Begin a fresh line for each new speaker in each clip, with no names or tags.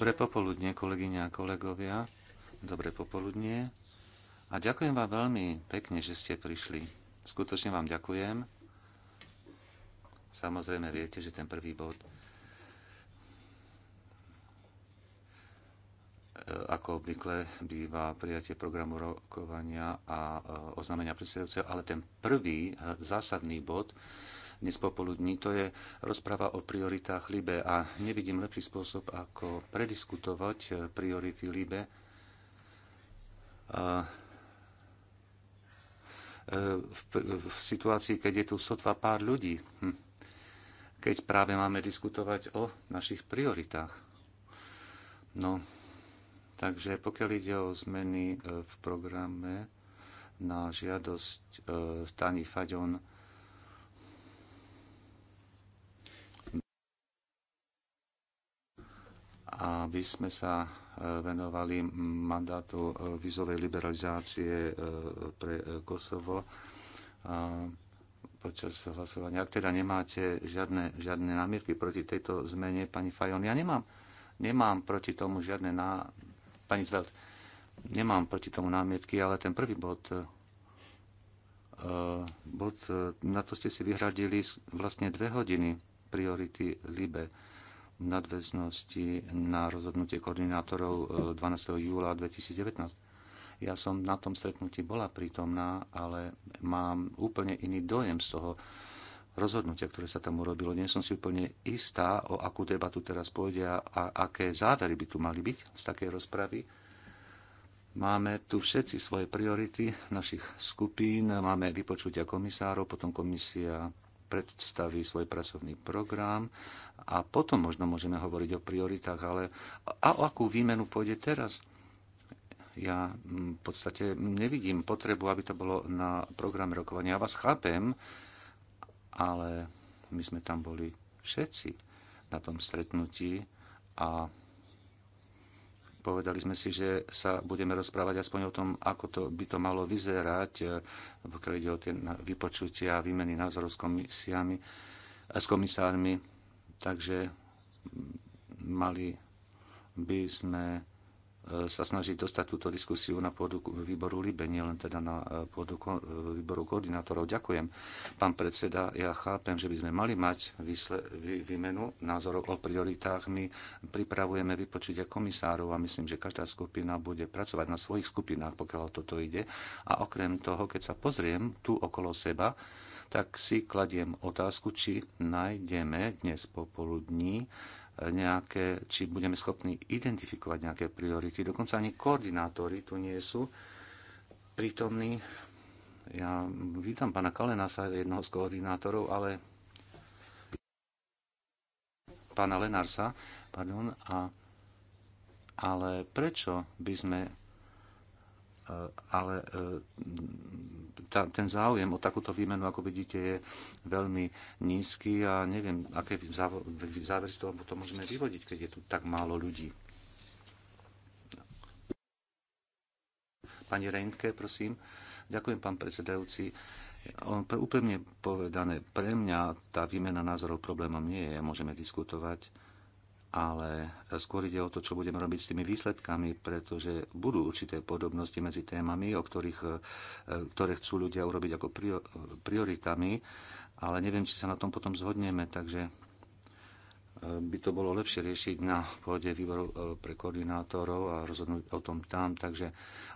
Dobré popoludne, kolegyne a kolegovia. Dobré popoludnie. A ďakujem vám veľmi pekne, že ste prišli. Skutočne vám ďakujem. Samozrejme viete, že ten prvý bod e, ako obvykle býva prijatie programu rokovania a e, oznámenia predsedajúceho, ale ten prvý e, zásadný bod dnes popoludní. To je rozpráva o prioritách Libe a nevidím lepší spôsob, ako prediskutovať eh, priority Libe. A eh, v, v situácii, keď je tu sotva pár ľudí, hm, keď práve máme diskutovať o našich prioritách. No, takže pokiaľ ide o zmeny eh, v programe na žiadosť e, Tani Faďon, aby sme sa e, venovali mandátu e, vizovej liberalizácie e, pre Kosovo počas hlasovania. Ak teda nemáte žiadne, žiadne námietky proti tejto zmene, pani Fajon, ja nemám, nemám proti tomu žiadne ná... Pani Zvelt, nemám proti tomu námietky, ale ten prvý bod, bod, na to ste si vyhradili vlastne dve hodiny priority LIBE nadväznosti na rozhodnutie koordinátorov 12. E, júla 2019. Ja som na tom stretnutí bola prítomná, ale mám úplne iný dojem z toho rozhodnutia, ktoré sa tam urobilo. Nie som si úplne istá, o akú debatu teraz pôjde a aké závery by tu mali byť z takej rozpravy. Máme tu všetci svoje priority našich skupín, máme vypočutia komisárov, potom komisia predstaví svoj pracovný program a potom možno môžeme hovoriť o prioritách, ale a o akú výmenu pôjde teraz? Ja mm, v podstate nevidím potrebu, aby to bolo na program rokovania. Ja vás chápem, ale my sme tam boli všetci na tom stretnutí a Povedali sme si, že sa budeme rozprávať aspoň o tom, ako to by to malo vyzerať, e, pokiaľ ide o tie vypočutia a výmeny názorov s, komisiami, e, s komisármi. Takže mali by sme sa snažiť dostať túto diskusiu na pôdu výboru Libe, nie len teda na eh, pôdu eh, výboru koordinátorov. Ďakujem, pán predseda. Ja chápem, že by sme mali mať výmenu názorov o prioritách. My pripravujeme vypočutia komisárov a myslím, že každá skupina bude pracovať na svojich skupinách, pokiaľ o toto ide. A okrem toho, keď sa pozriem tu okolo seba, tak si kladiem otázku, či nájdeme dnes popoludní nejaké, či budeme schopní identifikovať nejaké priority. Dokonca ani koordinátori tu nie sú prítomní. Ja vítam pána Kalenasa, jednoho z koordinátorov, ale pána Lenarsa, pardon, a, ale prečo by sme e, ale e, tá, ten záujem o takúto výmenu, ako vidíte, je veľmi nízky a neviem, aké závery z toho to môžeme vyvodiť, keď je tu tak málo ľudí. Pani Reintke, prosím. Ďakujem, pán predsedajúci. Úplne povedané, pre mňa tá výmena názorov problémom nie je. Môžeme diskutovať ale skôr ide o to, čo budeme robiť s tými výsledkami, pretože budú určité podobnosti medzi témami, o ktorých, e, ktoré chcú ľudia urobiť ako prioritami, ale neviem, či sa na tom potom zhodneme, takže e, by to bolo lepšie riešiť na pôde výboru e, pre koordinátorov a rozhodnúť o tom tam. Takže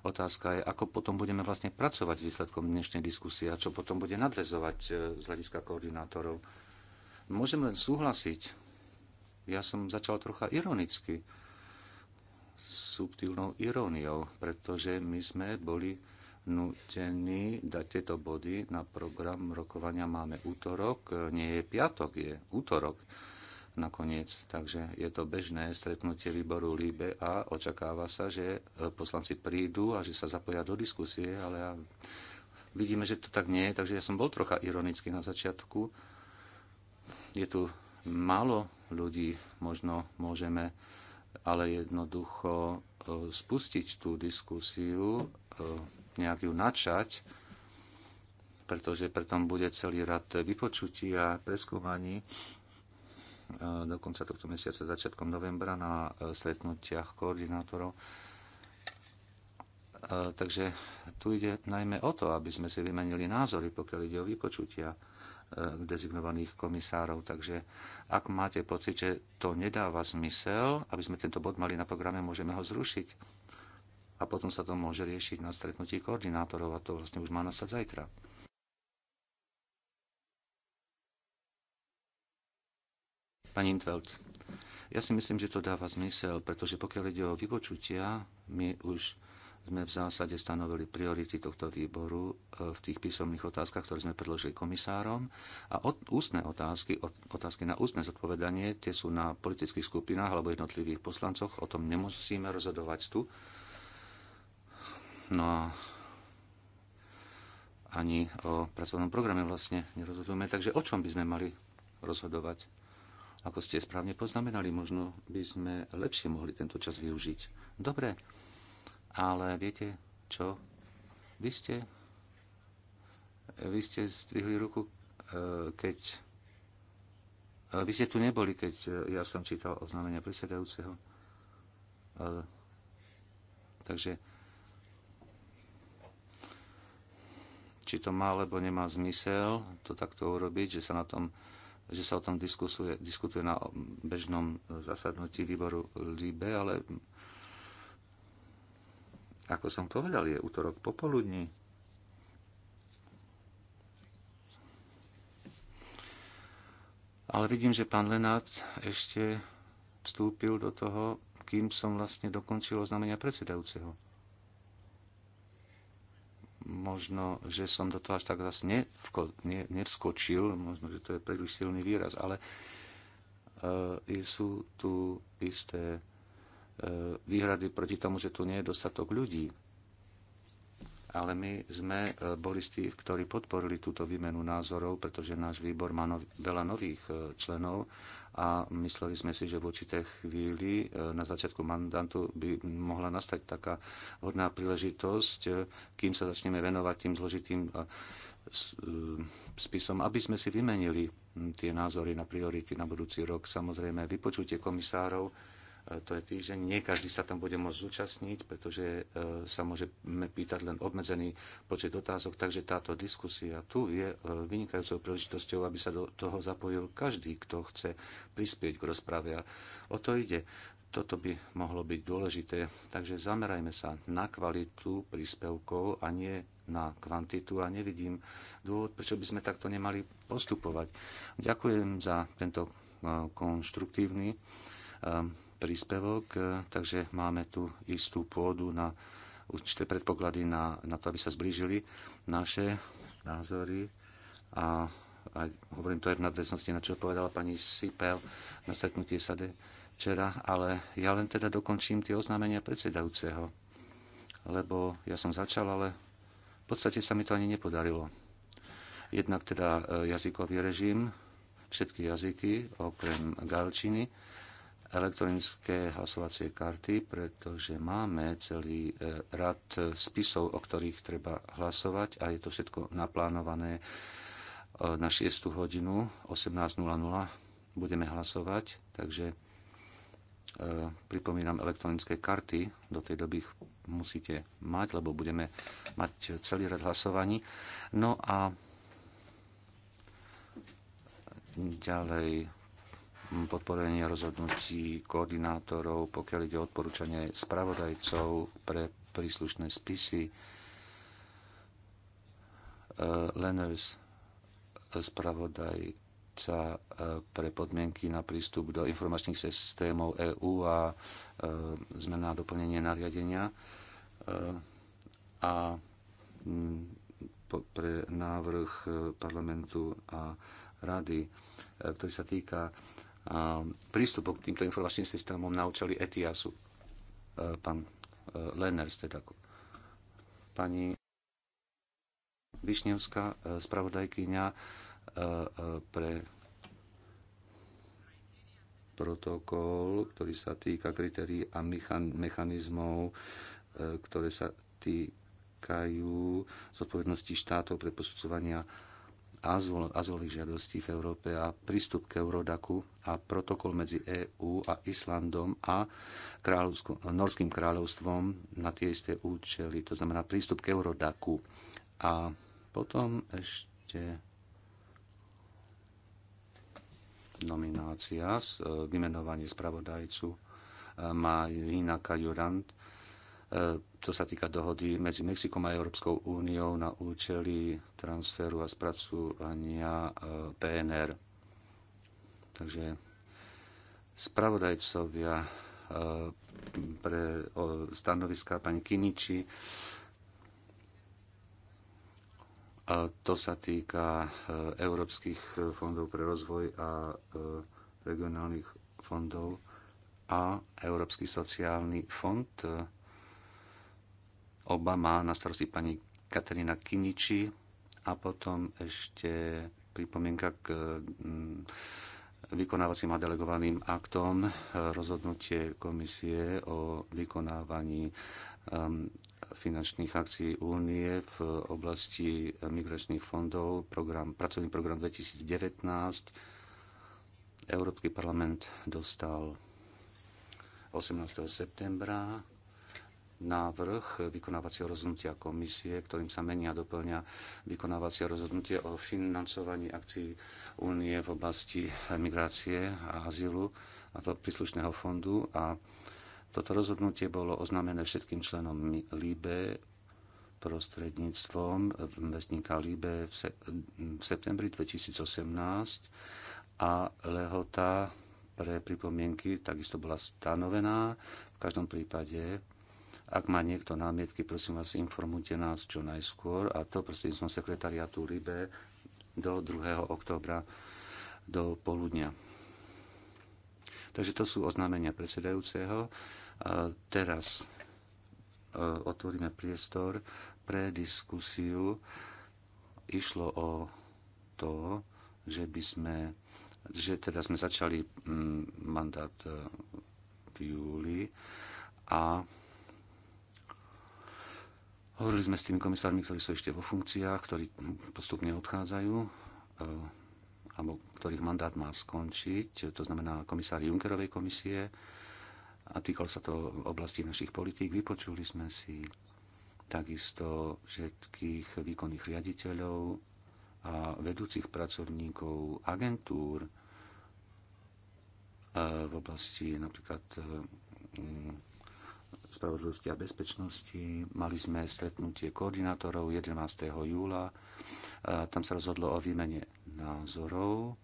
otázka je, ako potom budeme vlastne pracovať s výsledkom dnešnej diskusie a čo potom bude nadvezovať z hľadiska koordinátorov. Môžem len súhlasiť ja som začal trocha ironicky, subtilnou iróniou, pretože my sme boli nutení dať tieto body na program rokovania. Máme útorok, nie je piatok, je útorok nakoniec. Takže je to bežné stretnutie výboru Líbe a očakáva sa, že poslanci prídu a že sa zapoja do diskusie, ale ja vidíme, že to tak nie je, takže ja som bol trocha ironický na začiatku. Je tu málo ľudí možno môžeme ale jednoducho e, spustiť tú diskusiu, e, nejak ju načať, pretože preto bude celý rad vypočutí a preskúmaní e, do konca tohto mesiaca, začiatkom novembra na stretnutiach koordinátorov. Takže tu ide najmä o to, aby sme si vymenili názory, pokiaľ ide o vypočutia. Eh, dezignovaných komisárov. Takže ak máte pocit, že to nedáva zmysel, aby sme tento bod mali na programe, môžeme ho zrušiť. A potom sa to môže riešiť na stretnutí koordinátorov a to vlastne už má nastať zajtra. Pani Intveld, ja si myslím, že to dáva zmysel, pretože pokiaľ ide o vypočutia, my už sme v zásade stanovili priority tohto výboru e, v tých písomných otázkach, ktoré sme predložili komisárom. A od, ústne otázky, od, otázky na ústne zodpovedanie, tie sú na politických skupinách alebo jednotlivých poslancoch. O tom nemusíme rozhodovať tu. No a ani o pracovnom programe vlastne nerozhodujeme. Takže o čom by sme mali rozhodovať? Ako ste správne poznamenali, možno by sme lepšie mohli tento čas využiť. Dobre, ale viete čo? Vy ste, vy ste zdvihli ruku, e, keď... Vy ste tu neboli, keď e, ja som čítal oznámenia predsedajúceho. E, takže či to má alebo nemá zmysel to takto urobiť, že sa, na tom, že sa o tom diskusuje, diskutuje na bežnom zasadnutí výboru LIBE, ale ako som povedal, je útorok popoludní. Ale vidím, že pán Lenát ešte vstúpil do toho, kým som vlastne dokončil oznámenia predsedajúceho. Možno, že som do toho až tak zase nevko, ne, nevskočil, možno, že to je príliš silný výraz, ale e, sú tu isté E, výhrady proti tomu, že tu nie je dostatok ľudí. Ale my sme e, boli z tých, ktorí podporili túto výmenu názorov, pretože náš výbor má nov, veľa nových e, členov a mysleli sme si, že v určitej chvíli na začiatku mandantu by mohla nastať taká hodná príležitosť, kým sa začneme venovať tým zložitým spisom, aby sme si vymenili tie názory na priority na budúci rok. Samozrejme, vypočutie komisárov E, to je týždeň. Nie každý sa tam bude môcť zúčastniť, pretože e, sa môžeme pýtať len obmedzený počet otázok, takže táto diskusia tu je e, vynikajúcou príležitosťou, aby sa do toho zapojil každý, kto chce prispieť k rozprave. A o to ide. Toto by mohlo byť dôležité. Takže zamerajme sa na kvalitu príspevkov a nie na kvantitu a nevidím dôvod, prečo by sme takto nemali postupovať. Ďakujem za tento konštruktívny príspevok, e, takže máme tu istú pôdu na určité predpoklady na, na to, aby sa zblížili naše názory a, a hovorím to aj v nadväznosti na čo povedala pani Sipel na stretnutie sade včera, ale ja len teda dokončím tie oznámenia predsedajúceho, lebo ja som začal, ale v podstate sa mi to ani nepodarilo. Jednak teda e, jazykový režim, všetky jazyky, okrem galčiny, elektronické hlasovacie karty, pretože máme celý e, rad spisov, o ktorých treba hlasovať a je to všetko naplánované e, na 6. hodinu 18.00 budeme hlasovať, takže e, pripomínam elektronické karty, do tej doby ich musíte mať, lebo budeme mať celý rad hlasovaní. No a ďalej podporenie rozhodnutí koordinátorov, pokiaľ ide o odporúčanie spravodajcov pre príslušné spisy. E, Lenners, spravodajca e, pre podmienky na prístup do informačných systémov EÚ a e, zmena a doplnenie nariadenia a pre návrh parlamentu a rady, ktorý sa týka prístupom k týmto informačným systémom naučili e ETIASu. E, pán e, Lenners, teda pani Višňovská, spravodajkyňa pre protokol, ktorý sa týka kritérií a mechanizmov, ktoré sa týkajú zodpovednosti štátov pre posudzovania azyl, azylových žiadostí v Európe a prístup k Eurodaku a protokol medzi EÚ a Islandom a Norským kráľovstvom na tie isté účely, to znamená prístup k Eurodaku. A potom ešte nominácia, e, vymenovanie spravodajcu e, má Kajurant E, to sa týka dohody medzi Mexikom a Európskou úniou na účely transferu a spracovania e, PNR. Takže spravodajcovia e, pre stanoviská pani Kiniči. A to sa týka európskych fondov pre rozvoj a regionálnych fondov a Európsky sociálny fond Oba má na starosti pani Katarína Kiniči a potom ešte pripomienka k mm, vykonávacím a delegovaným aktom e, rozhodnutie komisie o vykonávaní finančných akcií únie v oblasti migračných fondov, program, pracovný program 2019. Európsky parlament dostal 18. septembra návrh vykonávacieho rozhodnutia komisie, ktorým sa menia a doplňa vykonávacie rozhodnutie o financovaní akcií únie v oblasti migrácie a azylu a to príslušného fondu. A toto rozhodnutie bolo oznámené všetkým členom LIBE prostredníctvom vestníka LIBE v, se, v septembri 2018 a lehota pre pripomienky takisto bola stanovená. V každom prípade ak má niekto námietky, prosím vás, informujte nás čo najskôr a to prosím som sekretariatu LIBE do 2. októbra do poludnia. Takže to sú oznámenia predsedajúceho. A teraz e, otvoríme priestor pre diskusiu. Išlo o to, že by sme, že teda sme začali mm, mandát e, v júli a Hovorili sme s tými komisármi, ktorí sú ešte vo funkciách, ktorí postupne odchádzajú, e, alebo ktorých mandát má skončiť, to znamená komisári Junckerovej komisie, a týkal sa to oblasti našich politík. Vypočuli sme si takisto všetkých výkonných riaditeľov a vedúcich pracovníkov agentúr e, v oblasti napríklad e, spravodlivosti a bezpečnosti. Mali sme stretnutie koordinátorov 11. júla. E, tam sa rozhodlo o výmene názorov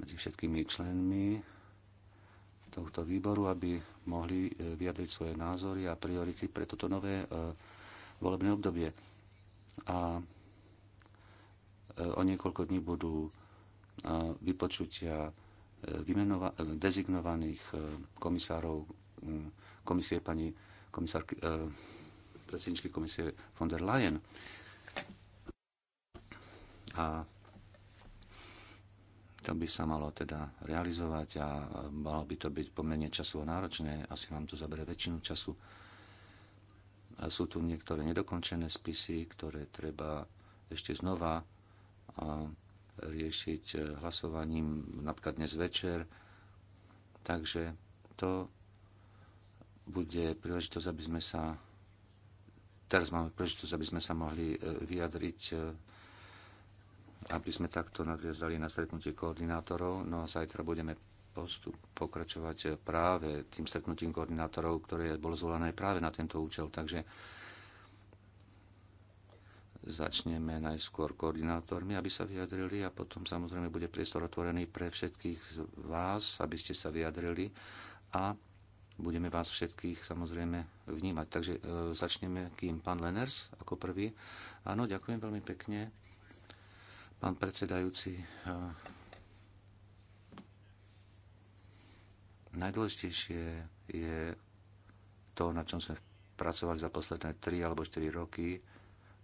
medzi všetkými členmi tohto výboru, aby mohli e, vyjadriť svoje názory a priority pre toto nové e, volebné obdobie. A o niekoľko dní budú vypočutia dezignovaných komisárov Mm, komisie pani komisárky, eh, predsedničky komisie von der Leyen. A to by sa malo teda realizovať a malo by to byť pomerne časovo náročné, asi vám to zabere väčšinu času. A sú tu niektoré nedokončené spisy, ktoré treba ešte znova eh, riešiť eh, hlasovaním napríklad dnes večer. Takže to bude príležitosť, aby sme sa teraz máme príležitosť, aby sme sa mohli e, vyjadriť, e, aby sme takto nadviazali na stretnutie koordinátorov. No a zajtra budeme postup pokračovať e, práve tým stretnutím koordinátorov, ktoré bolo zvolené práve na tento účel. Takže začneme najskôr koordinátormi, aby sa vyjadrili a potom samozrejme bude priestor otvorený pre všetkých z vás, aby ste sa vyjadrili a budeme vás všetkých samozrejme vnímať. Takže e, začneme kým pán Leners ako prvý. Áno, ďakujem veľmi pekne. Pán predsedajúci, e, najdôležitejšie je to, na čom sme pracovali za posledné 3 alebo 4 roky,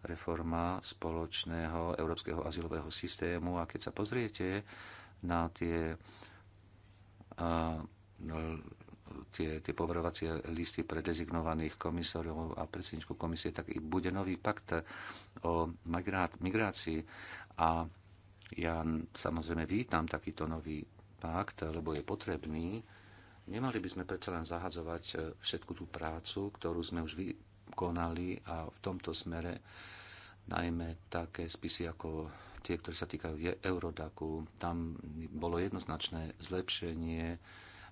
reforma spoločného európskeho azylového systému. A keď sa pozriete na tie e, tie, tie poverovacie listy pre dezignovaných komisárov a predsedničku komisie, tak i bude nový pakt o migrácii. A ja samozrejme vítam takýto nový pakt, lebo je potrebný. Nemali by sme predsa len zahadzovať e, všetku tú prácu, ktorú sme už vykonali a v tomto smere najmä také spisy ako tie, ktoré sa týkajú Eurodaku. Tam bolo jednoznačné zlepšenie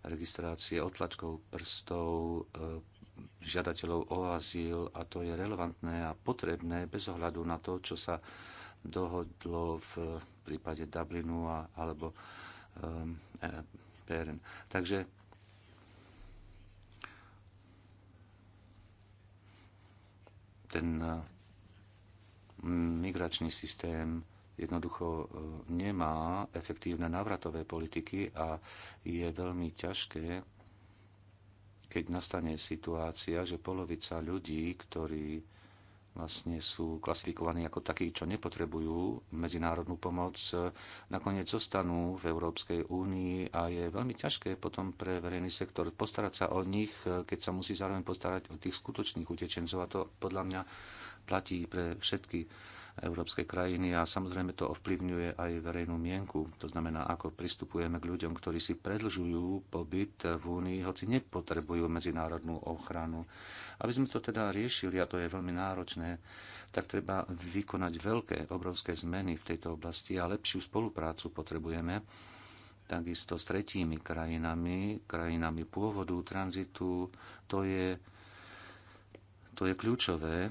registrácie otlačkov prstov e, žiadateľov o azyl a to je relevantné a potrebné bez ohľadu na to, čo sa dohodlo v prípade Dublinu a, alebo um, e, PRN. E, Takže ten migračný systém jednoducho e, nemá efektívne návratové politiky a je veľmi ťažké, keď nastane situácia, že polovica ľudí, ktorí vlastne sú klasifikovaní ako takí, čo nepotrebujú medzinárodnú pomoc, e, nakoniec zostanú v Európskej únii a je veľmi ťažké potom pre verejný sektor postarať sa o nich, e, keď sa musí zároveň postarať o tých skutočných utečencov a to podľa mňa platí pre všetky európske krajiny a samozrejme to ovplyvňuje aj verejnú mienku. To znamená, ako pristupujeme k ľuďom, ktorí si predlžujú pobyt v Únii, hoci nepotrebujú medzinárodnú ochranu. Aby sme to teda riešili, a to je veľmi náročné, tak treba vykonať veľké, obrovské zmeny v tejto oblasti a lepšiu spoluprácu potrebujeme takisto s tretími krajinami, krajinami pôvodu, tranzitu. To je, to je kľúčové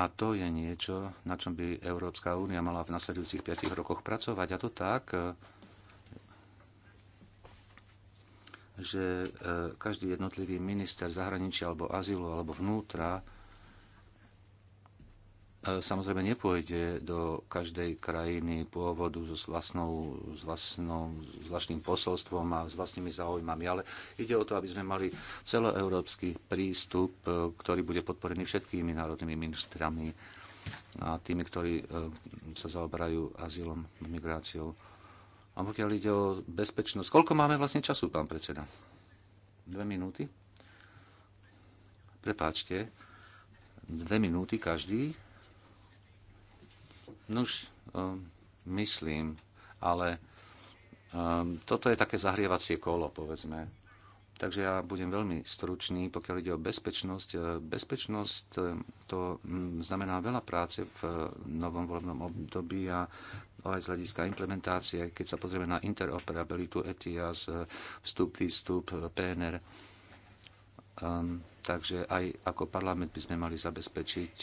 a to je niečo, na čom by Európska únia mala v nasledujúcich 5 rokoch pracovať. A to tak, že e, každý jednotlivý minister zahraničia alebo azylu alebo vnútra E, samozrejme nepôjde do každej krajiny pôvodu s, vlastnou, s, vlastnou, s vlastným posolstvom a s vlastnými záujmami, ale ide o to, aby sme mali celoeurópsky prístup, e, ktorý bude podporený všetkými národnými ministrami a tými, ktorí e, sa zaoberajú azylom, migráciou. A pokiaľ ide o bezpečnosť, koľko máme vlastne času, pán predseda? Dve minúty? Prepáčte. Dve minúty každý. Nuž, um, myslím, ale um, toto je také zahrievacie kolo, povedzme. Takže ja budem veľmi stručný, pokiaľ ide o bezpečnosť. E, bezpečnosť e, to mm, znamená veľa práce v e, novom volebnom období a aj z hľadiska implementácie, keď sa pozrieme na interoperabilitu ETIAS, vstup, výstup, PNR. Um, takže aj ako parlament by sme mali zabezpečiť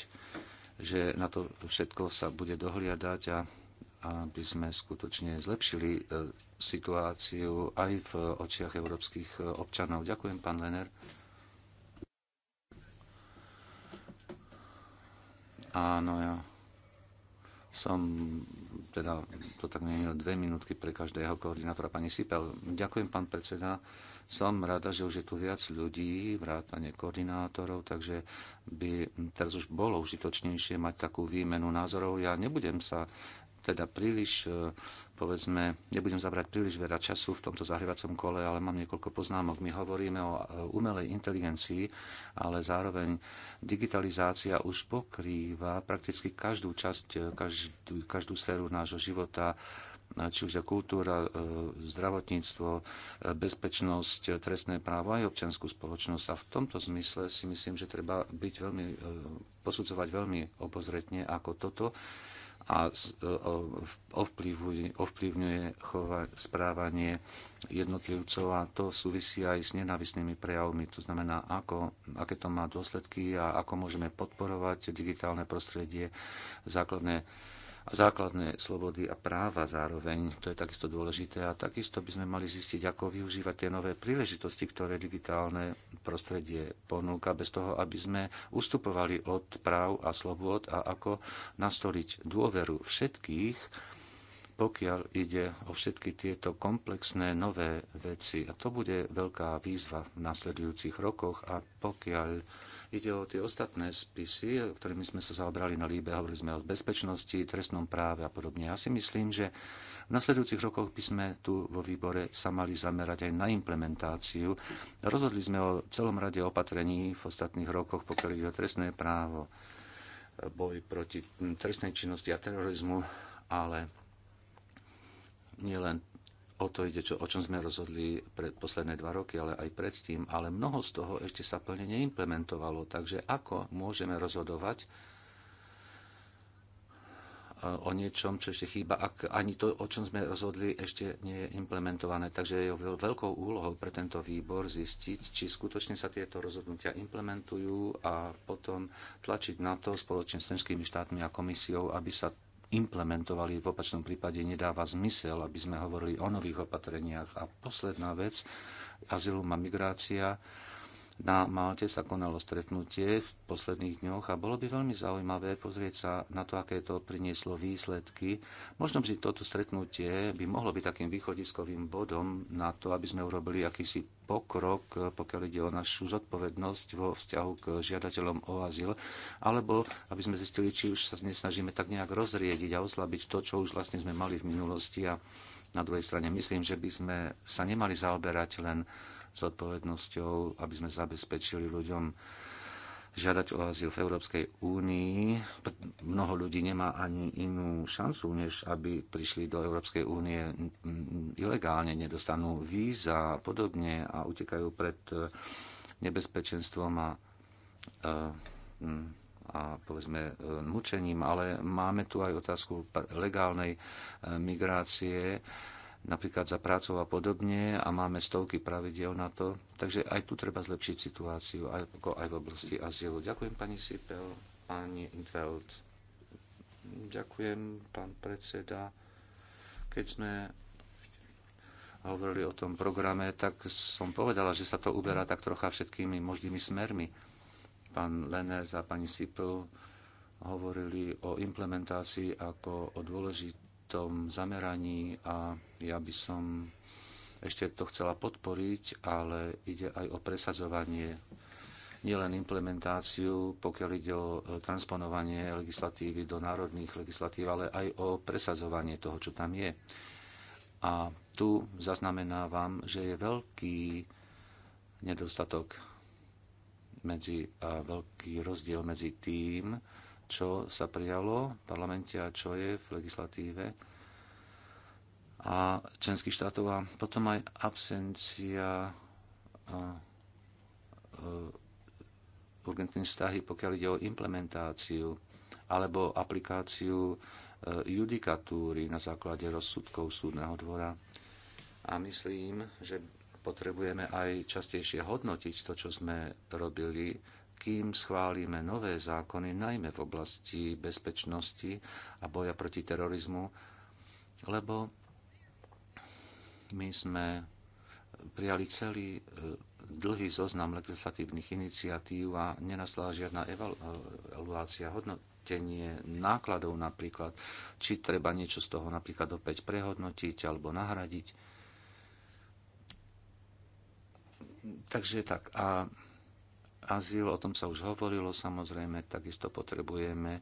že na to všetko sa bude dohliadať a aby sme skutočne zlepšili e, situáciu aj v očiach európskych e, občanov. Ďakujem, pán Lener. Áno, ja som teda to tak menil dve minútky pre každého koordinátora. Pani Sipel, ďakujem, pán predseda. Som rada, že už je tu viac ľudí, vrátane koordinátorov, takže by teraz už bolo užitočnejšie mať takú výmenu názorov. Ja nebudem sa teda príliš, e, povedzme, nebudem zabrať príliš veľa času v tomto zahrievacom kole, ale mám niekoľko poznámok. My hovoríme o e, umelej inteligencii, ale zároveň digitalizácia už pokrýva prakticky každú časť, e, každú, každú sféru nášho života, čiže kultúra, e, zdravotníctvo, e, bezpečnosť, e, trestné právo aj občianskú spoločnosť. A v tomto zmysle si myslím, že treba byť veľmi, posudzovať veľmi obozretne ako toto a ovplyvňuje, ovplyvňuje chova, správanie jednotlivcov a to súvisí aj s nenávisnými prejavmi. To znamená, ako, aké to má dôsledky a ako môžeme podporovať digitálne prostredie, základné a základné slobody a práva zároveň. To je takisto dôležité a takisto by sme mali zistiť, ako využívať tie nové príležitosti, ktoré digitálne prostredie ponúka, bez toho, aby sme ustupovali od práv a slobod a ako nastoliť dôveru všetkých, pokiaľ ide o všetky tieto komplexné nové veci. A to bude veľká výzva v nasledujúcich rokoch a pokiaľ Ide o tie ostatné spisy, ktorými sme sa zaobrali na Líbe, hovorili sme o bezpečnosti, trestnom práve a podobne. Ja si myslím, že v nasledujúcich rokoch by sme tu vo výbore sa mali zamerať aj na implementáciu. Rozhodli sme o celom rade opatrení v ostatných rokoch, pokiaľ ide o trestné právo, boj proti trestnej činnosti a terorizmu, ale nielen o to ide, čo, o čom sme rozhodli pred posledné dva roky, ale aj predtým, ale mnoho z toho ešte sa plne neimplementovalo. Takže ako môžeme rozhodovať eh, o niečom, čo ešte chýba, ak ani to, o čom sme rozhodli, ešte nie je implementované. Takže je veľkou úlohou pre tento výbor zistiť, či skutočne sa tieto rozhodnutia implementujú a potom tlačiť na to spoločne s členskými štátmi a komisiou, aby sa implementovali. V opačnom prípade nedáva zmysel, aby sme hovorili o nových opatreniach. A posledná vec, azylum a migrácia na Malte sa konalo stretnutie v posledných dňoch a bolo by veľmi zaujímavé pozrieť sa na to, aké to prinieslo výsledky. Možno by toto stretnutie by mohlo byť takým východiskovým bodom na to, aby sme urobili akýsi pokrok, pokiaľ ide o našu zodpovednosť vo vzťahu k žiadateľom o azyl, alebo aby sme zistili, či už sa nesnažíme tak nejak rozriediť a oslabiť to, čo už vlastne sme mali v minulosti. A na druhej strane myslím, že by sme sa nemali zaoberať len zodpovednosťou, aby sme zabezpečili ľuďom žiadať o azyl v Európskej únii. Mnoho ľudí nemá ani inú šancu, než aby prišli do Európskej únie ilegálne, nedostanú víza a podobne a utekajú pred eh, nebezpečenstvom a, eh, mm, a povedzme eh, mučením. Ale máme tu aj otázku legálnej migrácie napríklad za prácou a podobne a máme stovky pravidel na to. Takže aj tu treba zlepšiť situáciu, ako aj v oblasti azylu. Ďakujem pani Sipel, pani Intveld. Ďakujem, pán predseda. Keď sme hovorili o tom programe, tak som povedala, že sa to uberá tak trocha všetkými možnými smermi. Pán Leners a pani Sipel hovorili o implementácii ako o dôležitej tom zameraní a ja by som ešte to chcela podporiť, ale ide aj o presadzovanie, nielen implementáciu, pokiaľ ide o e, transponovanie legislatívy do národných legislatív, ale aj o presadzovanie toho, čo tam je. A tu zaznamenávam, že je veľký nedostatok medzi, a veľký rozdiel medzi tým, čo sa prijalo v parlamente a čo je v legislatíve a členských štátov a potom aj absencia urgentných vztahy, pokiaľ ide o implementáciu alebo aplikáciu e, judikatúry na základe rozsudkov súdneho dvora. A myslím, že potrebujeme aj častejšie hodnotiť to, čo sme robili kým schválime nové zákony, najmä v oblasti bezpečnosti a boja proti terorizmu, lebo my sme prijali celý e, dlhý zoznam legislatívnych iniciatív a nenastala žiadna e, evaluácia, hodnotenie nákladov napríklad, či treba niečo z toho napríklad opäť prehodnotiť alebo nahradiť. Takže tak. A azyl, o tom sa už hovorilo, samozrejme, takisto potrebujeme e,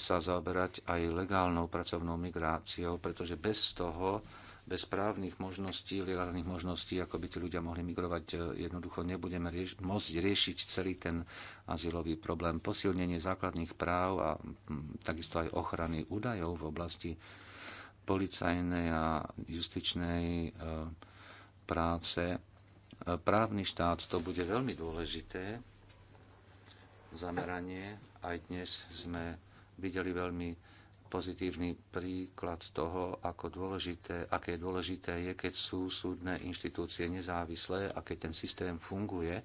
sa zaoberať aj legálnou pracovnou migráciou, pretože bez toho, bez právnych možností, legálnych možností, ako by tí ľudia mohli migrovať, e, jednoducho nebudeme rieš- môcť riešiť celý ten azylový problém. Posilnenie základných práv a takisto aj ochrany údajov v oblasti policajnej a justičnej e, práce Právny štát, to bude veľmi dôležité zameranie. Aj dnes sme videli veľmi pozitívny príklad toho, ako dôležité, aké dôležité je, keď sú súdne inštitúcie nezávislé a keď ten systém funguje.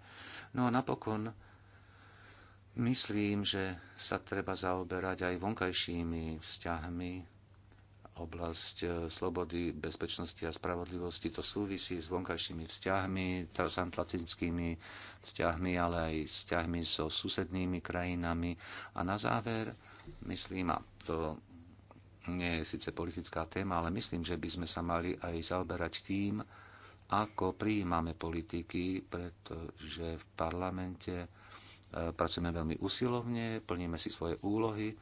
No a napokon myslím, že sa treba zaoberať aj vonkajšími vzťahmi oblasť e, slobody, bezpečnosti a spravodlivosti. To súvisí s vonkajšími vzťahmi, transatlantickými vzťahmi, ale aj vzťahmi so susednými krajinami. A na záver, myslím, a to nie je síce politická téma, ale myslím, že by sme sa mali aj zaoberať tým, ako prijímame politiky, pretože v parlamente e, pracujeme veľmi usilovne, plníme si svoje úlohy,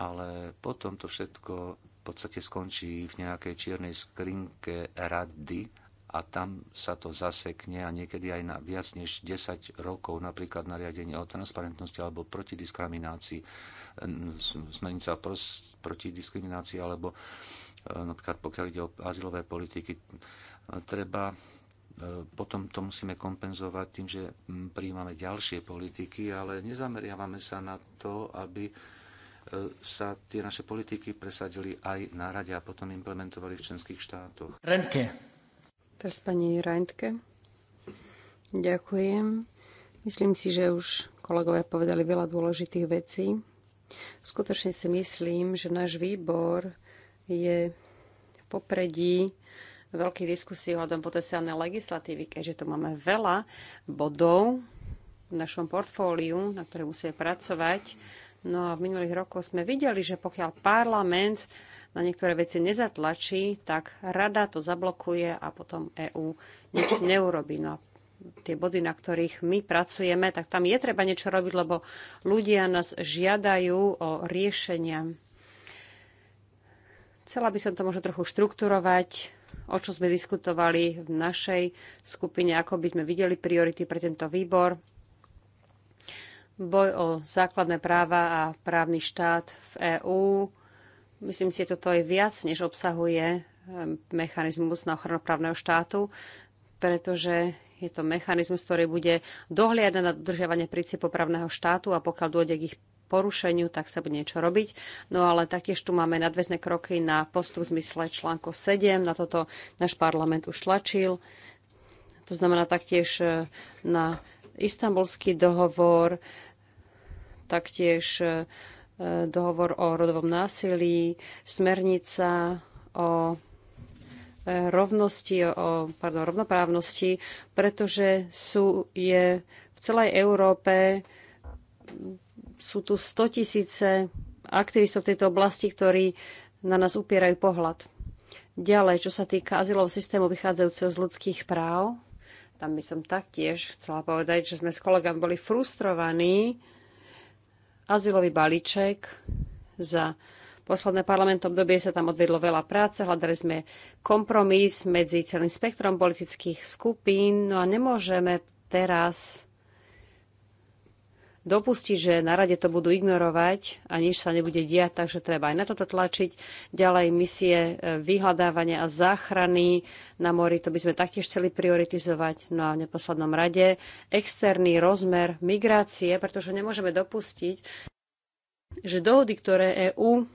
ale potom to všetko v podstate skončí v nejakej čiernej skrinke rady a tam sa to zasekne a niekedy aj na viac než 10 rokov, napríklad nariadenie o transparentnosti alebo proti diskriminácii, smernica proti diskriminácii alebo e, napríklad pokiaľ ide o azylové politiky, treba e, potom to musíme kompenzovať tým, že príjmame ďalšie politiky, ale nezameriavame sa na to, aby E, sa tie naše politiky presadili aj na rade a potom implementovali v členských štátoch.
Rentke.
Teraz pani Rentke. Ďakujem. Myslím si, že už kolegovia povedali veľa dôležitých vecí. Skutočne si myslím, že náš výbor je v popredí veľkých diskusí hľadom potenciálnej legislatívy, keďže tu máme veľa bodov v našom portfóliu, na ktoré musíme pracovať. No a v minulých rokoch sme videli, že pokiaľ parlament na niektoré veci nezatlačí, tak rada to zablokuje a potom EÚ nič neurobi. No a tie body, na ktorých my pracujeme, tak tam je treba niečo robiť, lebo ľudia nás žiadajú o riešenia. Chcela by som to možno trochu štrukturovať, o čo sme diskutovali v našej skupine, ako by sme videli priority pre tento výbor boj o základné práva a právny štát v EÚ. Myslím si, že toto je viac, než obsahuje mechanizmus na ochranu právneho štátu, pretože je to mechanizmus, ktorý bude dohliadať na dodržiavanie princípov právneho štátu a pokiaľ dôjde k ich porušeniu, tak sa bude niečo robiť. No ale taktiež tu máme nadväzné kroky na postup v zmysle článku 7. Na toto náš parlament už tlačil. To znamená taktiež e, na istambulský dohovor, taktiež e, e, dohovor o rodovom násilí, smernica o e, rovnosti, o pardon, rovnoprávnosti, pretože sú, je v celej Európe sú tu 100 tisíce aktivistov v tejto oblasti, ktorí na nás upierajú pohľad. Ďalej, čo sa týka azylového systému vychádzajúceho z ľudských práv, tam by som taktiež chcela povedať, že sme s kolegami boli frustrovaní, azylový balíček za posledné parlament obdobie sa tam odvedlo veľa práce, hľadali sme kompromis medzi celým spektrom politických skupín, no a nemôžeme teraz dopustiť, že na rade to budú ignorovať a nič sa nebude diať, takže treba aj na toto tlačiť. Ďalej misie e, vyhľadávania a záchrany na mori, to by sme taktiež chceli prioritizovať. No a v neposlednom rade externý rozmer migrácie, pretože nemôžeme dopustiť, že dohody, ktoré EÚ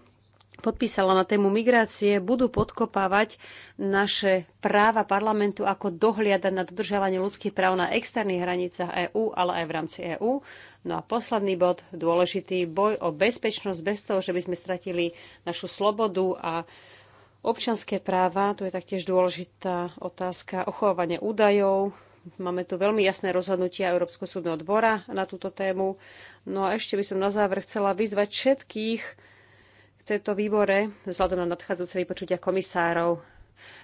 podpísala na tému migrácie, budú podkopávať naše práva parlamentu, ako dohliadať na dodržiavanie ľudských práv na externých hranicách EÚ, ale aj v rámci EÚ. No a posledný bod, dôležitý boj o bezpečnosť bez toho, že by sme stratili našu slobodu a občanské práva. To je taktiež dôležitá otázka ochovávanie údajov. Máme tu veľmi jasné rozhodnutia Európskeho súdneho dvora na túto tému. No a ešte by som na záver chcela vyzvať všetkých, tejto výbore vzhľadom na nadchádzajúce vypočutia komisárov.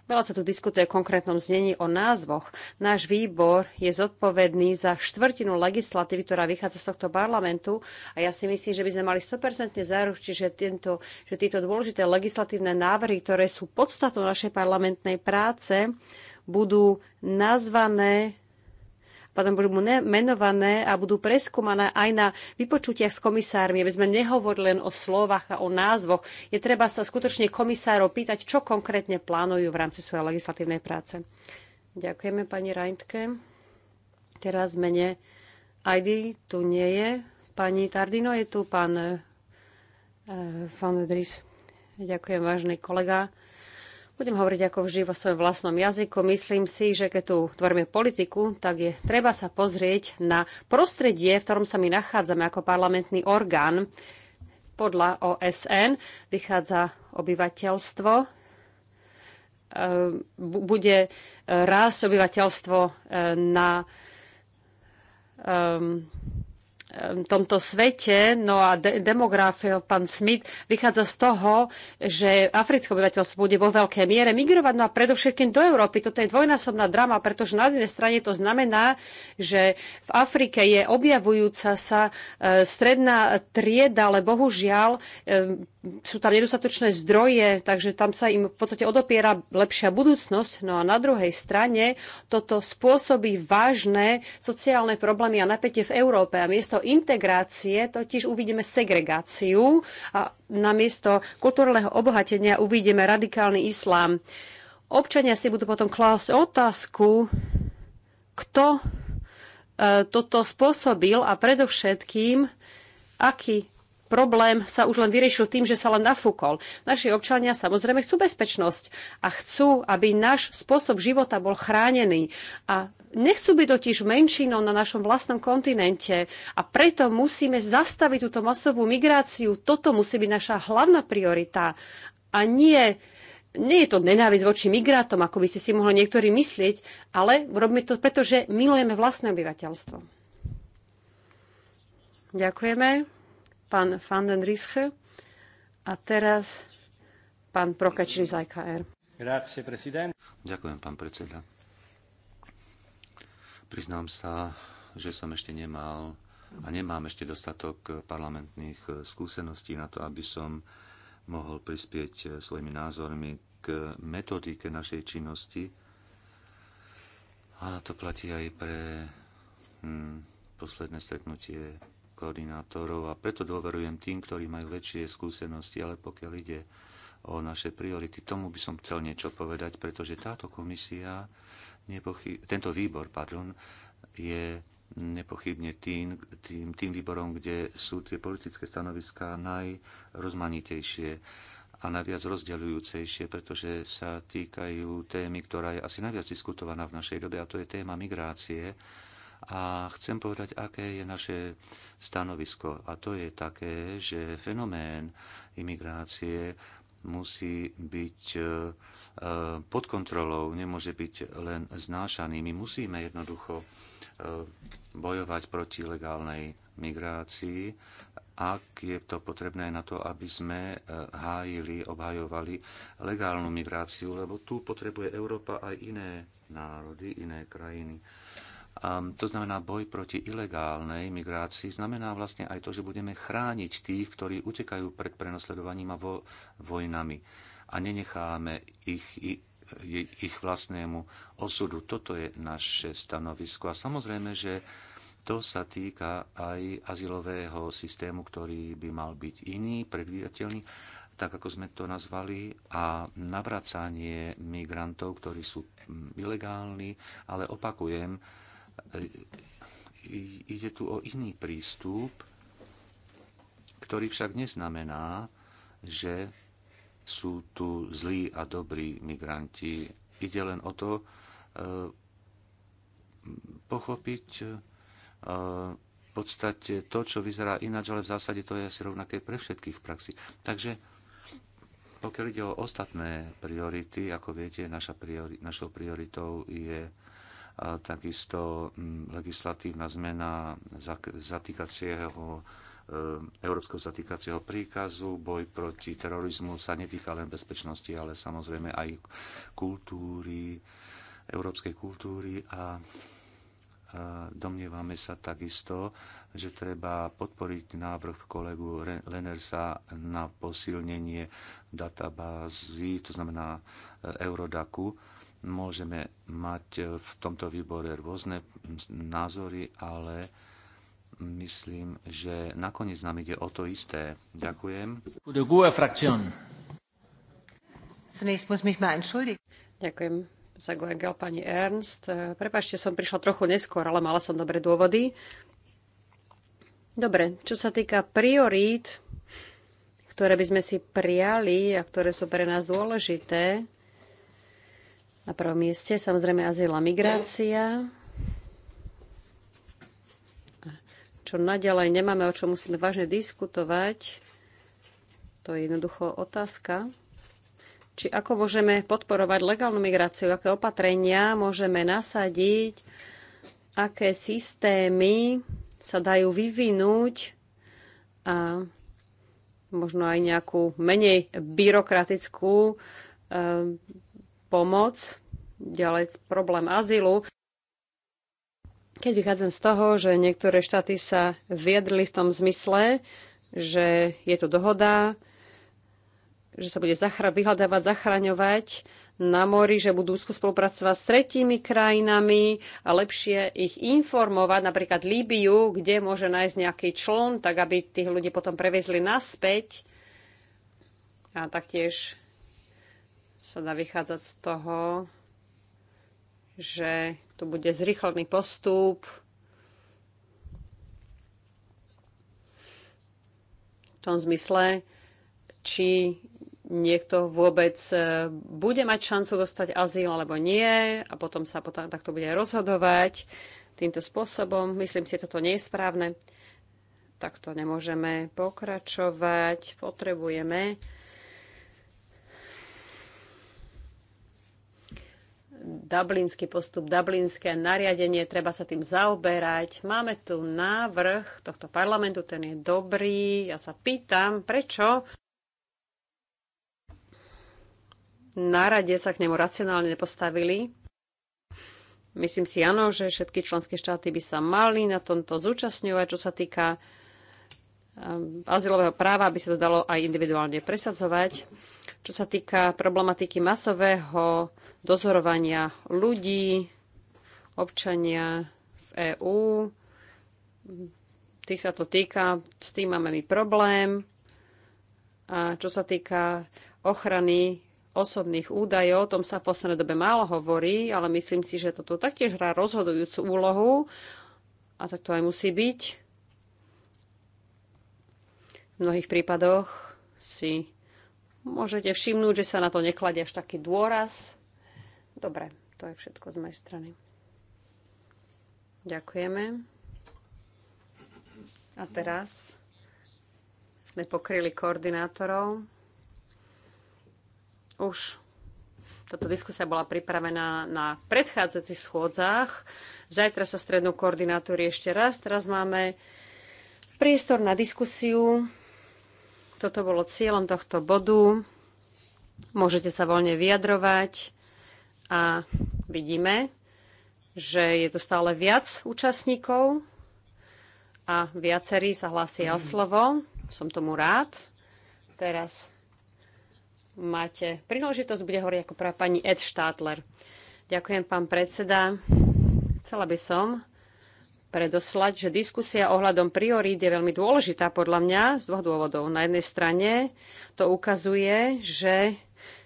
Veľa sa tu diskutuje o konkrétnom znení o názvoch. Náš výbor je zodpovedný za štvrtinu legislatívy, ktorá vychádza z tohto parlamentu a ja si myslím, že by sme mali 100% záručiť, že, tento, že tieto dôležité legislatívne návrhy, ktoré sú podstatou našej parlamentnej práce, budú nazvané potom budú menované a budú preskúmané aj na vypočutiach s komisármi, aby sme nehovorili len o slovách a o názvoch. Je treba sa skutočne komisárov pýtať, čo konkrétne plánujú v rámci svojej legislatívnej práce. Ďakujeme pani Reintke. Teraz mene ID tu nie je. Pani Tardino je tu, pán Van eh, Ďakujem, vážny kolega. Budem hovoriť ako vždy vo svojom vlastnom jazyku. Myslím si, že keď tu tvoríme politiku, tak je treba sa pozrieť na prostredie, v ktorom sa my nachádzame ako parlamentný orgán. Podľa OSN vychádza obyvateľstvo, eh, bude rásť obyvateľstvo eh, na ehm, tomto svete. No a de- demograf pán Smith vychádza z toho, že africké obyvateľstvo bude vo veľkej miere migrovať, no a predovšetkým do Európy. Toto je dvojnásobná drama, pretože na jednej strane to znamená, že v Afrike je objavujúca sa e, stredná trieda, ale bohužiaľ e, sú tam nedostatočné zdroje, takže tam sa im v podstate odopiera lepšia budúcnosť. No a na druhej strane toto spôsobí vážne sociálne problémy a napätie v Európe. A miesto integrácie totiž uvidíme segregáciu a namiesto kultúrneho obohatenia uvidíme radikálny islám. Občania si budú potom klásť otázku, kto e, toto spôsobil a predovšetkým, aký problém sa už len vyriešil tým, že sa len nafúkol. Naši občania samozrejme chcú bezpečnosť a chcú, aby náš spôsob života bol chránený. A nechcú byť totiž menšinou na našom vlastnom kontinente a preto musíme zastaviť túto masovú migráciu. Toto musí byť naša hlavná priorita. A nie nie je to nenávisť voči migrátom, ako by si si mohli niektorí myslieť, ale robíme to preto, že milujeme vlastné obyvateľstvo. Ďakujeme pán Van den Riesche a teraz pán Prokačný z IKR.
Ďakujem, pán predseda. Priznám sa, že som ešte nemal a nemám ešte dostatok parlamentných skúseností na to, aby som mohol prispieť svojimi názormi k metodike našej činnosti. A to platí aj pre hm, posledné stretnutie koordinátorov a preto dôverujem tým, ktorí majú väčšie skúsenosti, ale pokiaľ ide o naše priority, tomu by som chcel niečo povedať, pretože táto komisia, nepochyb... tento výbor, pardon, je nepochybne tým, tým, tým výborom, kde sú tie politické stanoviská najrozmanitejšie a najviac rozdeľujúcejšie, pretože sa týkajú témy, ktorá je asi najviac diskutovaná v našej dobe, a to je téma migrácie a chcem povedať, aké je naše stanovisko. A to je také, že fenomén imigrácie musí byť e, e, pod kontrolou, nemôže byť len znášaný. My musíme jednoducho e, bojovať proti legálnej migrácii, ak je to potrebné na to, aby sme hájili, obhajovali legálnu migráciu, lebo tu potrebuje Európa aj iné národy, iné krajiny to znamená, boj proti ilegálnej migrácii znamená vlastne aj to, že budeme chrániť tých, ktorí utekajú pred prenasledovaním a vo, vojnami a nenecháme ich, ich, ich vlastnému osudu. Toto je naše stanovisko. A samozrejme, že to sa týka aj azylového systému, ktorý by mal byť iný, predvídateľný, tak ako sme to nazvali, a navracanie migrantov, ktorí sú ilegálni, ale opakujem, Ide tu o iný prístup, ktorý však neznamená, že sú tu zlí a dobrí migranti. Ide len o to e, pochopiť e, v podstate to, čo vyzerá ináč, ale v zásade to je asi rovnaké pre všetkých v praxi. Takže pokiaľ ide o ostatné priority, ako viete, naša priori, našou prioritou je takisto mm, legislatívna zmena zatýkacieho e, Európskeho zatýkacieho príkazu, boj proti terorizmu sa netýka len bezpečnosti, ale samozrejme aj kultúry, európskej kultúry a e, domnievame sa takisto, že treba podporiť návrh kolegu Lenersa na posilnenie databázy, to znamená e, Eurodaku, Môžeme mať e, v tomto výbore rôzne názory, ale myslím, že nakoniec nám ide o to isté. Ďakujem.
Ďakujem
za pani Ernst. E, prepašte, som prišla trochu neskôr, ale mala som dobré dôvody. Dobre, čo sa týka priorít, ktoré by sme si prijali a ktoré sú pre nás dôležité, na prvom mieste, samozrejme azyl a migrácia. Čo naďalej nemáme, o čom musíme vážne diskutovať, to je jednoducho otázka. Či ako môžeme podporovať legálnu migráciu, aké opatrenia môžeme nasadiť, aké systémy sa dajú vyvinúť a možno aj nejakú menej byrokratickú eh, pomoc, ďalej problém azylu. Keď vychádzam z toho, že niektoré štáty sa viedli v tom zmysle, že je tu dohoda, že sa bude zachra- vyhľadávať, zachraňovať na mori, že budú úzko spolupracovať s tretími krajinami a lepšie ich informovať, napríklad Líbiu, kde môže nájsť nejaký člon, tak aby tých ľudí potom previezli naspäť. A taktiež sa dá vychádzať z toho, že tu bude zrýchlený postup. V tom zmysle, či niekto vôbec e, bude mať šancu dostať azyl alebo nie a potom sa potom takto bude rozhodovať týmto spôsobom. Myslím si, toto nie je správne. Takto nemôžeme pokračovať. Potrebujeme dublinský postup, dublinské nariadenie, treba sa tým zaoberať. Máme tu návrh tohto parlamentu, ten je dobrý. Ja sa pýtam, prečo na rade sa k nemu racionálne nepostavili. Myslím si, áno, že všetky členské štáty by sa mali na tomto zúčastňovať, čo sa týka um, azylového práva, aby sa to dalo aj individuálne presadzovať. Čo sa týka problematiky masového dozorovania ľudí, občania v EÚ. Tých sa to týka, s tým máme my problém. A čo sa týka ochrany osobných údajov, o tom sa v poslednej dobe málo hovorí, ale myslím si, že toto taktiež hrá rozhodujúcu úlohu a tak to aj musí byť. V mnohých prípadoch si môžete všimnúť, že sa na to nekladie až taký dôraz, Dobre, to je všetko z mojej strany. Ďakujeme. A teraz sme pokryli koordinátorov. Už táto diskusia bola pripravená na predchádzajúcich schôdzach. Zajtra sa strednú koordinátory ešte raz. Teraz máme priestor na diskusiu. Toto bolo cieľom tohto bodu. Môžete sa voľne vyjadrovať a vidíme, že je tu stále viac účastníkov a viacerí sa hlásia o slovo. Som tomu rád. Teraz máte príležitosť, bude hovoriť ako práve pani Ed Štátler. Ďakujem, pán predseda. Chcela by som predoslať, že diskusia ohľadom priorít je veľmi dôležitá podľa mňa z dvoch dôvodov. Na jednej strane to ukazuje, že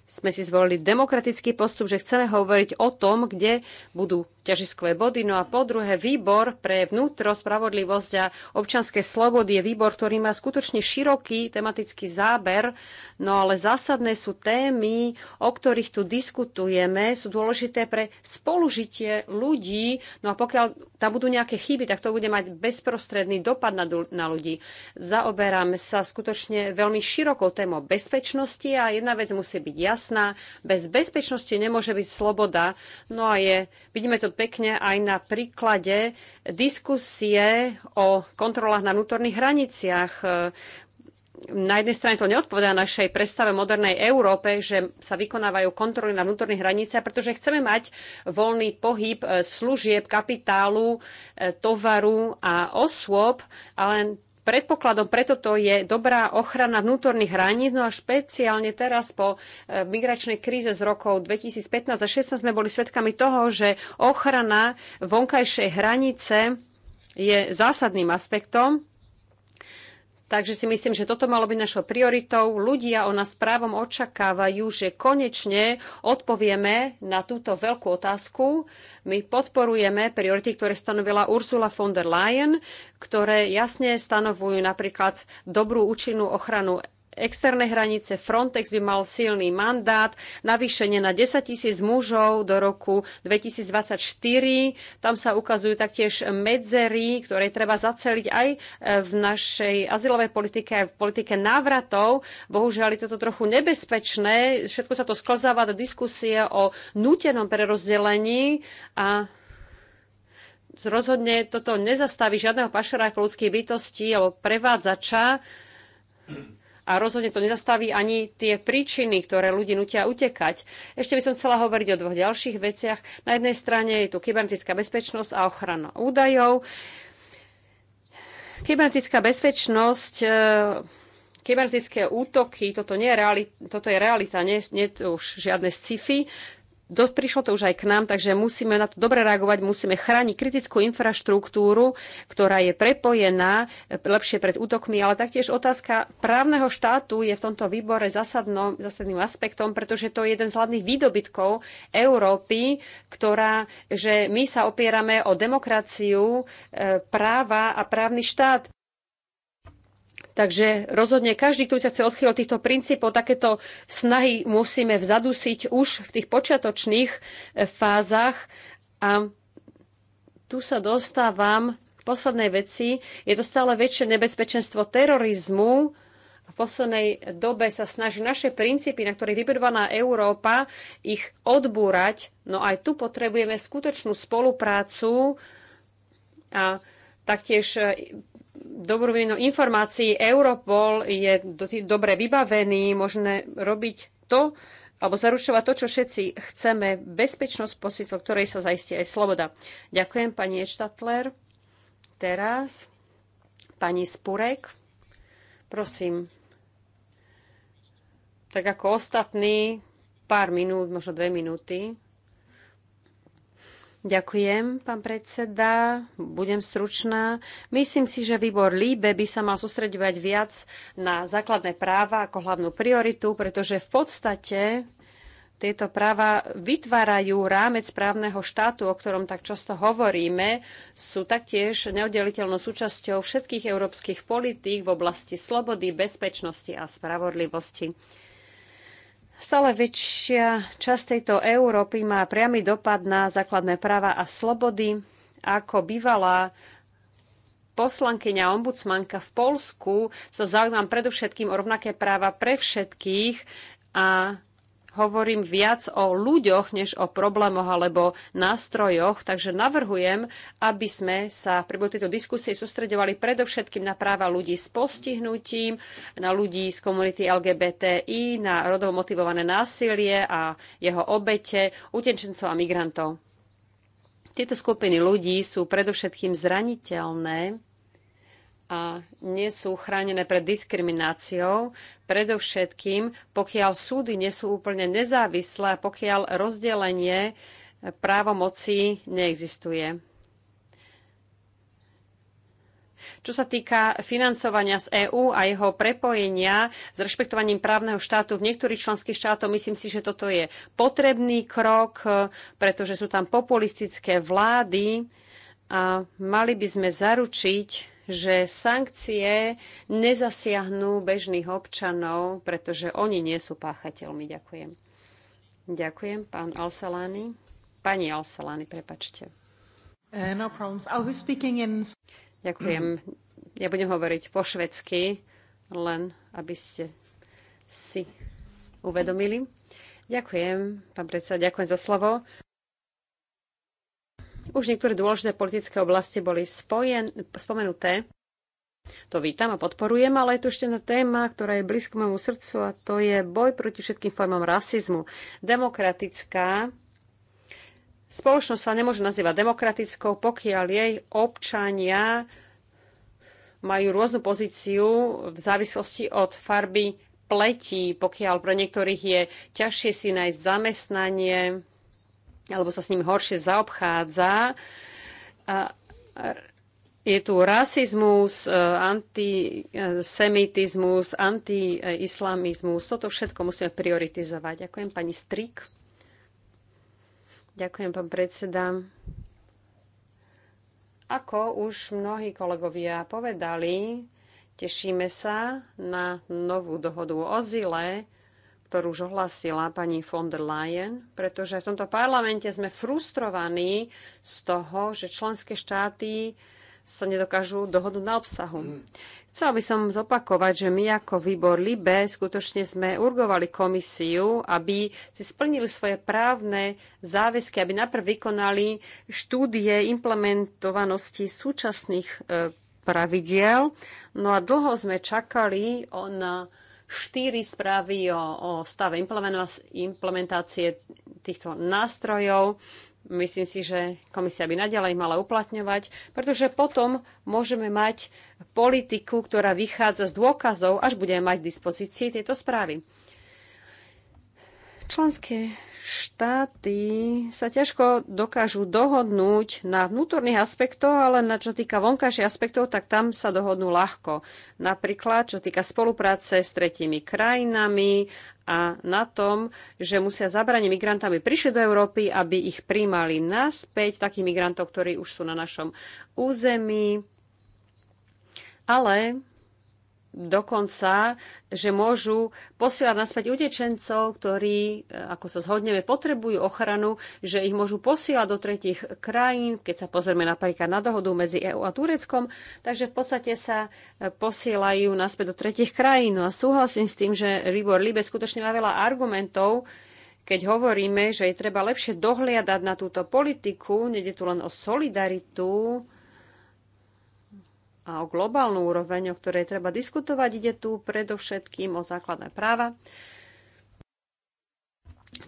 sme si zvolili demokratický postup, že chceme hovoriť o tom, kde budú ťažiskové body. No a po druhé, výbor pre vnútro, spravodlivosť a občanské slobody je výbor, ktorý má skutočne široký tematický záber, no ale zásadné sú témy, o ktorých tu diskutujeme, sú dôležité pre spolužitie ľudí. No a pokiaľ tam budú nejaké chyby, tak to bude mať bezprostredný dopad na, na ľudí. Zaoberáme sa skutočne veľmi širokou témou bezpečnosti a jedna vec musí byť jasná jasná. Bez bezpečnosti nemôže byť sloboda. No a je, vidíme to pekne aj na príklade diskusie o kontrolách na vnútorných hraniciach na jednej strane to neodpovedá našej predstave modernej Európe, že sa vykonávajú kontroly na vnútorných hraniciach, pretože chceme mať voľný pohyb e, služieb, kapitálu, e, tovaru a osôb, ale predpokladom, preto to je dobrá ochrana vnútorných hraníc, no a špeciálne teraz po e, migračnej kríze z rokov 2015 a 2016 sme boli svedkami toho, že ochrana vonkajšej hranice je zásadným aspektom Takže si myslím, že toto malo byť našou prioritou. Ľudia o nás právom očakávajú, že konečne odpovieme na túto veľkú otázku. My podporujeme priority, ktoré stanovila Ursula von der Leyen, ktoré jasne stanovujú napríklad dobrú účinnú ochranu externé hranice. Frontex by mal silný mandát, navýšenie na 10 tisíc mužov do roku 2024. Tam sa ukazujú taktiež medzery, ktoré treba zaceliť aj e, v našej azylovej politike, aj v politike návratov. Bohužiaľ je toto trochu nebezpečné. Všetko sa to sklzáva do diskusie o nútenom prerozdelení a rozhodne toto nezastaví žiadneho pašeráka ľudských bytostí alebo prevádzača a rozhodne to nezastaví ani tie príčiny, ktoré ľudí nutia utekať. Ešte by som chcela hovoriť o dvoch ďalších veciach. Na jednej strane je tu kybernetická bezpečnosť a ochrana údajov. Kybernetická bezpečnosť e, kybernetické útoky, toto, nie je reali- toto je realita, nie, nie je už žiadne sci-fi do, prišlo to už aj k nám, takže musíme na to dobre reagovať, musíme chrániť kritickú infraštruktúru, ktorá je prepojená e, lepšie pred útokmi, ale taktiež otázka právneho štátu je v tomto výbore zásadnom, zásadným aspektom, pretože to je jeden z hlavných výdobytkov Európy, ktorá, že my sa opierame o demokraciu, e, práva a právny štát. Takže rozhodne každý, kto sa chce odchýliť od týchto princípov, takéto snahy musíme vzadusiť už v tých počiatočných e, fázach. A tu sa dostávam k poslednej veci. Je to stále väčšie nebezpečenstvo terorizmu, v poslednej dobe sa snaží naše princípy, na ktorých vybudovaná Európa, ich odbúrať. No aj tu potrebujeme skutočnú spoluprácu a taktiež e, dobrú výmenu informácií. Europol je do dobre vybavený, možné robiť to, alebo zaručovať to, čo všetci chceme, bezpečnosť positeľ, ktorej sa zaistí aj sloboda. Ďakujem, pani Eštatler. Teraz pani Spurek. Prosím, tak ako ostatní, pár minút, možno dve minúty. Ďakujem, pán predseda. Budem stručná. Myslím si, že výbor Líbe by sa mal sústredovať viac na základné práva ako hlavnú prioritu, pretože v podstate tieto práva vytvárajú rámec právneho štátu, o ktorom tak často hovoríme, sú taktiež neoddeliteľnou súčasťou všetkých európskych politík v oblasti slobody, bezpečnosti a spravodlivosti. Stále väčšia časť tejto Európy má priamy dopad na základné práva a slobody. Ako bývalá poslankyňa ombudsmanka v Polsku sa zaujímam predovšetkým o rovnaké práva pre všetkých a hovorím viac o ľuďoch, než o problémoch alebo nástrojoch, takže navrhujem, aby sme sa pri tejto diskusie sústredovali predovšetkým na práva ľudí s postihnutím, na ľudí z komunity LGBTI, na rodovo motivované násilie a jeho obete, utečencov a migrantov. Tieto skupiny ľudí sú predovšetkým zraniteľné a nie sú chránené pred diskrimináciou, predovšetkým pokiaľ súdy nie sú úplne nezávislé a pokiaľ rozdelenie právomocí neexistuje. Čo sa týka financovania z EÚ a jeho prepojenia s rešpektovaním právneho štátu v niektorých členských štátoch, myslím si, že toto je potrebný krok, pretože sú tam populistické vlády a mali by sme zaručiť, že sankcie nezasiahnú bežných občanov, pretože oni nie sú páchateľmi. Ďakujem. Ďakujem, pán Alsalány. Pani Alsalány, prepačte. Eh, no problems. I'll oh, be speaking in... Ďakujem. Ja budem hovoriť po švedsky, len aby ste si uvedomili. Ďakujem, pán predseda, ďakujem za slovo. Už niektoré dôležité politické oblasti boli spojen, spomenuté. To vítam a podporujem, ale je tu ešte jedna téma, ktorá je blízko môjmu srdcu a to je boj proti všetkým formám rasizmu. Demokratická spoločnosť sa nemôže nazývať demokratickou, pokiaľ jej občania majú rôznu pozíciu v závislosti od farby pleti, pokiaľ pre niektorých je ťažšie si nájsť zamestnanie, alebo sa s ním horšie zaobchádza. A je tu rasizmus, e, antisemitizmus, antiislamizmus. Toto všetko musíme prioritizovať. Ďakujem pani Strik. Ďakujem pán predseda. Ako už mnohí kolegovia povedali, tešíme sa na novú dohodu o zile, ktorú už ohlasila pani von der Leyen, pretože v tomto parlamente sme frustrovaní z toho, že členské štáty sa nedokážu dohodnúť na obsahu. Mm. Chcela by som zopakovať, že my ako výbor LIBE skutočne sme urgovali komisiu, aby si splnili svoje právne záväzky, aby najprv vykonali štúdie implementovanosti súčasných e, pravidiel. No a dlho sme čakali na štyri správy o, o stave implementácie týchto nástrojov. Myslím si, že komisia by naďalej mala uplatňovať, pretože potom môžeme mať politiku, ktorá vychádza z dôkazov, až budeme mať k dispozícii tieto správy. Členské štáty sa ťažko dokážu dohodnúť na vnútorných aspektoch, ale na čo týka vonkajších aspektov, tak tam sa dohodnú ľahko. Napríklad, čo týka spolupráce s tretími krajinami a na tom, že musia zabranie migrantami prišli do Európy, aby ich príjmali naspäť, takých migrantov, ktorí už sú na našom území. Ale dokonca, že môžu posielať naspäť utečencov, ktorí, eh, ako sa zhodneme, potrebujú ochranu, že ich môžu posielať do tretich krajín, keď sa pozrieme napríklad na dohodu medzi EÚ a Tureckom, takže v podstate sa eh, posielajú naspäť do tretich krajín. No a súhlasím s tým, že Rivor Libe skutočne má veľa argumentov, keď hovoríme, že je treba lepšie dohliadať na túto politiku, nede tu len o solidaritu, a o globálnu úroveň, o ktorej treba diskutovať. Ide tu predovšetkým o základné práva.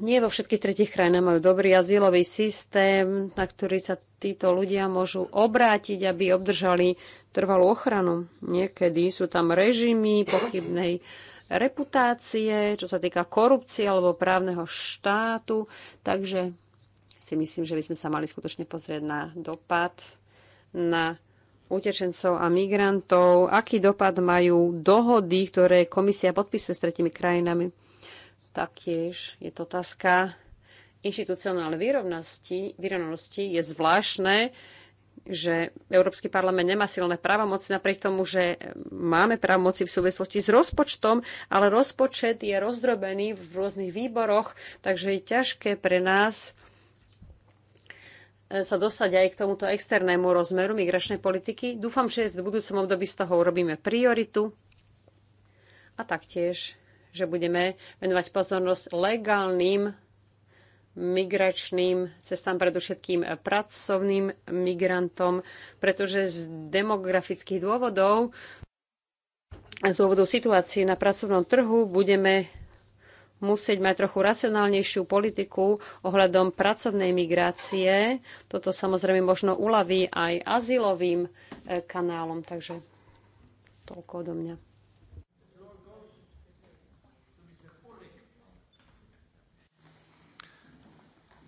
Nie vo všetkých tretich krajinách majú dobrý azylový systém, na ktorý sa títo ľudia môžu obrátiť, aby obdržali trvalú ochranu. Niekedy sú tam režimy pochybnej reputácie, čo sa týka korupcie alebo právneho štátu. Takže si myslím, že by sme sa mali skutočne pozrieť na dopad na utečencov a migrantov, aký dopad majú dohody, ktoré komisia podpisuje s tretimi krajinami. Taktiež je to otázka inštitucionálnej vyrovnanosti, Je zvláštne, že Európsky parlament nemá silné právomoci, napriek tomu, že máme právomoci v súvislosti s rozpočtom, ale rozpočet je rozdrobený v rôznych výboroch, takže je ťažké pre nás E, sa dostať aj k tomuto externému rozmeru migračnej politiky. Dúfam, že v budúcom období z toho urobíme prioritu a taktiež, že budeme venovať pozornosť legálnym migračným cestám, predovšetkým pracovným migrantom, pretože z demografických dôvodov a z dôvodov situácie na pracovnom trhu budeme musieť mať trochu racionálnejšiu politiku ohľadom pracovnej migrácie. Toto samozrejme možno uľaví aj azylovým e, kanálom, takže toľko odo mňa.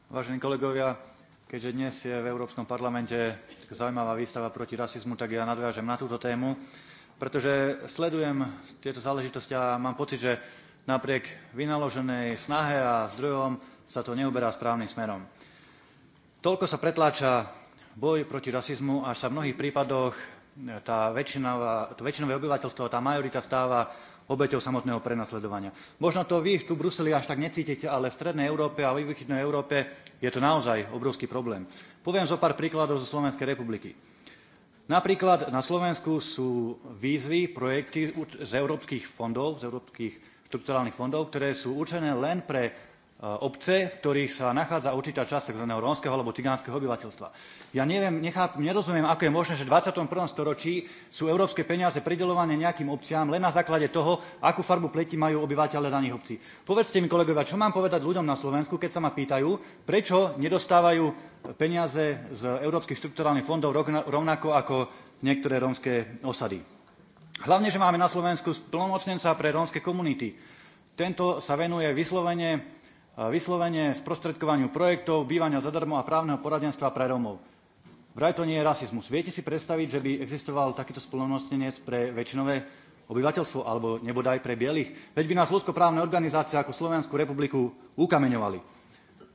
Vážení kolegovia, keďže dnes je v Európskom parlamente zaujímavá výstava proti rasizmu, tak ja nadviažem na túto tému, pretože sledujem tieto záležitosti a mám pocit, že Napriek vynaloženej snahe a zdrojom sa to neuberá správnym smerom. Toľko sa pretláča boj proti rasizmu, až sa v mnohých prípadoch e, tá to väčšinové obyvateľstvo, tá majorita stáva obeťou samotného prenasledovania. Možno to vy tu v Bruseli až tak necítite, ale v Strednej Európe a v Východnej Európe je to naozaj obrovský problém. Poviem zo pár príkladov zo Slovenskej republiky. Napríklad na Slovensku sú výzvy, projekty z európskych fondov, z európskych štrukturálnych fondov, ktoré sú určené len pre e, obce, v ktorých sa nachádza určitá časť tzv. rómskeho alebo cigánskeho obyvateľstva. Ja neviem, nechápem, nerozumiem, ako je možné, že v 21. storočí sú európske peniaze pridelované nejakým obciám len na základe toho, akú farbu pleti majú obyvateľe daných obcí. Povedzte mi, kolegovia, čo mám povedať ľuďom na Slovensku, keď sa ma pýtajú, prečo nedostávajú peniaze z európskych štrukturálnych fondov rovnako ako niektoré rómske osady. Hlavne, že máme na Slovensku splnomocnenca pre rómske komunity. Tento sa venuje vyslovene, eh, vyslovene sprostredkovaniu projektov, bývania zadarmo a právneho poradenstva pre Rómov. Vraj to nie je rasizmus. Viete si predstaviť, že by existoval takýto splnomocnenec pre väčšinové obyvateľstvo alebo nebodaj pre bielých? Veď by nás ľudskoprávne organizácie ako Slovenskú republiku ukameňovali.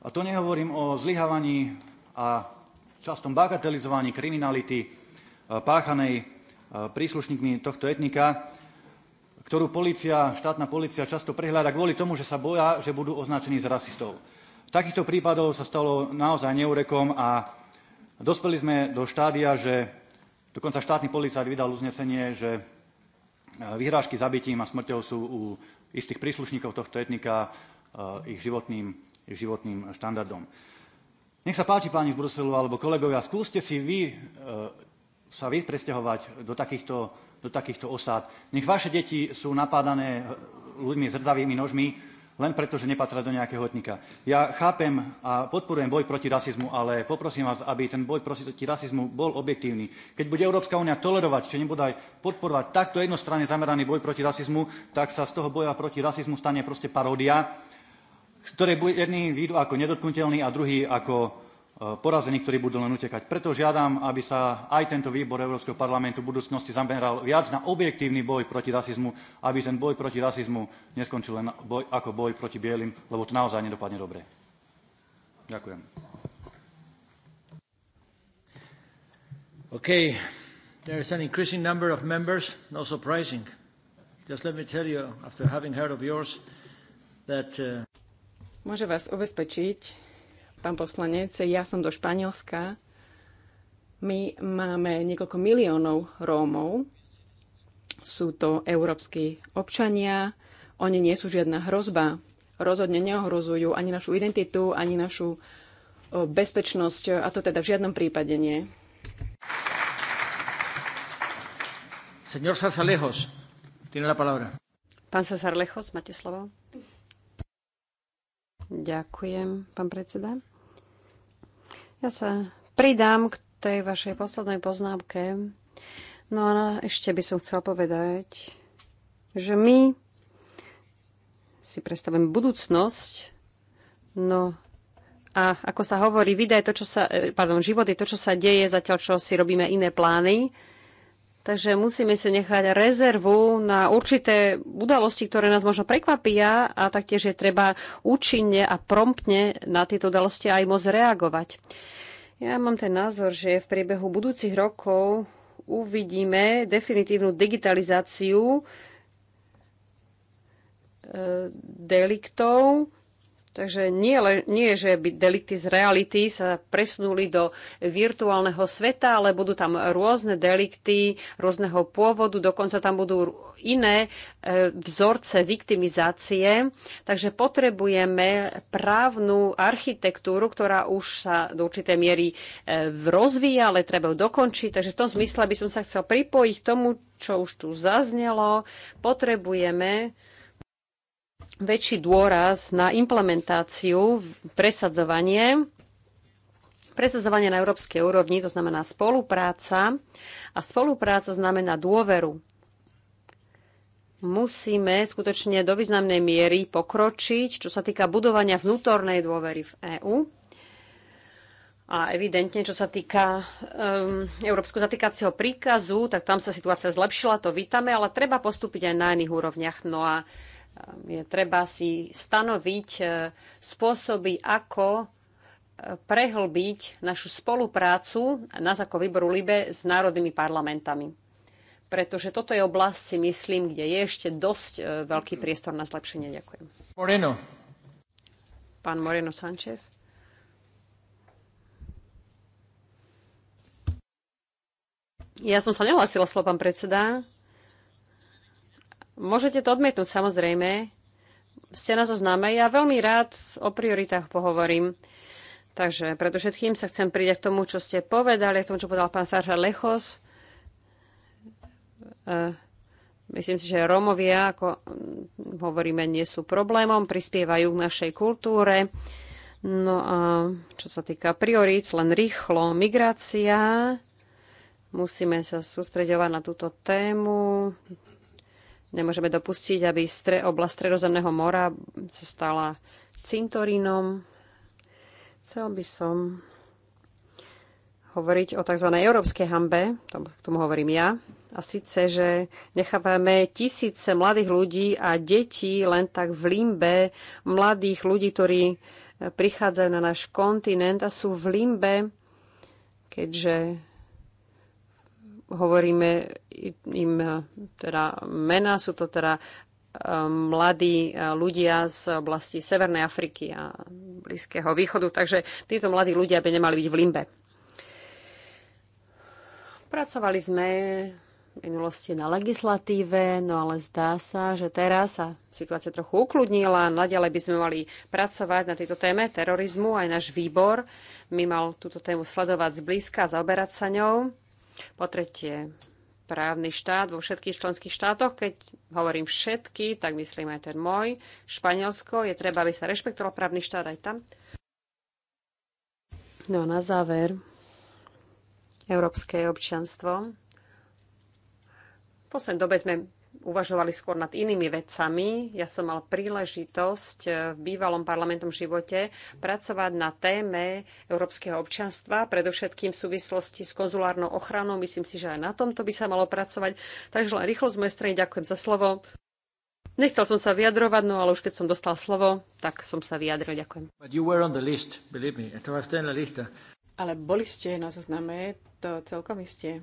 A to nehovorím o zlyhávaní a častom bagatelizovaní kriminality eh, páchanej príslušníkmi tohto etnika, ktorú policia, štátna policia často prehľada kvôli tomu, že sa boja, že budú označení za rasistov. Takýchto prípadov sa stalo naozaj neurekom a dospeli sme do štádia, že dokonca štátny policajt vydal uznesenie, že e, vyhrážky zabitím a smrťou sú u istých príslušníkov tohto etnika e, ich životným, ich životným štandardom. Nech sa páči, páni z Bruselu alebo kolegovia, skúste si vy e, sa vy presťahovať do takýchto, do takýchto osád. Nech vaše deti sú napádané eh, ľuďmi s hrdzavými nožmi, len preto, že nepatria do nejakého etnika. Ja chápem a podporujem boj proti rasizmu, ale poprosím vás, aby ten boj proti rasizmu bol objektívny. Keď bude Európska únia tolerovať, či nebude aj podporovať takto jednostranne zameraný boj proti rasizmu, tak sa z toho boja proti rasizmu stane proste paródia, z ktorej jedni výjdu ako nedotknutelný a druhý ako E, porazení, ktorí budú len utekať. Preto žiadam, aby sa aj tento výbor Európskeho parlamentu v budúcnosti zameral viac na objektívny boj proti rasizmu, aby ten boj proti rasizmu neskončil len boj, ako boj proti bielým, lebo to naozaj nedopadne dobre. Ďakujem. OK. there is an increasing number of members, no surprising. Just let me tell you, after having heard of yours, that... Uh...
Môže vás ubezpečiť,
pán poslanec. Ja som do Španielska.
My máme niekoľko miliónov Rómov. Sú to európsky občania. Oni nie sú žiadna hrozba. Rozhodne neohrozujú ani našu identitu, ani našu bezpečnosť, a to teda v žiadnom
prípade nie.
Señor Sasalejos, tiene la palabra.
Pán Sasarlejos, máte slovo. Ďakujem, pán predseda. Ja sa pridám k tej vašej poslednej poznámke. No a ešte by som chcela povedať, že my si predstavujeme budúcnosť, no a ako sa hovorí, vydaj to, čo sa, eh, pardon, život je to, čo sa deje, zatiaľ čo si robíme iné plány. Takže musíme si nechať rezervu na určité udalosti, ktoré nás možno prekvapia a taktiež je treba účinne a promptne na tieto udalosti aj môcť reagovať. Ja mám ten názor, že v priebehu budúcich rokov uvidíme definitívnu digitalizáciu eh, deliktov, Takže nie, le, nie, že by delikty z reality sa presunuli do virtuálneho sveta, ale budú tam rôzne delikty rôzneho pôvodu, dokonca tam budú iné e, vzorce viktimizácie. Takže potrebujeme právnu architektúru, ktorá už sa do určitej miery e, rozvíja, ale treba ju dokončiť. Takže v tom zmysle by som sa chcel pripojiť k tomu, čo už tu zaznelo. Potrebujeme väčší dôraz na implementáciu, presadzovanie, presadzovanie na európskej úrovni, to znamená spolupráca a spolupráca znamená dôveru. Musíme skutočne do významnej miery pokročiť, čo sa týka budovania vnútornej dôvery v EÚ. A evidentne, čo sa týka um, Európskeho zatýkacieho príkazu, tak tam sa situácia zlepšila, to vítame, ale treba postúpiť aj na iných úrovniach. No a Ehm, je treba si stanoviť e, spôsoby, ako e, prehlbiť našu spoluprácu nás ako výboru LIBE s národnými parlamentami. Pretože toto je oblasť, si myslím, kde je ešte dosť e, veľký priestor na zlepšenie. Ďakujem. Moreno. Pán Moreno Sanchez. Ja som sa nehlasila slovo, pán predseda. Môžete to odmietnúť, samozrejme. Ste na zozname. Ja veľmi rád o prioritách pohovorím. Takže predovšetkým sa chcem pridať k tomu, čo ste povedali, k tomu, čo povedal pán Farha Lechos. E, myslím si, že Rómovia, ako hovoríme, nie sú problémom, prispievajú k našej kultúre. No a čo sa týka priorít, len rýchlo migrácia. Musíme sa sústreďovať na túto tému. Nemôžeme dopustiť, aby stre, oblasť Stredozemného mora sa stala cintorínom. Chcel by som hovoriť o tzv. európskej hambe, k tomu hovorím ja, a síce, že nechávame tisíce mladých ľudí a detí len tak v limbe, mladých ľudí, ktorí e, prichádzajú na náš kontinent a sú v limbe, keďže hovoríme im teda mena, sú to teda e, mladí e, ľudia z oblasti Severnej Afriky a Blízkeho východu, takže títo mladí ľudia by nemali byť v limbe. Pracovali sme v minulosti na legislatíve, no ale zdá sa, že teraz sa situácia trochu ukludnila. Naďalej by sme mali pracovať na tejto téme terorizmu. Aj náš výbor mi mal túto tému sledovať zblízka, zaoberať sa ňou. Po tretie, právny štát vo všetkých členských štátoch. Keď hovorím všetky, tak myslím aj ten môj. Španielsko je treba, aby sa rešpektoval právny štát aj tam. No na záver, európske občianstvo. V poslednej dobe sme uvažovali skôr nad inými vecami. Ja som mal príležitosť eh, v bývalom parlamentom živote pracovať na téme európskeho občanstva, predovšetkým v súvislosti s konzulárnou ochranou. Myslím si, že aj na tomto by sa malo pracovať. Takže len rýchlo z mojej strany ďakujem za slovo. Nechcel som sa vyjadrovať, no ale už keď som dostal slovo, tak som sa vyjadril. Ďakujem. ale boli ste na zozname, to celkom isté.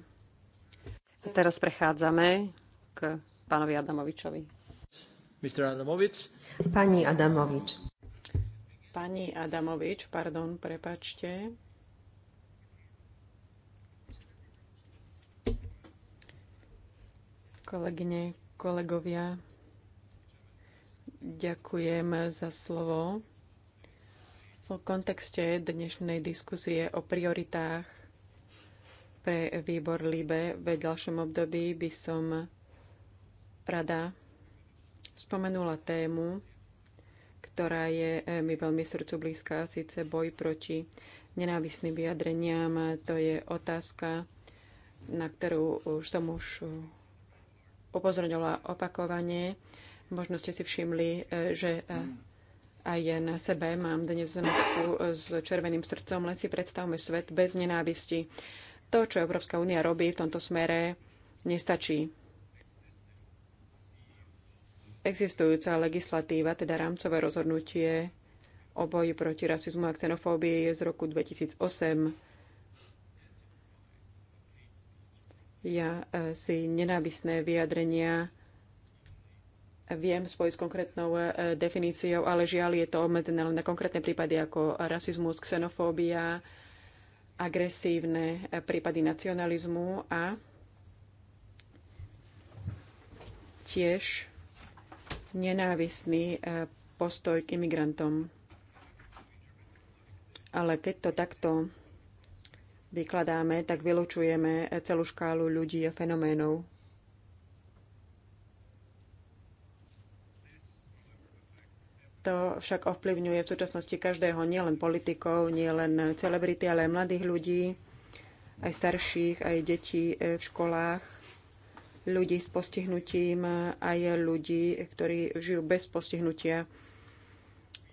A teraz prechádzame k pánovi Adamovičovi. Mr. Adamovič. Pani Adamovič.
Pani Adamovič, pardon, prepačte. Kolegyne, kolegovia, ďakujem za slovo. V kontexte dnešnej diskusie o prioritách pre výbor LIBE v ďalšom období by som Rada spomenula tému, ktorá je e, mi veľmi srdcu blízka, a síce boj proti nenávisným vyjadreniam. To je otázka, na ktorú už som už upozorňovala opakovane. Možno ste si všimli, e, že e, aj ja na sebe mám dnes značku s červeným srdcom. Len si predstavme svet bez nenávisti. To, čo Európska únia robí v tomto smere, nestačí Existujúca legislatíva, teda rámcové rozhodnutie o boji proti rasizmu a xenofóbii je z roku 2008. Ja e, si nenávisné vyjadrenia viem spojiť s konkrétnou e, definíciou, ale žiaľ je to obmedzené len na konkrétne prípady ako rasizmus, xenofóbia, agresívne e, prípady nacionalizmu a tiež nenávisný e, postoj k imigrantom. Ale keď to takto vykladáme, tak vylučujeme e, celú škálu ľudí a fenoménov. To však ovplyvňuje v súčasnosti každého, nielen politikov, nielen celebrity, ale aj mladých ľudí, aj starších, aj detí e, v školách ľudí s postihnutím, aj ľudí, ktorí žijú bez postihnutia.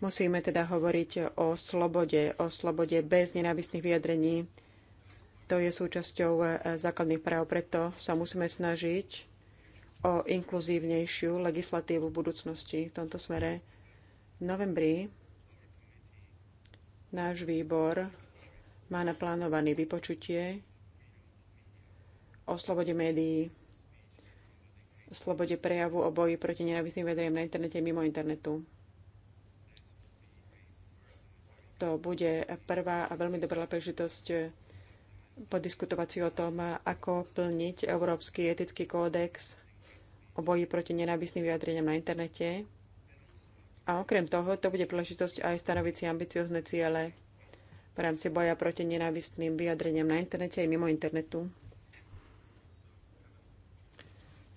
Musíme teda hovoriť o slobode, o slobode bez nenávistných vyjadrení. To je súčasťou e, základných práv, preto sa musíme snažiť o inkluzívnejšiu legislatívu v budúcnosti v tomto smere. V novembri náš výbor má naplánované vypočutie o slobode médií slobode prejavu o boji proti nenávisným vedriem na internete mimo internetu. To bude prvá a veľmi dobrá príležitosť podiskutovať si o tom, ako plniť Európsky etický kódex o boji proti nenávisným vyjadreniam na internete. A okrem toho, to bude príležitosť aj stanoviť si ambiciozne ciele v rámci boja proti nenávistným vyjadreniam na internete aj mimo internetu.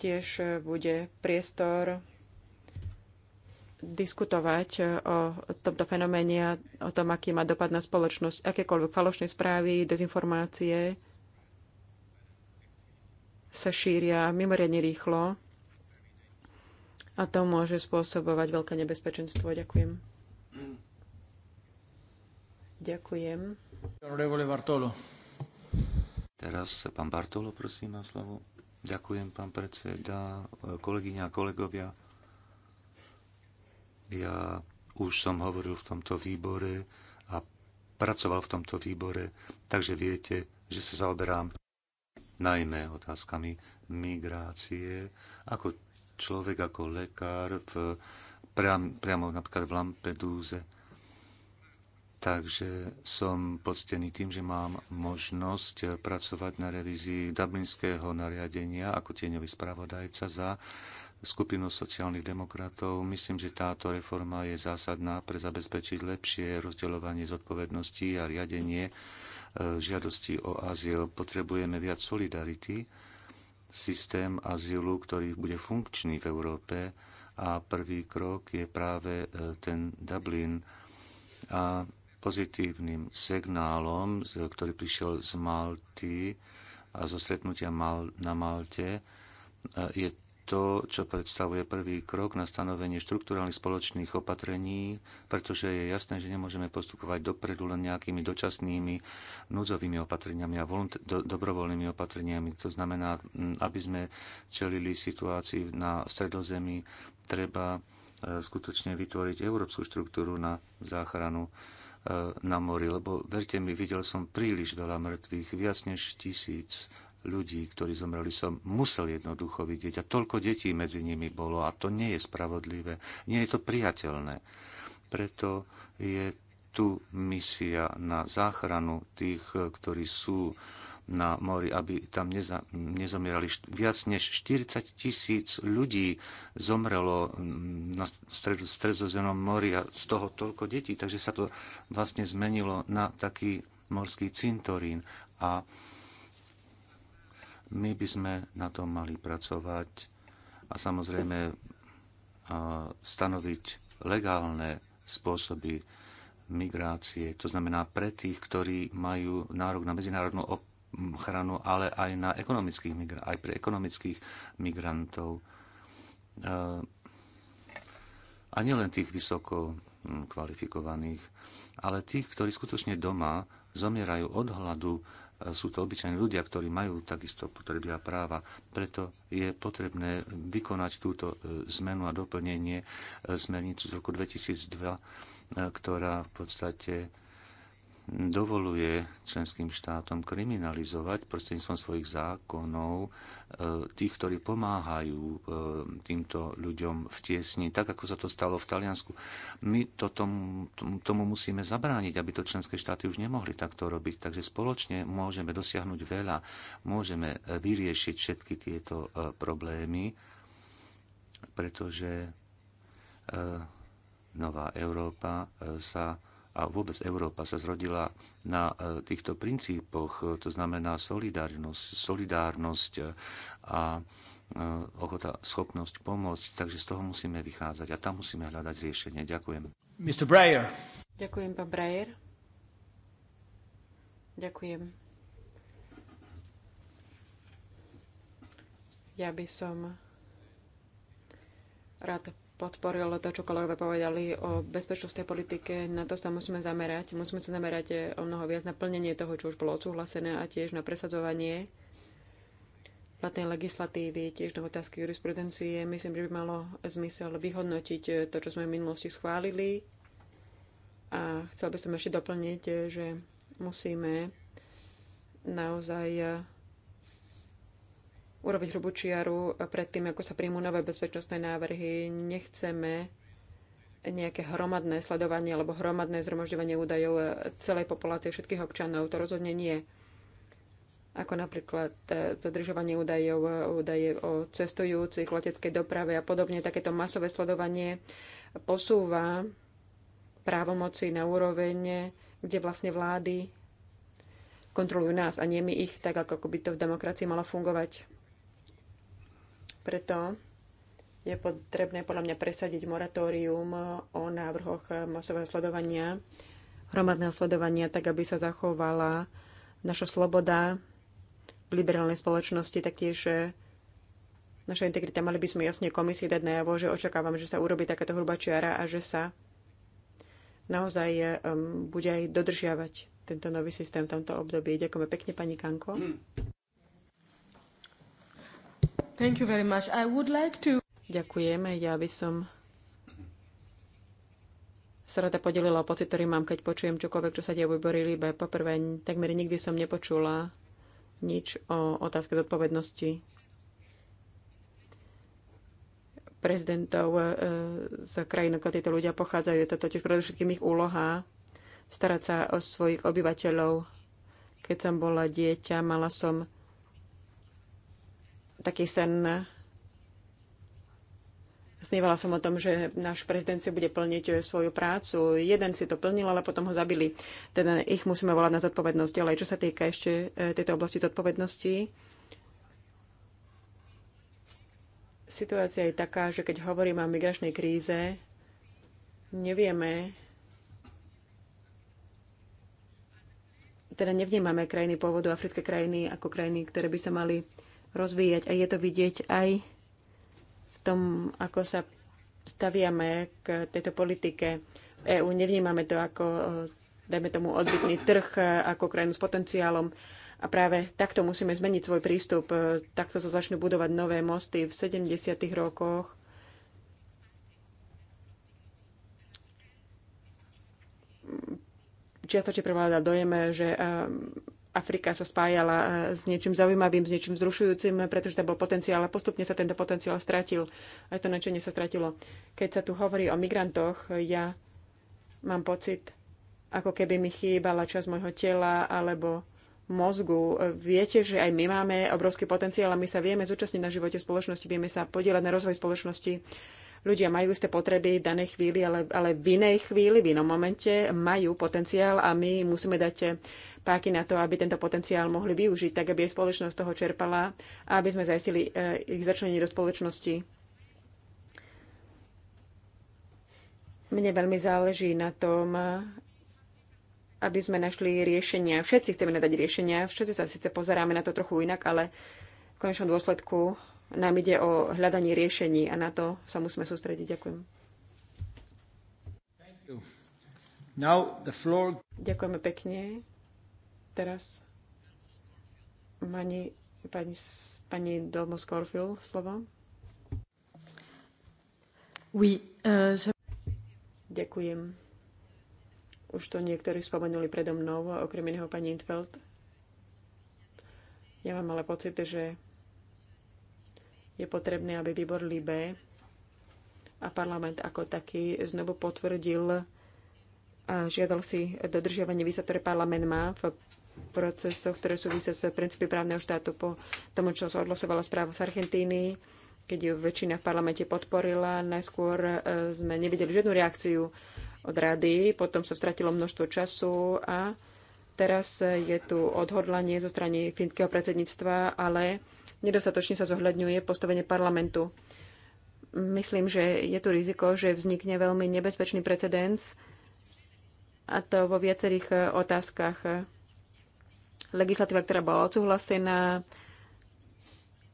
Tiež e, bude priestor diskutovať e, o tomto fenoméne a o tom, aký má dopad na spoločnosť. Akékoľvek falošné správy, dezinformácie sa šíria mimoriadne rýchlo a to môže spôsobovať veľké nebezpečenstvo. Ďakujem. Ďakujem.
Teraz pán Bartolo, prosím, má slovo. Ďakujem, pán predseda, kolegyňa a kolegovia. Ja už som hovoril v tomto výbore a pracoval v tomto výbore, takže viete, že sa zaoberám najmä otázkami migrácie. Ako človek, ako lekár, v, priam, priamo napríklad v Lampedúze, Takže som poctený tým, že mám možnosť pracovať na revízii Dublinského nariadenia ako tieňový spravodajca za skupinu sociálnych demokratov. Myslím, že táto reforma je zásadná pre zabezpečiť lepšie rozdeľovanie zodpovedností a riadenie e, žiadosti o azyl. Potrebujeme viac solidarity, systém azylu, ktorý bude funkčný v Európe a prvý krok je práve e, ten Dublin. A pozitívnym signálom, ktorý prišiel z Malty a zo stretnutia Mal- na Malte, e, je to, čo predstavuje prvý krok na stanovenie štruktúrálnych spoločných opatrení, pretože je jasné, že nemôžeme postupovať dopredu len nejakými dočasnými núdzovými opatreniami a volunt- do- dobrovoľnými opatreniami. To znamená, aby sme čelili situácii na stredozemí, treba e, skutočne vytvoriť európsku štruktúru na záchranu Eh, na mori, lebo verte mi, videl som príliš veľa mŕtvych, viac než tisíc ľudí, ktorí zomreli, som musel jednoducho vidieť. A toľko detí medzi nimi bolo a to nie je spravodlivé, nie je to priateľné. Preto je tu misia na záchranu tých, eh, ktorí sú na mori, aby tam neza, nezomierali. Viac než 40 tisíc ľudí zomrelo mm, na stredozemnom mori a z toho toľko detí. Takže sa to vlastne zmenilo na taký morský cintorín. A my by sme na tom mali pracovať a samozrejme stanoviť legálne spôsoby migrácie, to znamená pre tých, ktorí majú nárok na medzinárodnú ochranu, ale aj, na ekonomických, aj pre ekonomických migrantov. Eh, a nielen tých vysoko hm, kvalifikovaných, ale tých, ktorí skutočne doma zomierajú od hladu, eh, sú to obyčajní ľudia, ktorí majú takisto potreby a práva. Preto je potrebné vykonať túto eh, zmenu a doplnenie smernicu z roku 2002, ktorá v podstate dovoluje členským štátom kriminalizovať prostredníctvom svojich zákonov e, tých, ktorí pomáhajú e, týmto ľuďom v tiesni, tak ako sa to stalo v Taliansku. My to tomu, tomu musíme zabrániť, aby to členské štáty už nemohli takto robiť. Takže spoločne môžeme dosiahnuť veľa, môžeme e, vyriešiť všetky tieto problémy, pretože nová Európa sa a vôbec Európa sa zrodila na e, týchto princípoch, e, to znamená solidárnosť, solidárnosť e, a ochota, schopnosť pomôcť, takže z toho musíme vychádzať a tam musíme hľadať riešenie. Ďakujem.
Mr. Breyer.
Ďakujem, pán Breyer. Ďakujem. Ja by som rád podporil to, čo kolegové povedali o bezpečnostnej politike. Na to sa musíme zamerať. Musíme sa zamerať eh, o mnoho viac na plnenie toho, čo už bolo odsúhlasené a tiež na presadzovanie platnej legislatívy, tiež na otázky jurisprudencie. Myslím, že by malo zmysel vyhodnotiť eh, to, čo sme v minulosti schválili. A chcel by som ešte doplniť, eh, že musíme naozaj urobiť hrubú čiaru pred tým, ako sa príjmú nové bezpečnostné návrhy. Nechceme nejaké hromadné sledovanie alebo hromadné zhromažďovanie údajov celej populácie všetkých občanov. To rozhodne nie. Ako napríklad e, zadržovanie údajov, údaje o cestujúcich, leteckej doprave a podobne. Takéto masové sledovanie posúva právomoci na úroveň, kde vlastne vlády kontrolujú nás a nie my ich, tak ako by to v demokracii malo fungovať. Preto je potrebné podľa mňa presadiť moratórium o návrhoch masového sledovania, hromadného sledovania, tak aby sa zachovala naša sloboda v liberálnej spoločnosti, taktiež eh, naša integrita. Mali by sme jasne komisii dať najavo, že očakávam, že sa urobí takáto hruba čiara a že sa naozaj um, bude aj dodržiavať tento nový systém v tomto období. Ďakujeme pekne, pani Kanko. Hm. Thank you very much. I would like to... Ďakujeme. Ja by som sa rada podelila o pocit, ktorý mám, keď počujem čokoľvek, čo sa deje v výbore Libe. Poprvé, takmer nikdy som nepočula nič o otázke zodpovednosti prezidentov eh, z krajín, odkiaľ títo ľudia pochádzajú. Je to totiž predovšetkým ich úloha starať sa o svojich obyvateľov. Keď som bola dieťa, mala som taký sen. Snívala som o tom, že náš prezident si bude plniť svoju prácu. Jeden si to plnil, ale potom ho zabili. Teda ich musíme volať na zodpovednosť. Ale čo sa týka ešte e, tejto oblasti zodpovednosti, situácia je taká, že keď hovoríme o migračnej kríze, nevieme, teda nevnímame krajiny pôvodu, africké krajiny ako krajiny, ktoré by sa mali rozvíjať. A je to vidieť aj v tom, ako sa staviame k tejto politike. V EÚ nevnímame to ako, eh, dajme tomu, odbytný trh, eh, ako krajinu s potenciálom. A práve takto musíme zmeniť svoj prístup. Eh, takto sa začnú budovať nové mosty v 70. rokoch. Hm, čiastočne prevláda dojem, že Afrika sa spájala eh, s niečím zaujímavým, s niečím zrušujúcim, pretože tam bol potenciál a postupne sa tento potenciál stratil. Aj to načenie sa stratilo. Keď sa tu hovorí o migrantoch, ja mám pocit, ako keby mi chýbala časť môjho tela alebo mozgu. Viete, že aj my máme obrovský potenciál a my sa vieme zúčastniť na živote spoločnosti, vieme sa podielať na rozvoj spoločnosti. Ľudia majú isté potreby v danej chvíli, ale, ale v inej chvíli, v inom momente majú potenciál a my musíme dať páky na to, aby tento potenciál mohli využiť, tak aby aj spoločnosť toho čerpala a aby sme zajistili eh, ich začlenie do spoločnosti. Mne veľmi záleží na tom, aby sme našli riešenia. Všetci chceme nadať riešenia, všetci sa síce pozeráme na to trochu inak, ale v konečnom dôsledku nám ide o hľadanie riešení a na to sa musíme sústrediť. Ďakujem. Ďakujeme pekne. Teraz pani, pani, pani Delmo Skorfil slovo. Oui, uh, Ďakujem. Už to niektorí spomenuli predo mnou, okrem iného pani Intfeld. Ja mám ale pocit, že je potrebné, aby výbor Libé a parlament ako taký znovu potvrdil a žiadal si dodržiavanie výsa, ktoré parlament má v procesoch, ktoré súvisia s princípy právneho štátu po tom, čo sa odlosovala správa z Argentíny, keď ju väčšina v parlamente podporila. Najskôr e, sme nevideli žiadnu reakciu od rady, potom sa stratilo množstvo času a teraz je tu odhodlanie zo strany fínskeho predsedníctva, ale nedostatočne sa zohľadňuje postavenie parlamentu. Myslím, že je tu riziko, že vznikne veľmi nebezpečný precedens, a to vo viacerých e, otázkach legislatíva, ktorá bola odsúhlasená,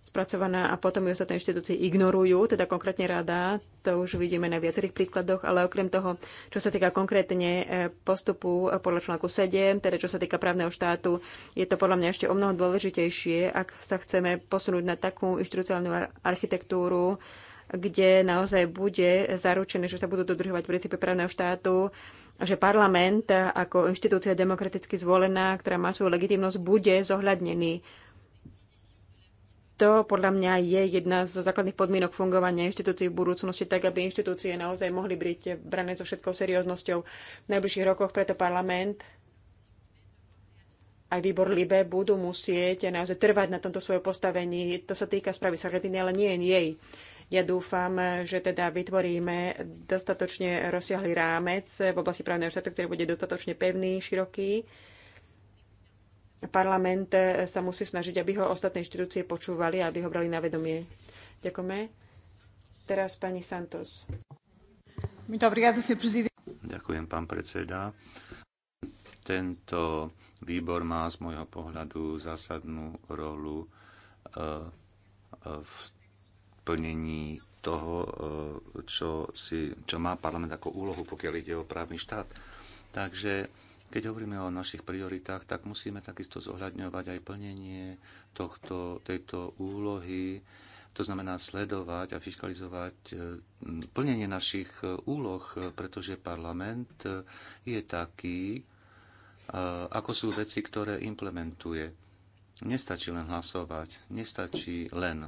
spracovaná a potom ju ostatné inštitúcie ignorujú, teda konkrétne rada, to už vidíme na viacerých príkladoch, ale okrem toho, čo sa týka konkrétne e, postupu e, podľa článku 7, teda čo sa týka právneho štátu, je to podľa mňa ešte o mnoho dôležitejšie, ak sa chceme posunúť na takú inštitúciálnu architektúru, kde naozaj bude zaručené, že sa budú dodržovať princípy právneho štátu že parlament ako inštitúcia demokraticky zvolená, ktorá má svoju legitimnosť, bude zohľadnený. To podľa mňa je jedna zo základných podmienok fungovania inštitúcií v budúcnosti, tak aby inštitúcie naozaj mohli byť brané so všetkou serióznosťou v najbližších rokoch. Preto parlament aj výbor Libe budú musieť naozaj trvať na tomto svojom postavení. To sa týka spravy Sargentiny, ale nie jej ja dúfam, že teda vytvoríme dostatočne rozsiahly rámec v oblasti právneho štátu, ktorý bude dostatočne pevný, široký. Parlament sa musí snažiť, aby ho ostatné inštitúcie počúvali a aby ho brali na vedomie. Ďakujeme. Teraz pani Santos. Ďakujem,
pán predseda. Tento výbor má z môjho pohľadu zásadnú rolu eh, v plnení toho, e, čo, si, čo má parlament ako úlohu, pokiaľ ide o právny štát. Takže keď hovoríme o našich prioritách, tak musíme takisto zohľadňovať aj plnenie tohto, tejto úlohy, to znamená sledovať a fiskalizovať e, plnenie našich e, úloh, pretože parlament je taký, ako sú veci, ktoré implementuje. Nestačí len hlasovať, nestačí len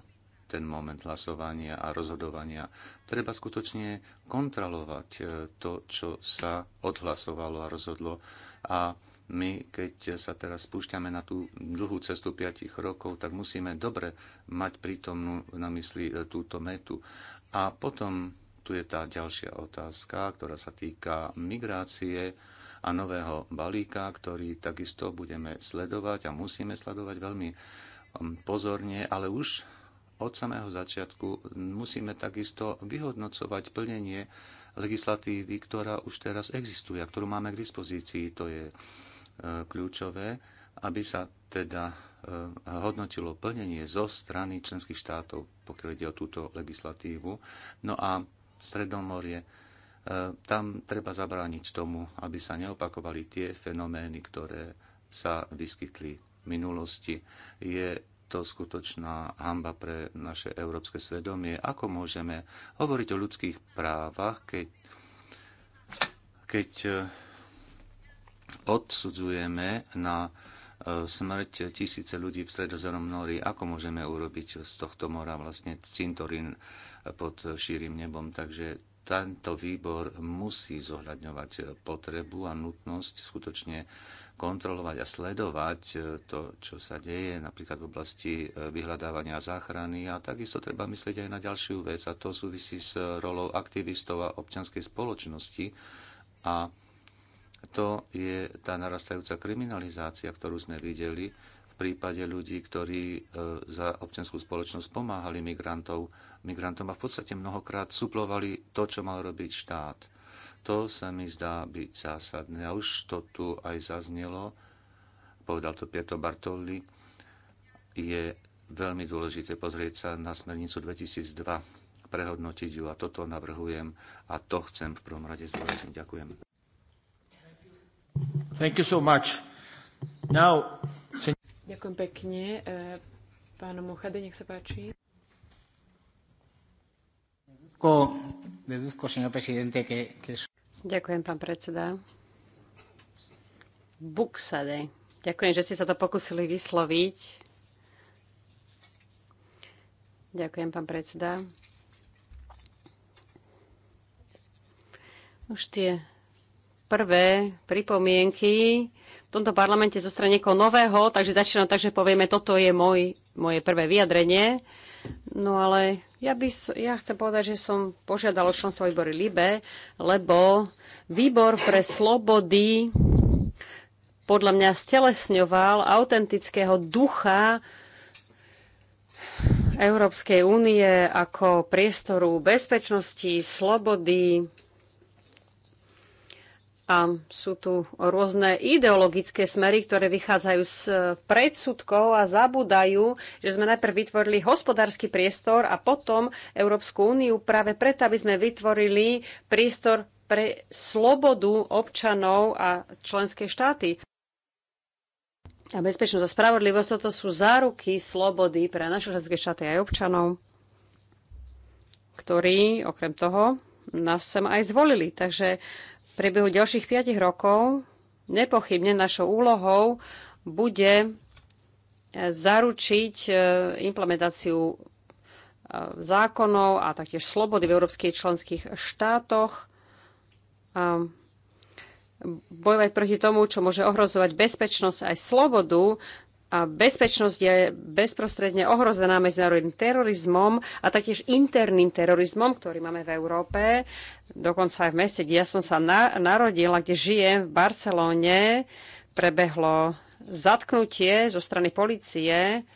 ten moment hlasovania a rozhodovania. Treba skutočne kontrolovať e, to, čo sa odhlasovalo a rozhodlo. A my, keď sa teraz spúšťame na tú dlhú cestu 5 rokov, tak musíme dobre mať prítomnú na mysli e, túto metu. A potom tu je tá ďalšia otázka, ktorá sa týka migrácie a nového balíka, ktorý takisto budeme sledovať a musíme sledovať veľmi pozorne, ale už od samého začiatku musíme takisto vyhodnocovať plnenie legislatívy, ktorá už teraz existuje a ktorú máme k dispozícii. To je e, kľúčové, aby sa teda e, hodnotilo plnenie zo strany členských štátov, pokiaľ ide o túto legislatívu. No a Stredomorie, e, tam treba zabrániť tomu, aby sa neopakovali tie fenomény, ktoré sa vyskytli v minulosti. Je to skutočná hamba pre naše európske svedomie. Ako môžeme hovoriť o ľudských právach, keď, keď eh, odsudzujeme na eh, smrť tisíce ľudí v stredozemnom nori? Ako môžeme urobiť z tohto mora vlastne cintorín pod šírim nebom? Takže tento výbor musí zohľadňovať potrebu a nutnosť skutočne kontrolovať a sledovať e, to, čo sa deje napríklad v oblasti e, vyhľadávania a záchrany a takisto treba myslieť aj na ďalšiu vec a to súvisí s rolou aktivistov a občianskej spoločnosti a to je tá narastajúca kriminalizácia, ktorú sme videli v prípade ľudí, ktorí e, za občianskú spoločnosť pomáhali migrantov, migrantom a v podstate mnohokrát suplovali to, čo mal robiť štát to sa mi zdá byť zásadné. A už to tu aj zaznelo, povedal to Pietro Bartoli, je veľmi dôležité pozrieť sa na smernicu 2002, prehodnotiť ju a toto navrhujem a to chcem v prvom rade zdôrazniť. Ďakujem.
Thank you so much. Now...
Ďakujem pekne. E, Pán Mochade, nech sa páči.
Ďakujem,
pán predseda. Buxade. Ďakujem, že ste sa to pokusili vysloviť. Ďakujem, pán predseda. Už tie prvé pripomienky v tomto parlamente zo strany niekoho nového, takže začínam tak, že povieme, toto je môj moje prvé vyjadrenie. No ale ja, by, ja chcem povedať, že som požiadal o členstvo výbory LIBE, lebo výbor pre slobody podľa mňa stelesňoval autentického ducha Európskej únie ako priestoru bezpečnosti, slobody, a sú tu rôzne ideologické smery, ktoré vychádzajú z e, predsudkov a zabúdajú, že sme najprv vytvorili hospodársky priestor a potom Európsku úniu práve preto, aby sme vytvorili priestor pre slobodu občanov a členské štáty. A bezpečnosť a spravodlivosť, toto sú záruky slobody pre naše členské štáty aj občanov, ktorí okrem toho nás sem aj zvolili. Takže priebehu ďalších 5 rokov nepochybne našou úlohou bude e, zaručiť e, implementáciu e, zákonov a taktiež slobody v európskych členských štátoch. A bojovať proti tomu, čo môže ohrozovať bezpečnosť aj slobodu a bezpečnosť je bezprostredne ohrozená medzinárodným terorizmom a taktiež interným terorizmom, ktorý máme v Európe. Dokonca aj v meste, kde ja som sa na- narodila, kde žijem, v Barcelóne, prebehlo zatknutie zo strany policie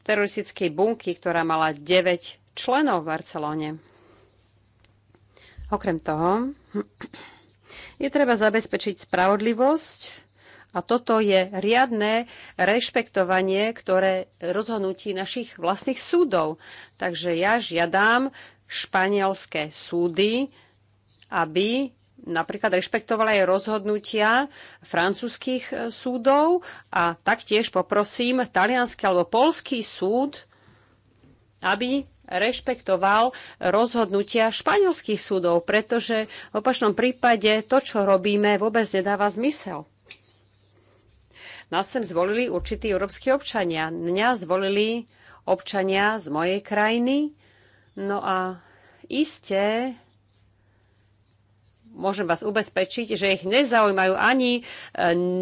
teroristickej bunky, ktorá mala 9 členov v Barcelóne. Okrem toho je treba zabezpečiť spravodlivosť a toto je riadne rešpektovanie, ktoré rozhodnutí našich vlastných súdov. Takže ja žiadam španielské súdy, aby napríklad rešpektovala aj rozhodnutia francúzských súdov a taktiež poprosím talianský alebo polský súd, aby rešpektoval rozhodnutia španielských súdov, pretože v opačnom prípade to, čo robíme, vôbec nedáva zmysel. Nás sem zvolili určití európsky občania. Mňa zvolili občania z mojej krajiny. No a iste môžem vás ubezpečiť, že ich nezaujímajú ani e,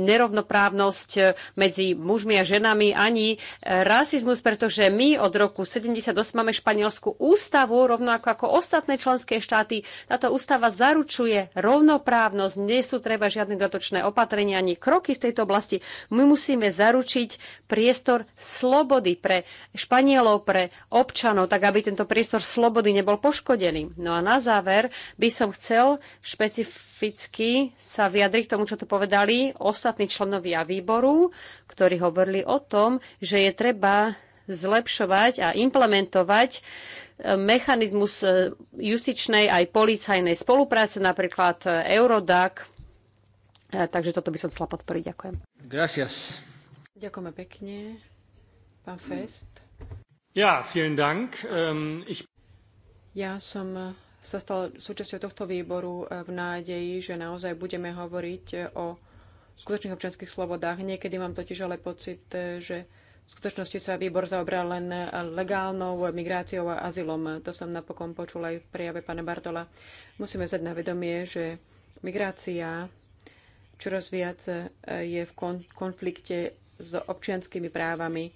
nerovnoprávnosť e, medzi mužmi a ženami, ani e, rasizmus, pretože my od roku 78 máme španielskú ústavu, rovnako ako ostatné členské štáty. Táto ústava zaručuje rovnoprávnosť, nie sú treba žiadne dodatočné opatrenia ani kroky v tejto oblasti. My musíme zaručiť priestor slobody pre Španielov, pre občanov, tak aby tento priestor slobody nebol poškodený. No a na záver by som chcel špe- špecificky sa vyjadri k tomu, čo tu povedali ostatní členovia výboru, ktorí hovorili o tom, že je treba zlepšovať a implementovať e, mechanizmus e, justičnej aj policajnej spolupráce, napríklad e, Eurodac. Takže toto by som chcela podporiť. Ďakujem.
Gracias.
Ďakujeme pekne. Pán mm. Fest.
Ja, vielen Dank. Um, ich...
Ja som sa stal súčasťou tohto výboru e, v nádeji, že naozaj budeme hovoriť o skutočných občianských slobodách. Niekedy mám totiž ale pocit, e, že v skutočnosti sa výbor zaobral len legálnou migráciou a azylom. To som napokon počula aj v prejave pána Bartola. Musíme zať na vedomie, že migrácia čoraz viac e, je v konflikte s občianskými právami.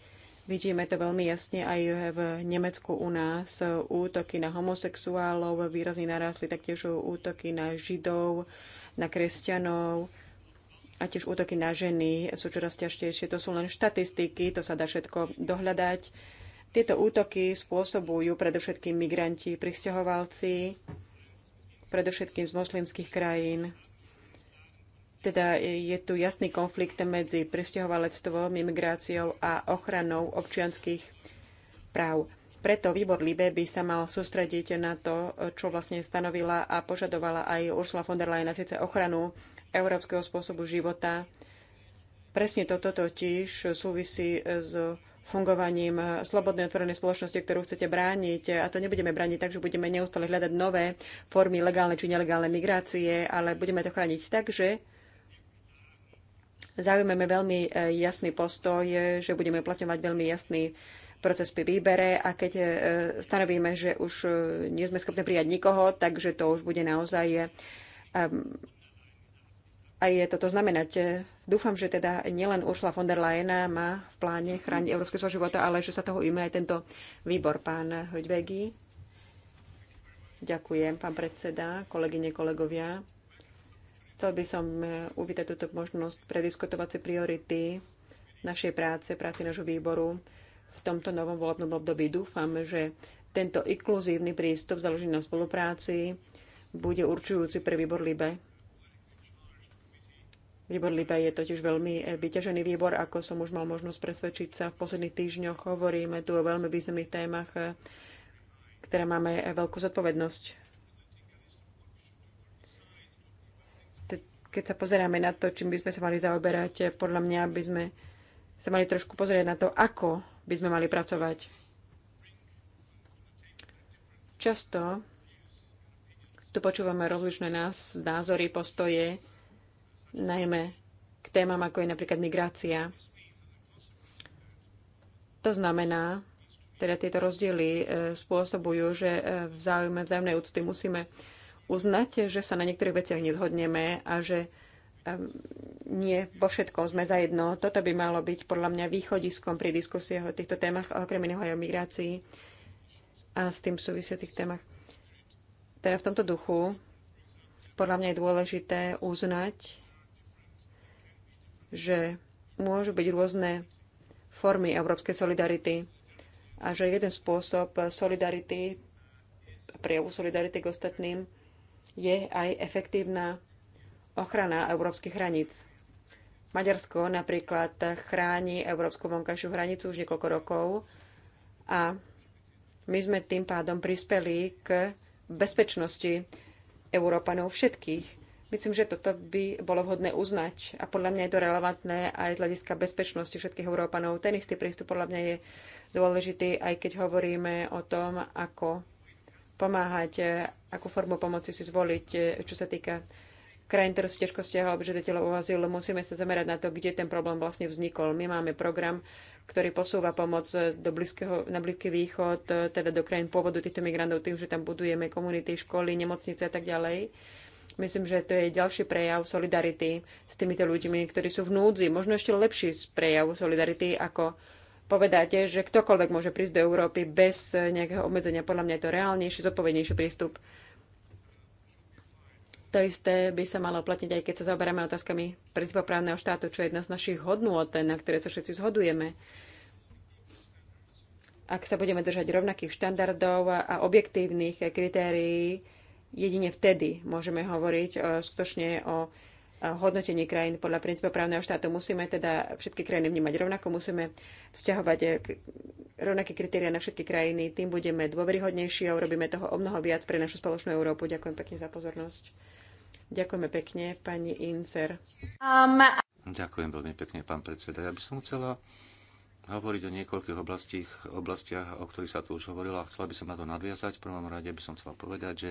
Vidíme to veľmi jasne aj v Nemecku u nás. Útoky na homosexuálov výrazne narastli, taktiež útoky na židov, na kresťanov a tiež útoky na ženy sú čoraz ťažšie. To sú len štatistiky, to sa dá všetko dohľadať. Tieto útoky spôsobujú predovšetkým migranti, pristahovalci, predovšetkým z moslimských krajín. Teda je tu jasný konflikt medzi presťahovalectvom, imigráciou a ochranou občianských práv. Preto výbor Libe by sa mal sústrediť na to, čo vlastne stanovila a požadovala aj Ursula von der Leyen, a síce ochranu európskeho spôsobu života. Presne toto totiž súvisí s fungovaním slobodnej otvorenej spoločnosti, ktorú chcete brániť. A to nebudeme brániť tak, že budeme neustále hľadať nové formy legálnej či nelegálnej migrácie, ale budeme to chrániť tak, že Zaujmeme veľmi e, jasný postoj, že budeme uplatňovať veľmi jasný proces pri výbere a keď e, stanovíme, že už e, nie sme schopní prijať nikoho, takže to už bude naozaj A je toto znamenať. Dúfam, že teda nielen Ursula von der Leyen má v pláne chrániť Európske svoj života, ale že sa toho ujme aj tento výbor, pán Hojbegi. Ďakujem, pán predseda, kolegyne, kolegovia. Chcel by som eh, uvítať túto možnosť prediskutovať si priority našej práce, práci nášho výboru v tomto novom volebnom období. Dúfam, že tento inkluzívny prístup založený na spolupráci bude určujúci pre výbor LIBE. Výbor LIBE je totiž veľmi eh, vyťažený výbor, ako som už mal možnosť presvedčiť sa v posledných týždňoch. Hovoríme tu o veľmi významných témach, eh, ktoré máme veľkú zodpovednosť keď sa pozeráme na to, čím by sme sa mali zaoberať, eh, podľa mňa by sme sa mali trošku pozrieť na to, ako by sme mali pracovať. Často tu počúvame rozličné nás, názory, postoje, najmä k témam, ako je napríklad migrácia. To znamená, teda tieto rozdiely eh, spôsobujú, že eh, v záujme vzájomnej úcty musíme uznať, že sa na niektorých veciach nezhodneme a že nie vo všetkom sme za jedno, Toto by malo byť podľa mňa východiskom pri diskusiách o týchto témach, okrem iného aj o migrácii a s tým súvisiacich témach. Teda v tomto duchu podľa mňa je dôležité uznať, že môžu byť rôzne formy európskej solidarity a že jeden spôsob solidarity, prejavu solidarity k ostatným je aj efektívna ochrana európskych hraníc. Maďarsko napríklad chráni európsku vonkajšiu hranicu už niekoľko rokov a my sme tým pádom prispeli k bezpečnosti Európanov všetkých. Myslím, že toto by bolo vhodné uznať a podľa mňa je to relevantné aj z hľadiska bezpečnosti všetkých Európanov. Ten istý prístup podľa mňa je dôležitý, aj keď hovoríme o tom, ako pomáhať, e, akú formu pomoci si zvoliť, e, čo sa týka krajín, ktoré sú ťažkostiach alebo žiadateľov o azyl, musíme sa zamerať na to, kde ten problém vlastne vznikol. My máme program, ktorý posúva pomoc e, do blízkeho, na Blízky východ, teda do krajín pôvodu týchto migrantov, tým, že tam budujeme komunity, školy, nemocnice a tak ďalej. Myslím, že to je ďalší prejav solidarity s týmito ľuďmi, ktorí sú v núdzi. Možno ešte lepší prejav solidarity ako povedáte, že ktokoľvek môže prísť do Európy bez nejakého obmedzenia. Podľa mňa je to reálnejší, zodpovednejší prístup. To isté by sa malo platiť aj keď sa zaoberáme otázkami princípov právneho štátu, čo je jedna z našich hodnôt, na ktoré sa všetci zhodujeme. Ak sa budeme držať rovnakých štandardov a objektívnych kritérií, jedine vtedy môžeme hovoriť eh, skutočne o hodnotenie krajín podľa princípa právneho štátu. Musíme teda všetky krajiny vnímať rovnako, musíme vzťahovať rovnaké kritéria na všetky krajiny, tým budeme dôveryhodnejší a urobíme toho o mnoho viac pre našu spoločnú Európu. Ďakujem pekne za pozornosť. Ďakujeme pekne, pani Incer. Um...
Ďakujem veľmi pekne, pán predseda. Ja by som chcela hovoriť o niekoľkých oblastiach, oblastiach, o ktorých sa tu už hovorilo a chcela by som na to nadviazať. V prvom rade by som chcela povedať, že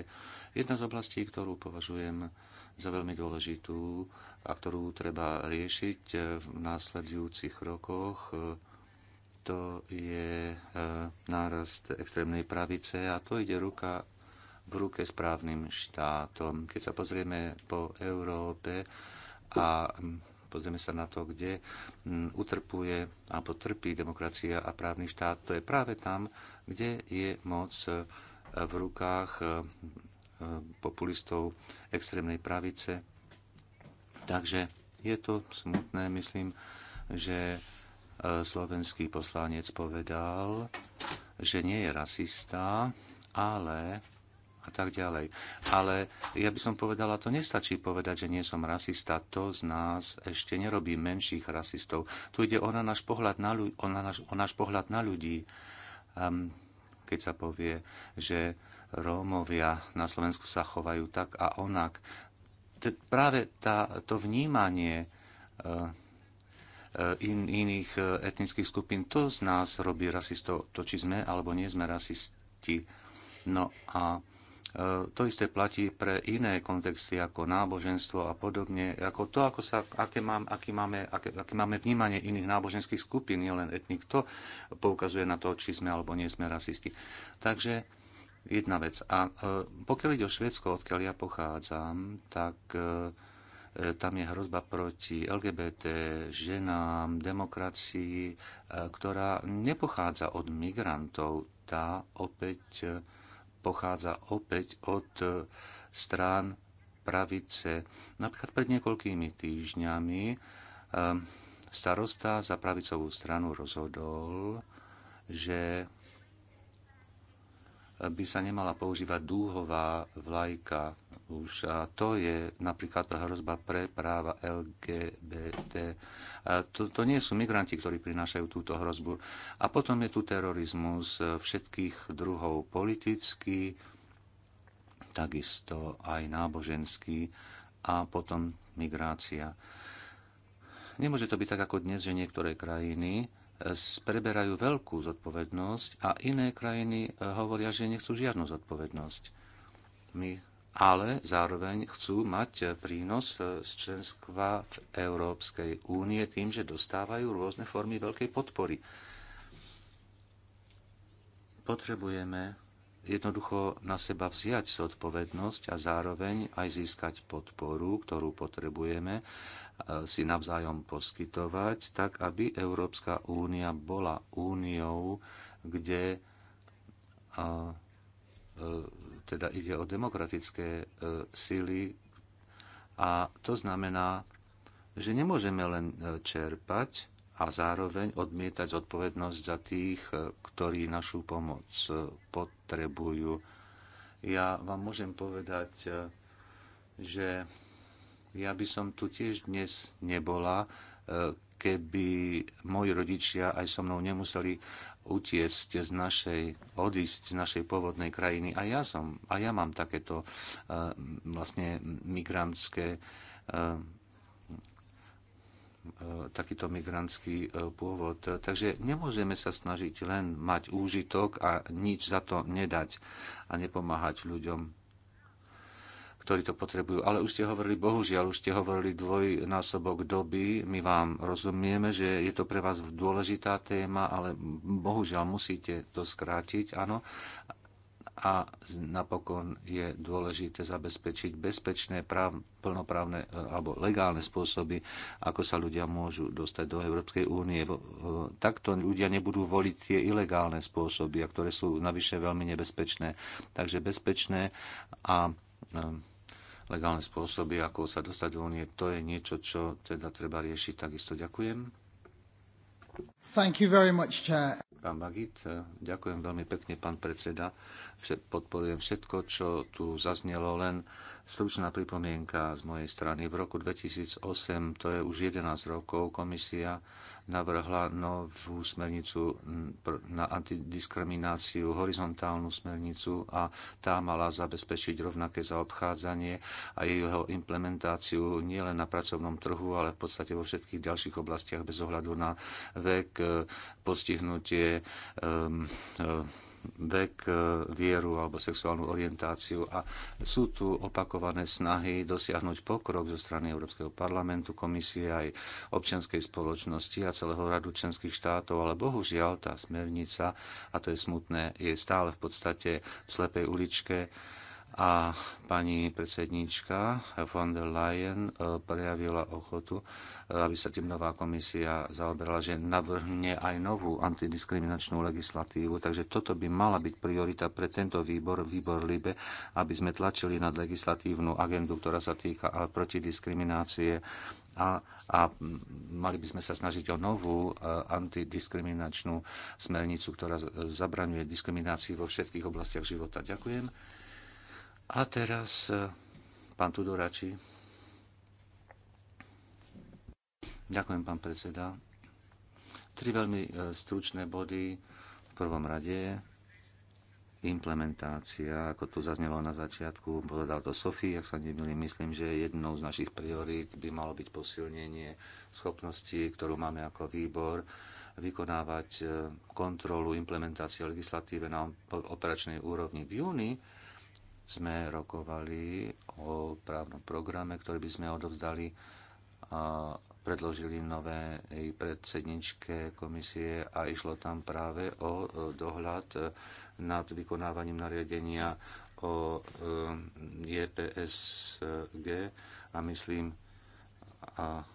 jedna z oblastí, ktorú považujem za veľmi dôležitú a ktorú treba riešiť e, v následujúcich rokoch. E, to je e, nárast extrémnej pravice a to ide ruka v ruke s právnym štátom. Keď sa pozrieme po Európe a pozrieme sa na to, kde utrpuje a potrpí demokracia a právny štát, to je práve tam, kde je moc v rukách Eh, populistov extrémnej pravice. Takže je to smutné, myslím, že eh, slovenský poslanec povedal, že nie je rasista, ale a tak ďalej. Ale ja by som povedala, to nestačí povedať, že nie som rasista. To z nás ešte nerobí menších rasistov. Tu ide o náš pohľad na, ľu- o na náš, o náš pohľad na ľudí. Um, keď sa povie, že Rómovia na Slovensku sa chovajú tak a onak. T- práve tá, to vnímanie uh, in, iných e, etnických skupín, to z nás robí rasistov, to či sme alebo nie sme rasisti. No a to isté platí pre iné kontexty ako náboženstvo a podobne, ako to, ako sa, aké, mám, aký máme, aké, aké máme vnímanie iných náboženských skupín, nielen etnik, to poukazuje na to, či sme alebo nie sme rasisti. Takže jedna vec. A e, pokiaľ ide o Švedsko, odkiaľ ja pochádzam, tak e, e, tam je hrozba proti LGBT, ženám, demokracii, ktorá nepochádza od migrantov, tá opäť pochádza opäť od strán pravice. Napríklad pred niekoľkými týždňami starosta za pravicovú stranu rozhodol, že by sa nemala používať dúhová vlajka už. A to je napríklad hrozba pre práva LGBT. A to, to nie sú migranti, ktorí prinášajú túto hrozbu. A potom je tu terorizmus všetkých druhov politický, takisto aj náboženský a potom migrácia. Nemôže to byť tak ako dnes, že niektoré krajiny preberajú veľkú zodpovednosť a iné krajiny eh, hovoria, že nechcú žiadnu zodpovednosť. My ale zároveň chcú mať eh, prínos eh, z členstva v Európskej únie tým, že dostávajú rôzne formy veľkej podpory. Potrebujeme jednoducho na seba vziať zodpovednosť a zároveň aj získať podporu, ktorú potrebujeme, Eh, si navzájom poskytovať, tak aby Európska únia bola úniou, kde eh, eh, teda ide o demokratické sily a to znamená, že nemôžeme len čerpať a zároveň odmietať zodpovednosť za tých, ktorí našu pomoc potrebujú. Ja vám môžem povedať, že ja by som tu tiež dnes nebola, e, keby moji rodičia aj so mnou nemuseli utiesť z našej, odísť z našej pôvodnej krajiny. A ja, som, a ja mám takéto e, vlastne migrantské e, takýto migrantský pôvod. Takže nemôžeme sa snažiť len mať úžitok a nič za to nedať a nepomáhať ľuďom ktorí to potrebujú. Ale už ste hovorili, bohužiaľ, už ste hovorili dvojnásobok doby. My vám rozumieme, že je to pre vás dôležitá téma, ale bohužiaľ musíte to skrátiť, áno. A napokon je dôležité zabezpečiť bezpečné, práv, plnoprávne e, alebo legálne spôsoby, ako sa ľudia môžu dostať do Európskej únie. E, takto ľudia nebudú voliť tie ilegálne spôsoby, a ktoré sú navyše veľmi nebezpečné. Takže bezpečné a e, legálne spôsoby, ako sa dostať do únie. To je niečo, čo teda treba riešiť. Takisto ďakujem.
Thank you very much, Chair.
Pán Magit, ďakujem veľmi pekne, pán predseda. Podporujem všetko, čo tu zaznelo, len Stručná pripomienka z mojej strany. V roku 2008, to je už 11 rokov, komisia navrhla novú smernicu na antidiskrimináciu, horizontálnu smernicu a tá mala zabezpečiť rovnaké zaobchádzanie a jeho implementáciu nielen na pracovnom trhu, ale v podstate vo všetkých ďalších oblastiach bez ohľadu na vek, postihnutie, um, vek, e, vieru alebo sexuálnu orientáciu. A sú tu opakované snahy dosiahnuť pokrok zo strany Európskeho parlamentu, komisie aj občianskej spoločnosti a celého radu členských štátov, ale bohužiaľ tá smernica, a to je smutné, je stále v podstate v slepej uličke a pani predsednička von der Leyen e, prejavila ochotu, e, aby sa tým nová komisia zaoberala, že navrhne aj novú antidiskriminačnú legislatívu. Takže toto by mala byť priorita pre tento výbor, výbor LIBE, aby sme tlačili nad legislatívnu agendu, ktorá sa týka e, protidiskriminácie a, a mali by sme sa snažiť o novú antidiskriminačnú smernicu, ktorá zabraňuje diskriminácii vo všetkých oblastiach života. Ďakujem. A teraz e, pán Tudorači. Ďakujem, pán predseda. Tri veľmi e, stručné body. V prvom rade implementácia, ako tu zaznelo na začiatku, povedal to Sofie, ak sa nemýlim, myslím, že jednou z našich priorít by malo byť posilnenie schopnosti, ktorú máme ako výbor, vykonávať e, kontrolu implementácie legislatíve na operačnej úrovni. V júni sme rokovali o právnom programe, ktorý by sme odovzdali a predložili nové predsedničke komisie a išlo tam práve o dohľad nad vykonávaním nariadenia o e, JPSG a myslím, a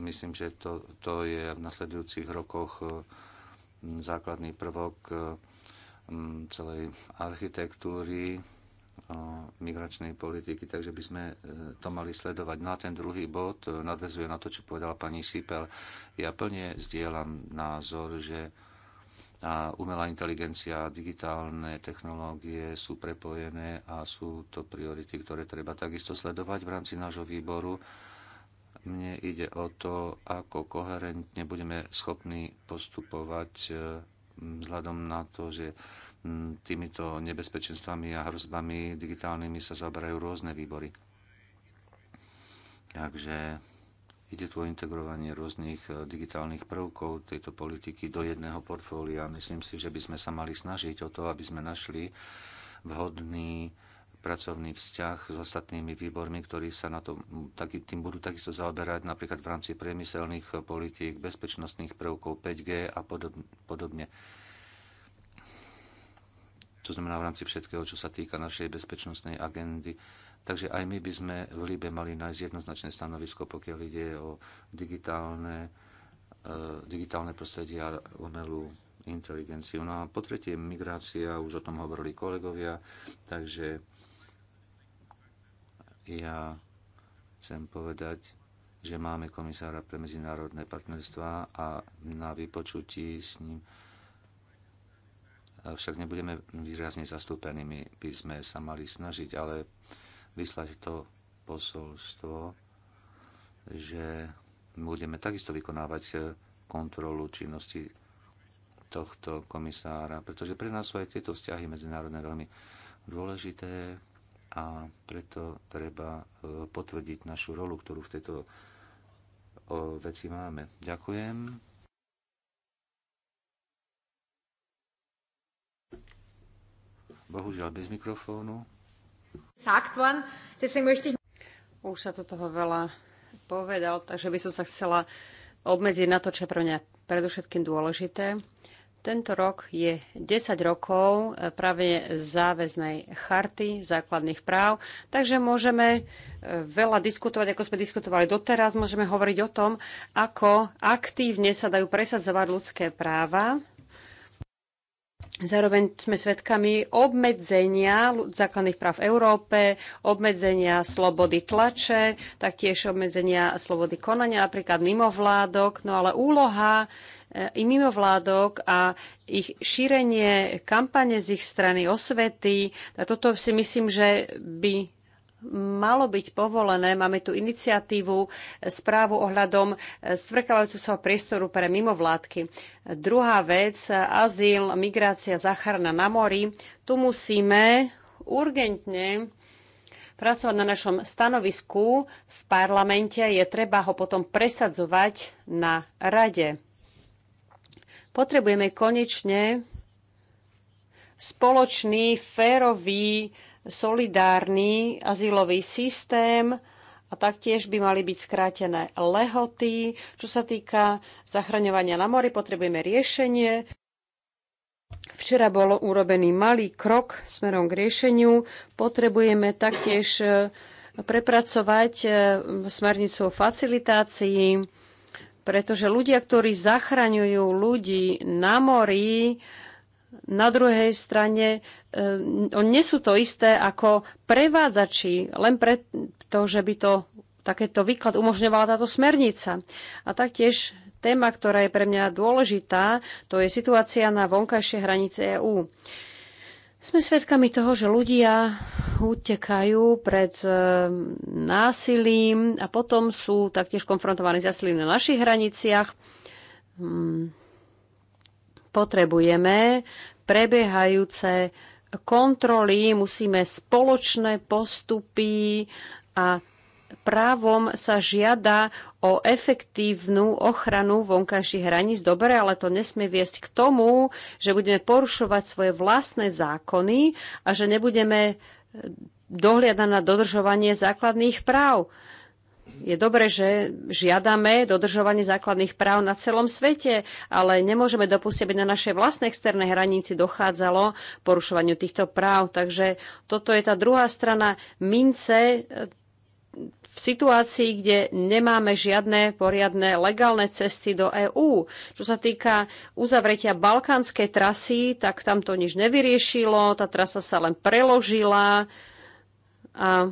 myslím, že to, to je v nasledujúcich rokoch základný prvok Mm, celej architektúry migračnej politiky, takže by sme e, to mali sledovať. No a ten druhý bod e, nadvezuje na to, čo povedala pani Sipel. Ja plne zdieľam názor, že umelá inteligencia a digitálne technológie sú prepojené a sú to priority, ktoré treba takisto sledovať v rámci nášho výboru. Mne ide o to, ako koherentne budeme schopní postupovať e, vzhľadom na to, že mm, týmito nebezpečenstvami a hrozbami digitálnymi sa zaberajú rôzne výbory. Takže ide tu o integrovanie rôznych e, digitálnych prvkov tejto politiky do jedného portfólia. Myslím si, že by sme sa mali snažiť o to, aby sme našli vhodný pracovný vzťah s ostatnými výbormi, ktorí sa na to, taký, tým budú takisto zaoberať, napríklad v rámci priemyselných politík, bezpečnostných prvkov 5G a podob, podobne. To znamená v rámci všetkého, čo sa týka našej bezpečnostnej agendy. Takže aj my by sme v Líbe mali nájsť jednoznačné stanovisko, pokiaľ ide o digitálne, e, digitálne prostredie a umelú inteligenciu. No a po tretie, migrácia, už o tom hovorili kolegovia, takže ja chcem povedať, že máme komisára pre medzinárodné partnerstva a na vypočutí s ním však nebudeme výrazne zastúpení, my by sme sa mali snažiť, ale vyslať to posolstvo, že budeme takisto vykonávať kontrolu činnosti tohto komisára, pretože pre nás sú aj tieto vzťahy medzinárodné veľmi dôležité a preto treba e, potvrdiť našu rolu, ktorú v tejto e, veci máme. Ďakujem. Bohužiaľ bez mikrofónu.
Už sa tu toho veľa povedal, takže by som sa chcela obmedziť na to, čo je pre mňa predovšetkým dôležité. Tento rok je 10 rokov eh, práve záväznej charty základných práv, takže môžeme eh, veľa diskutovať, ako sme diskutovali doteraz, môžeme hovoriť o tom, ako aktívne sa dajú presadzovať ľudské práva. Zároveň sme svedkami obmedzenia základných práv v Európe, obmedzenia slobody tlače, taktiež obmedzenia slobody konania, napríklad mimovládok. No ale úloha i mimovládok a ich šírenie kampane z ich strany osvety. A toto si myslím, že by malo byť povolené. Máme tu iniciatívu, správu ohľadom stvrkávajúcu sa priestoru pre mimovládky. Druhá vec, azyl, migrácia, záchrana na mori. Tu musíme urgentne pracovať na našom stanovisku v parlamente. Je treba ho potom presadzovať na rade. Potrebujeme konečne spoločný, férový, solidárny azylový systém, a taktiež by mali byť skrátené lehoty. Čo sa týka zachraňovania na mori, potrebujeme riešenie. Včera bol urobený malý krok smerom k riešeniu. Potrebujeme taktiež eh, prepracovať eh, smernicu o facilitácii pretože ľudia, ktorí zachraňujú ľudí na mori, na druhej strane eh, nie sú to isté ako prevádzači, len preto, že by to takéto výklad umožňovala táto smernica. A taktiež téma, ktorá je pre mňa dôležitá, to je situácia na vonkajšej hranice EÚ. Sme svedkami toho, že ľudia utekajú pred eh, násilím a potom sú taktiež konfrontovaní s násilím na našich hraniciach. Hmm. Potrebujeme prebiehajúce kontroly, musíme spoločné postupy a právom sa žiada o efektívnu ochranu vonkajších hraníc. Dobre, ale to nesmie viesť k tomu, že budeme porušovať svoje vlastné zákony a že nebudeme eh, dohliadať na dodržovanie základných práv. Je dobre, že žiadame dodržovanie základných práv na celom svete, ale nemôžeme dopustiť, aby na našej vlastnej externej hranici dochádzalo porušovaniu týchto práv. Takže toto je tá druhá strana mince eh, v situácii, kde nemáme žiadne poriadne legálne cesty do EÚ. Čo sa týka uzavretia balkánskej trasy, tak tam to nič nevyriešilo, tá trasa sa len preložila a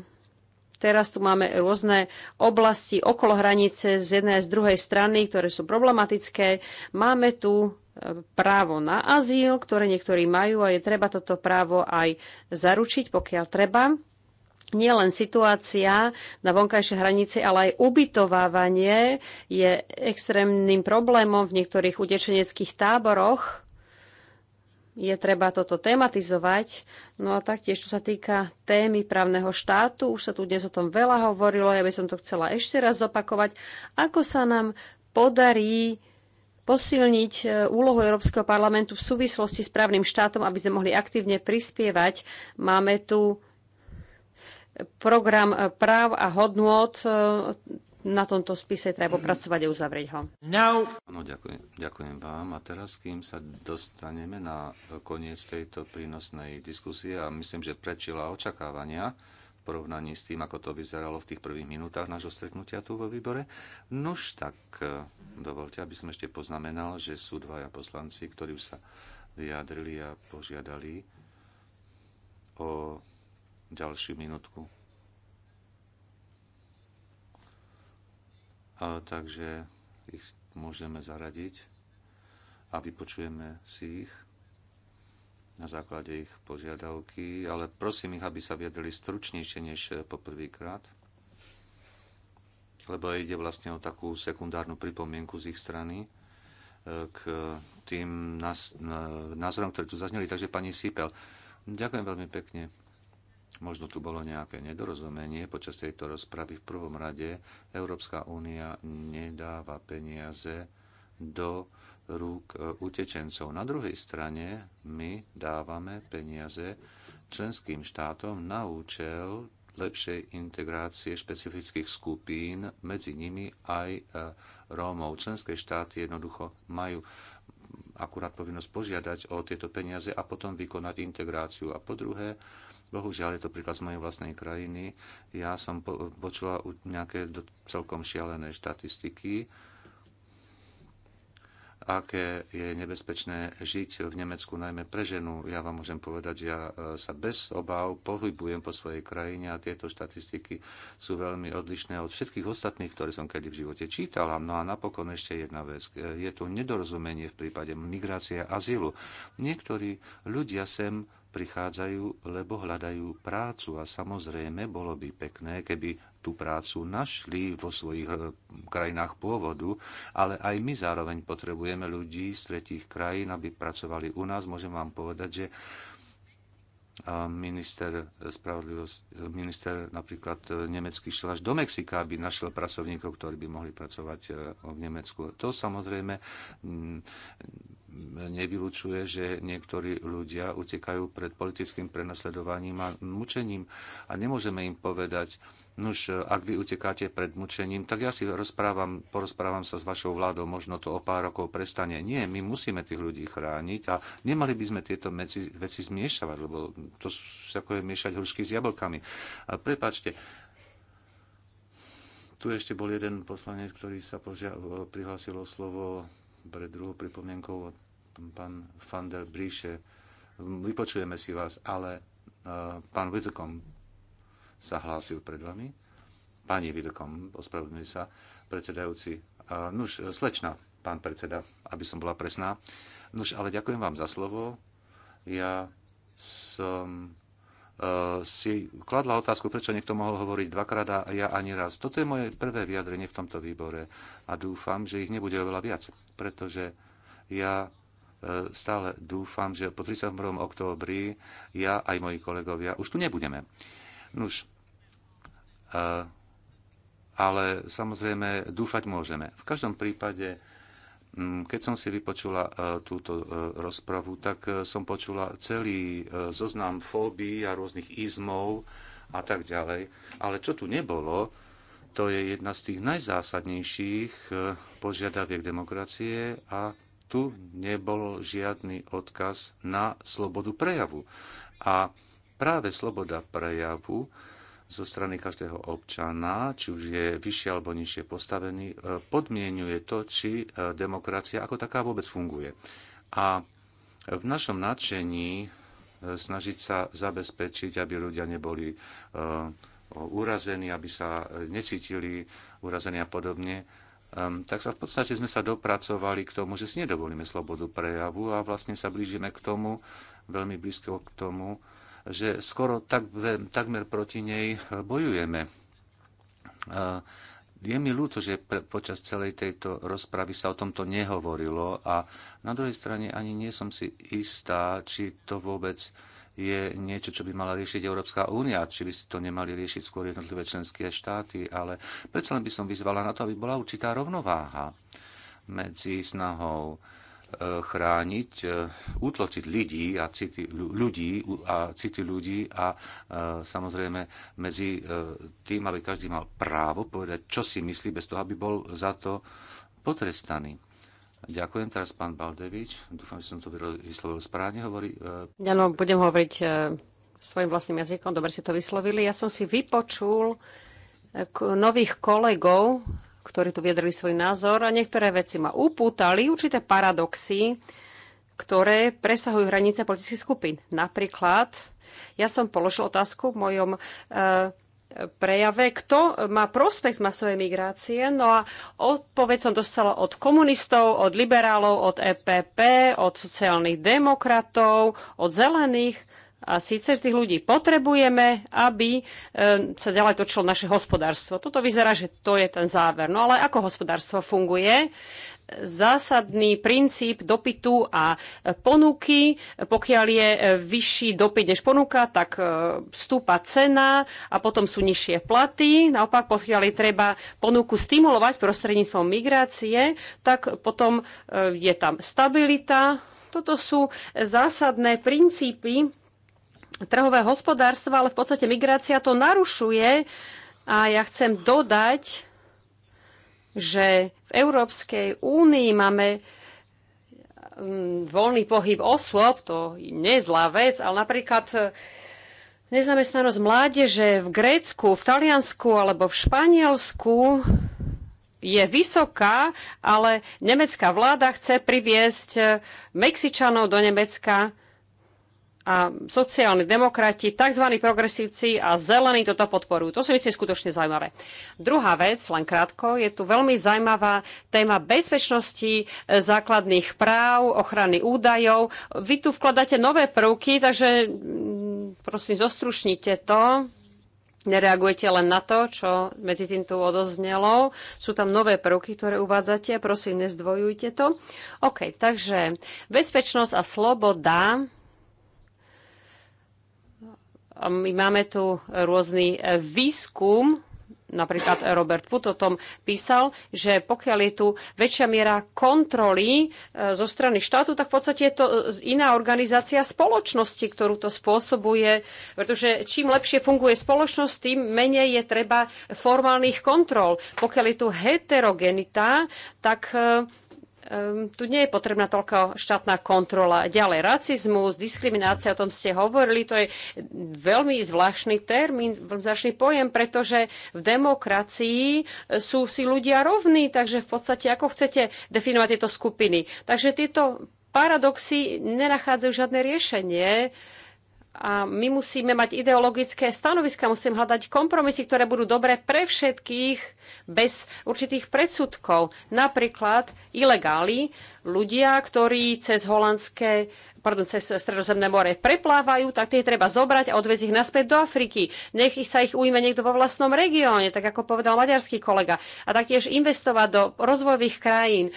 teraz tu máme rôzne oblasti okolo hranice z jednej a z druhej strany, ktoré sú problematické. Máme tu e, právo na azyl, ktoré niektorí majú a je treba toto právo aj zaručiť, pokiaľ treba nielen situácia na vonkajšej hranici, ale aj ubytovávanie je extrémnym problémom v niektorých utečeneckých táboroch. Je treba toto tematizovať. No a taktiež, čo sa týka témy právneho štátu, už sa tu dnes o tom veľa hovorilo, ja by som to chcela ešte raz zopakovať, ako sa nám podarí posilniť e, úlohu Európskeho parlamentu v súvislosti s právnym štátom, aby sme mohli aktívne prispievať. Máme tu program eh, práv a hodnôt eh, na tomto spise treba pracovať a uzavrieť ho.
No.
no ďakujem, ďakujem vám. A teraz, kým sa dostaneme na koniec tejto prínosnej diskusie, a myslím, že prečila očakávania v porovnaní s tým, ako to vyzeralo v tých prvých minútach nášho stretnutia tu vo výbore, Nož tak eh, dovolte, aby som ešte poznamenal, že sú dvaja poslanci, ktorí už sa vyjadrili a požiadali o ďalšiu minútku. A, takže ich môžeme zaradiť a vypočujeme si ich na základe ich požiadavky, ale prosím ich, aby sa viedli stručnejšie než poprvýkrát, lebo ide vlastne o takú sekundárnu pripomienku z ich strany e, k tým e, názorom, ktoré tu zazneli. Takže pani Sipel, ďakujem veľmi pekne možno tu bolo nejaké nedorozumenie počas tejto rozpravy. V prvom rade Európska únia nedáva peniaze do rúk e, utečencov. Na druhej strane my dávame peniaze členským štátom na účel lepšej integrácie špecifických skupín, medzi nimi aj e, Rómov. Členské štáty jednoducho majú akurát povinnosť požiadať o tieto peniaze a potom vykonať integráciu. A po druhé, Bohužiaľ je to príklad z mojej vlastnej krajiny. Ja som po- počula nejaké celkom šialené štatistiky, aké je nebezpečné žiť v Nemecku, najmä pre ženu. Ja vám môžem povedať, že ja e, sa bez obáv pohybujem po svojej krajine a tieto štatistiky sú veľmi odlišné od všetkých ostatných, ktoré som kedy v živote čítala. No a napokon ešte jedna vec. E, je tu nedorozumenie v prípade migrácie a azylu. Niektorí ľudia sem prichádzajú, lebo hľadajú prácu a samozrejme bolo by pekné, keby tú prácu našli vo svojich e, krajinách pôvodu, ale aj my zároveň potrebujeme ľudí z tretích krajín, aby pracovali u nás. Môžem vám povedať, že e, minister spravodlivosť, e, minister napríklad nemecký šiel až do Mexika, aby našiel pracovníkov, ktorí by mohli pracovať v Nemecku. To samozrejme nevylučuje, že niektorí ľudia utekajú pred politickým prenasledovaním a mučením a nemôžeme im povedať, Nuž, ak vy utekáte pred mučením, tak ja si rozprávam, porozprávam sa s vašou vládou, možno to o pár rokov prestane. Nie, my musíme tých ľudí chrániť a nemali by sme tieto veci, veci zmiešavať, lebo to ako je miešať hrušky s jablkami. A prepačte, tu ešte bol jeden poslanec, ktorý sa požia- prihlásil o slovo pre druhou pripomienkou od pán van der Bríše, vypočujeme si vás, ale e, pán Vidokom sa hlásil pred vami. Pani Vidokom, ospravedlňujem sa, predsedajúci. E, nuž, slečna, pán predseda, aby som bola presná. Nuž, ale ďakujem vám za slovo. Ja som e, si kladla otázku, prečo niekto mohol hovoriť dvakrát a ja ani raz. Toto je moje prvé vyjadrenie v tomto výbore a dúfam, že ich nebude oveľa viac, pretože ja E, stále dúfam, že po 31. októbri ja aj moji kolegovia už tu nebudeme. Nuž, e, ale samozrejme dúfať môžeme. V každom prípade, mm, keď som si vypočula e, túto rozpravu, tak som počula celý zoznam fóbií a rôznych izmov a tak ďalej. Ale čo tu nebolo, to je jedna z tých najzásadnejších požiadaviek demokracie a tu nebol žiadny odkaz na slobodu prejavu. A práve sloboda prejavu zo strany každého občana, či už je vyššie alebo nižšie postavený, e, podmienuje to, či e, demokracia ako taká vôbec funguje. A v našom nadšení e, snažiť sa zabezpečiť, aby ľudia neboli urazení, aby sa necítili urazení a podobne, Ehm, tak sa v podstate sme sa dopracovali k tomu, že si nedovolíme slobodu prejavu a vlastne sa blížime k tomu, veľmi blízko k tomu, že skoro tak, takmer proti nej eh, bojujeme. Eh, je mi ľúto, že pre, počas celej tejto rozpravy sa o tomto nehovorilo a na druhej strane ani nie som si istá, či to vôbec je niečo, čo by mala riešiť Európska únia, či by si to nemali riešiť skôr jednotlivé členské štáty, ale predsa len by som vyzvala na to, aby bola určitá rovnováha medzi snahou e, chrániť e, útlociť ľudí a city ľudí a, city ľudí a samozrejme medzi e, tým, aby každý mal právo povedať, čo si myslí, bez toho, aby bol za to potrestaný. Ďakujem. Teraz pán Baldevič. Dúfam, že som to vyslovil správne. Hovorí, e,
Ja e... budem hovoriť uh, svojim vlastným jazykom. Dobre ste to vyslovili. Ja som si vypočul e, k, nových kolegov, ktorí tu viedrili svoj názor a niektoré veci ma upútali, určité paradoxy, ktoré presahujú hranice politických skupín. Napríklad, ja som položil otázku v mojom uh, prejave, kto má prospekt z masovej migrácie. No a odpoveď som dostala od komunistov, od liberálov, od EPP, od sociálnych demokratov, od zelených. A síce tých ľudí potrebujeme, aby e, sa ďalej točilo naše hospodárstvo. Toto vyzerá, že to je ten záver. No ale ako hospodárstvo funguje? Zásadný princíp dopytu a ponuky. Pokiaľ je e, vyšší dopyt než ponuka, tak vstúpa e, cena a potom sú nižšie platy. Naopak, pokiaľ je treba ponuku stimulovať prostredníctvom migrácie, tak potom je tam stabilita. Toto sú zásadné princípy trhové hospodárstvo, ale v podstate migrácia to narušuje a ja chcem dodať, že v Európskej únii máme mm, voľný pohyb osôb, to nie je zlá vec, ale napríklad e, nezamestnanosť mládeže v Grécku, v Taliansku alebo v Španielsku je vysoká, ale nemecká vláda chce priviesť e, Mexičanov do Nemecka a sociálni demokrati, tzv. progresívci a zelení toto podporujú. To si myslím skutočne zaujímavé. Druhá vec, len krátko, je tu veľmi zaujímavá téma bezpečnosti e, základných práv, ochrany údajov. Vy tu vkladáte nové prvky, takže mm, prosím, zostrušnite to. Nereagujete len na to, čo medzi tým tu odoznelo. Sú tam nové prvky, ktoré uvádzate. Prosím, nezdvojujte to. OK, takže bezpečnosť a sloboda my máme tu rôzny výskum, napríklad Robert Put o tom písal, že pokiaľ je tu väčšia miera kontroly e, zo strany štátu, tak v podstate je to e, iná organizácia spoločnosti, ktorú to spôsobuje, pretože čím lepšie funguje spoločnosť, tým menej je treba formálnych kontrol. Pokiaľ je tu heterogenita, tak e, um, tu nie je potrebná toľko štátna kontrola. Ďalej, racizmus, diskriminácia, o tom ste hovorili, to je veľmi zvláštny termín, zvláštny pojem, pretože v demokracii sú si ľudia rovní, takže v podstate ako chcete definovať tieto skupiny. Takže tieto paradoxy nenachádzajú žiadne riešenie. A my musíme mať ideologické stanoviska, musíme hľadať kompromisy, ktoré budú dobré pre všetkých bez určitých predsudkov. Napríklad ilegáli, ľudia, ktorí cez holandské pardon, cez Stredozemné more preplávajú, tak tie treba zobrať a odvezť ich naspäť do Afriky. Nech sa ich ujme niekto vo vlastnom regióne, tak ako povedal maďarský kolega. A taktiež investovať do rozvojových krajín, e,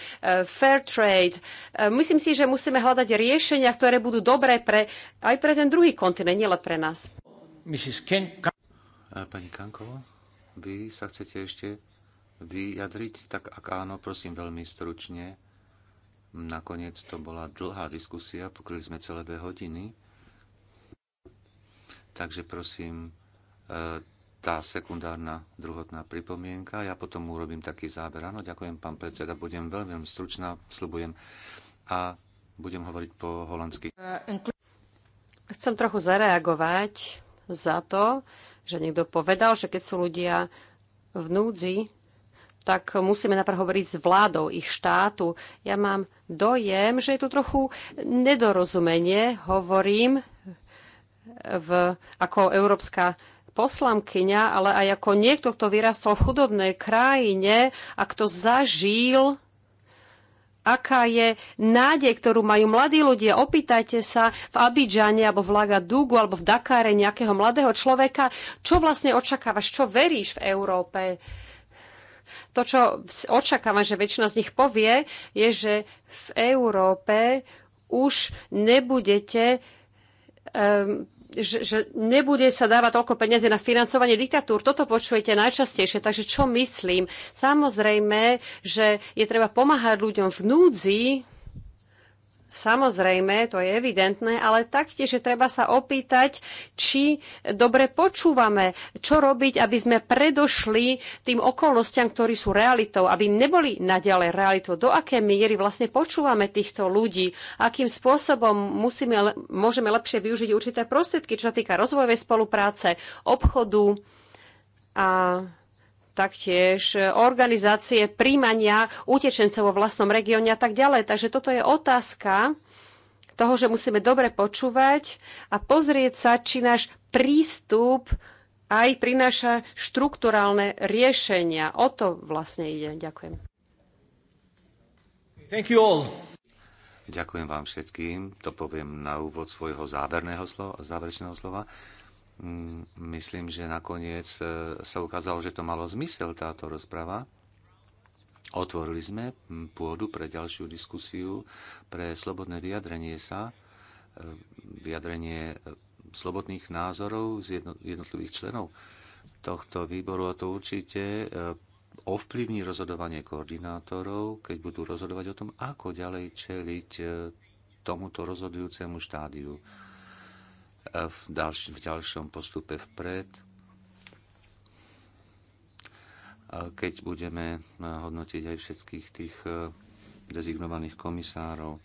fair trade. E, myslím si, že musíme hľadať riešenia, ktoré budú dobré pre, aj pre ten druhý kontinent, nielen pre
nás.
Pani Kankova, vy sa chcete ešte vyjadriť? Tak ak áno, prosím veľmi stručne. Nakoniec to bola dlhá diskusia, pokryli sme celé dve hodiny. Takže prosím, e, tá sekundárna druhotná pripomienka. Ja potom urobím taký záber. Áno, ďakujem, pán predseda, budem veľmi stručná, slubujem. A budem hovoriť po holandsky.
Chcem trochu zareagovať za to, že niekto povedal, že keď sú ľudia v núdzi, tak musíme najprv hovoriť s vládou ich štátu. Ja mám dojem, že je tu trochu nedorozumenie, hovorím v, ako európska poslankyňa, ale aj ako niekto, kto vyrastol v chudobnej krajine a kto zažil aká je nádej, ktorú majú mladí ľudia. Opýtajte sa v Abidžane alebo v Lagadugu alebo v Dakare nejakého mladého človeka, čo vlastne očakávaš, čo veríš v Európe to, čo očakávam, že väčšina z nich povie, je, že v Európe už nebudete um, že, že nebude sa dávať toľko peniazy na financovanie diktatúr. Toto počujete najčastejšie. Takže čo myslím? Samozrejme, že je treba pomáhať ľuďom v núdzi, Samozrejme, to je evidentné, ale taktiež je treba sa opýtať, či dobre počúvame, čo robiť, aby sme predošli tým okolnostiam, ktorí sú realitou, aby neboli naďalej realitou, do aké miery vlastne počúvame týchto ľudí, akým spôsobom musíme, môžeme lepšie využiť určité prostriedky, čo sa týka rozvojovej spolupráce, obchodu a taktiež organizácie príjmania utečencov vo vlastnom regióne a tak ďalej. Takže toto je otázka toho, že musíme dobre počúvať a pozrieť sa, či náš prístup aj prináša štruktúrálne riešenia. O to vlastne ide. Ďakujem.
Thank you all.
Ďakujem vám všetkým. To poviem na úvod svojho záverného slova, záverečného slova myslím, že nakoniec e, sa ukázalo, že to malo zmysel táto rozprava. Otvorili sme pôdu pre ďalšiu diskusiu, pre slobodné vyjadrenie sa, e, vyjadrenie e, slobodných názorov z jednotlivých členov tohto výboru a to určite ovplyvní rozhodovanie koordinátorov, keď budú rozhodovať o tom, ako ďalej čeliť tomuto rozhodujúcemu štádiu v, ďalš- v ďalšom postupe vpred. Keď budeme e, hodnotiť aj všetkých tých e, dezignovaných komisárov. E,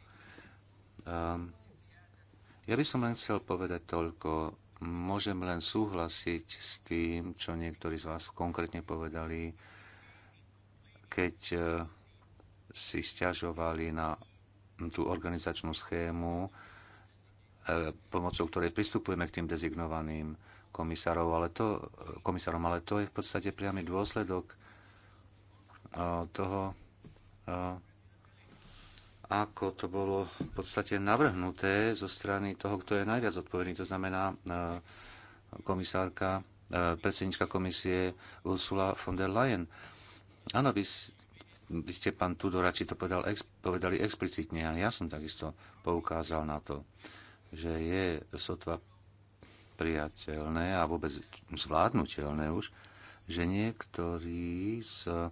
ja by som len chcel povedať toľko. Môžem len súhlasiť s tým, čo niektorí z vás konkrétne povedali, keď si stiažovali na tú organizačnú schému, E, pomocou ktorej pristupujeme k tým dezignovaným komisárov, ale to, e, komisárom, ale to je v podstate priamy dôsledok e, toho, ako to bolo v podstate navrhnuté zo strany toho, kto je najviac odpovedný. To znamená komisárka, predsednička komisie Ursula von der Leyen. Áno, vy, vy ste, pán Tudorači, to povedal, povedali explicitne a ja som takisto poukázal na to že je sotva priateľné a vôbec zvládnutelné už, že niektorí z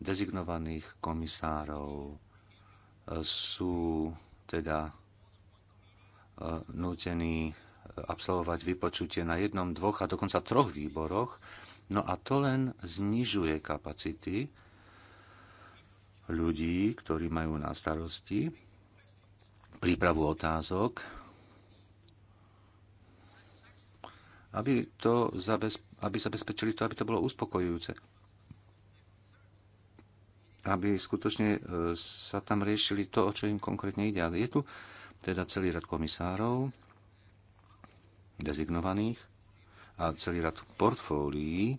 dezignovaných komisárov e, sú teda e, nútení e, absolvovať vypočutie na jednom, dvoch a dokonca troch výboroch. No a to len znižuje kapacity ľudí, ktorí majú na starosti prípravu otázok aby, to zabez, aby zabezpečili to, aby to bolo uspokojujúce. Aby skutočne e, sa tam riešili to, o čo im konkrétne ide. Ale je tu teda celý rad komisárov, dezignovaných a celý rad portfólií, e,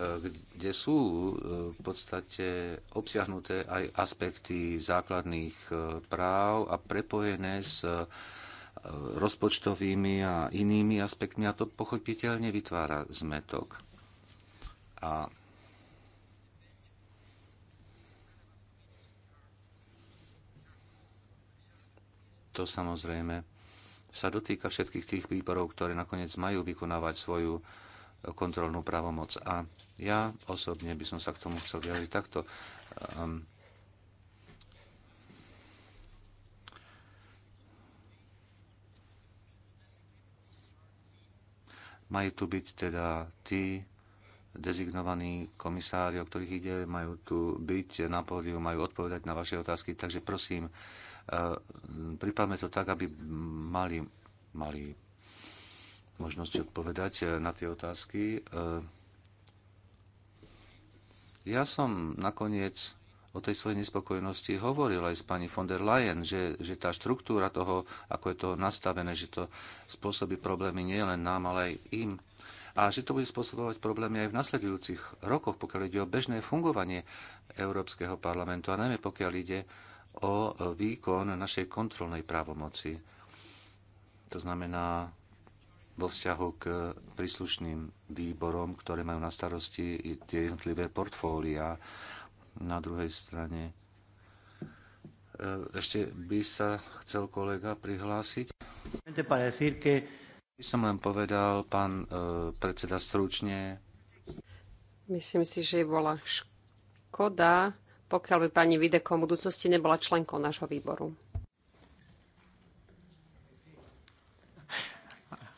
kde sú e, v podstate obsiahnuté aj aspekty základných práv a prepojené s rozpočtovými a inými aspektmi a to pochopiteľne vytvára zmetok. A to samozrejme sa dotýka všetkých tých výborov, ktoré nakoniec majú vykonávať svoju kontrolnú pravomoc. A ja osobne by som sa k tomu chcel vyjadriť takto. Um, Majú tu byť teda tí dezignovaní komisári, o ktorých ide, majú tu byť na pódiu, majú odpovedať na vaše otázky. Takže prosím, eh, pripadme to tak, aby mali, mali možnosť odpovedať eh, na tie otázky. Eh, ja som nakoniec o tej svojej nespokojnosti hovoril aj s pani von der Leyen, že, že tá štruktúra toho, ako je to nastavené, že to spôsobí problémy nielen nám, ale aj im. A že to bude spôsobovať problémy aj v nasledujúcich rokoch, pokiaľ ide o bežné fungovanie Európskeho parlamentu a najmä pokiaľ ide o výkon našej kontrolnej právomoci. To znamená vo vzťahu k príslušným výborom, ktoré majú na starosti tie jednotlivé portfólia na druhej strane. E, ešte by sa chcel kolega prihlásiť. By som len povedal, pán e, predseda, stručne.
Myslím si, že bola škoda, pokiaľ by pani Videko v budúcnosti nebola členkou nášho výboru.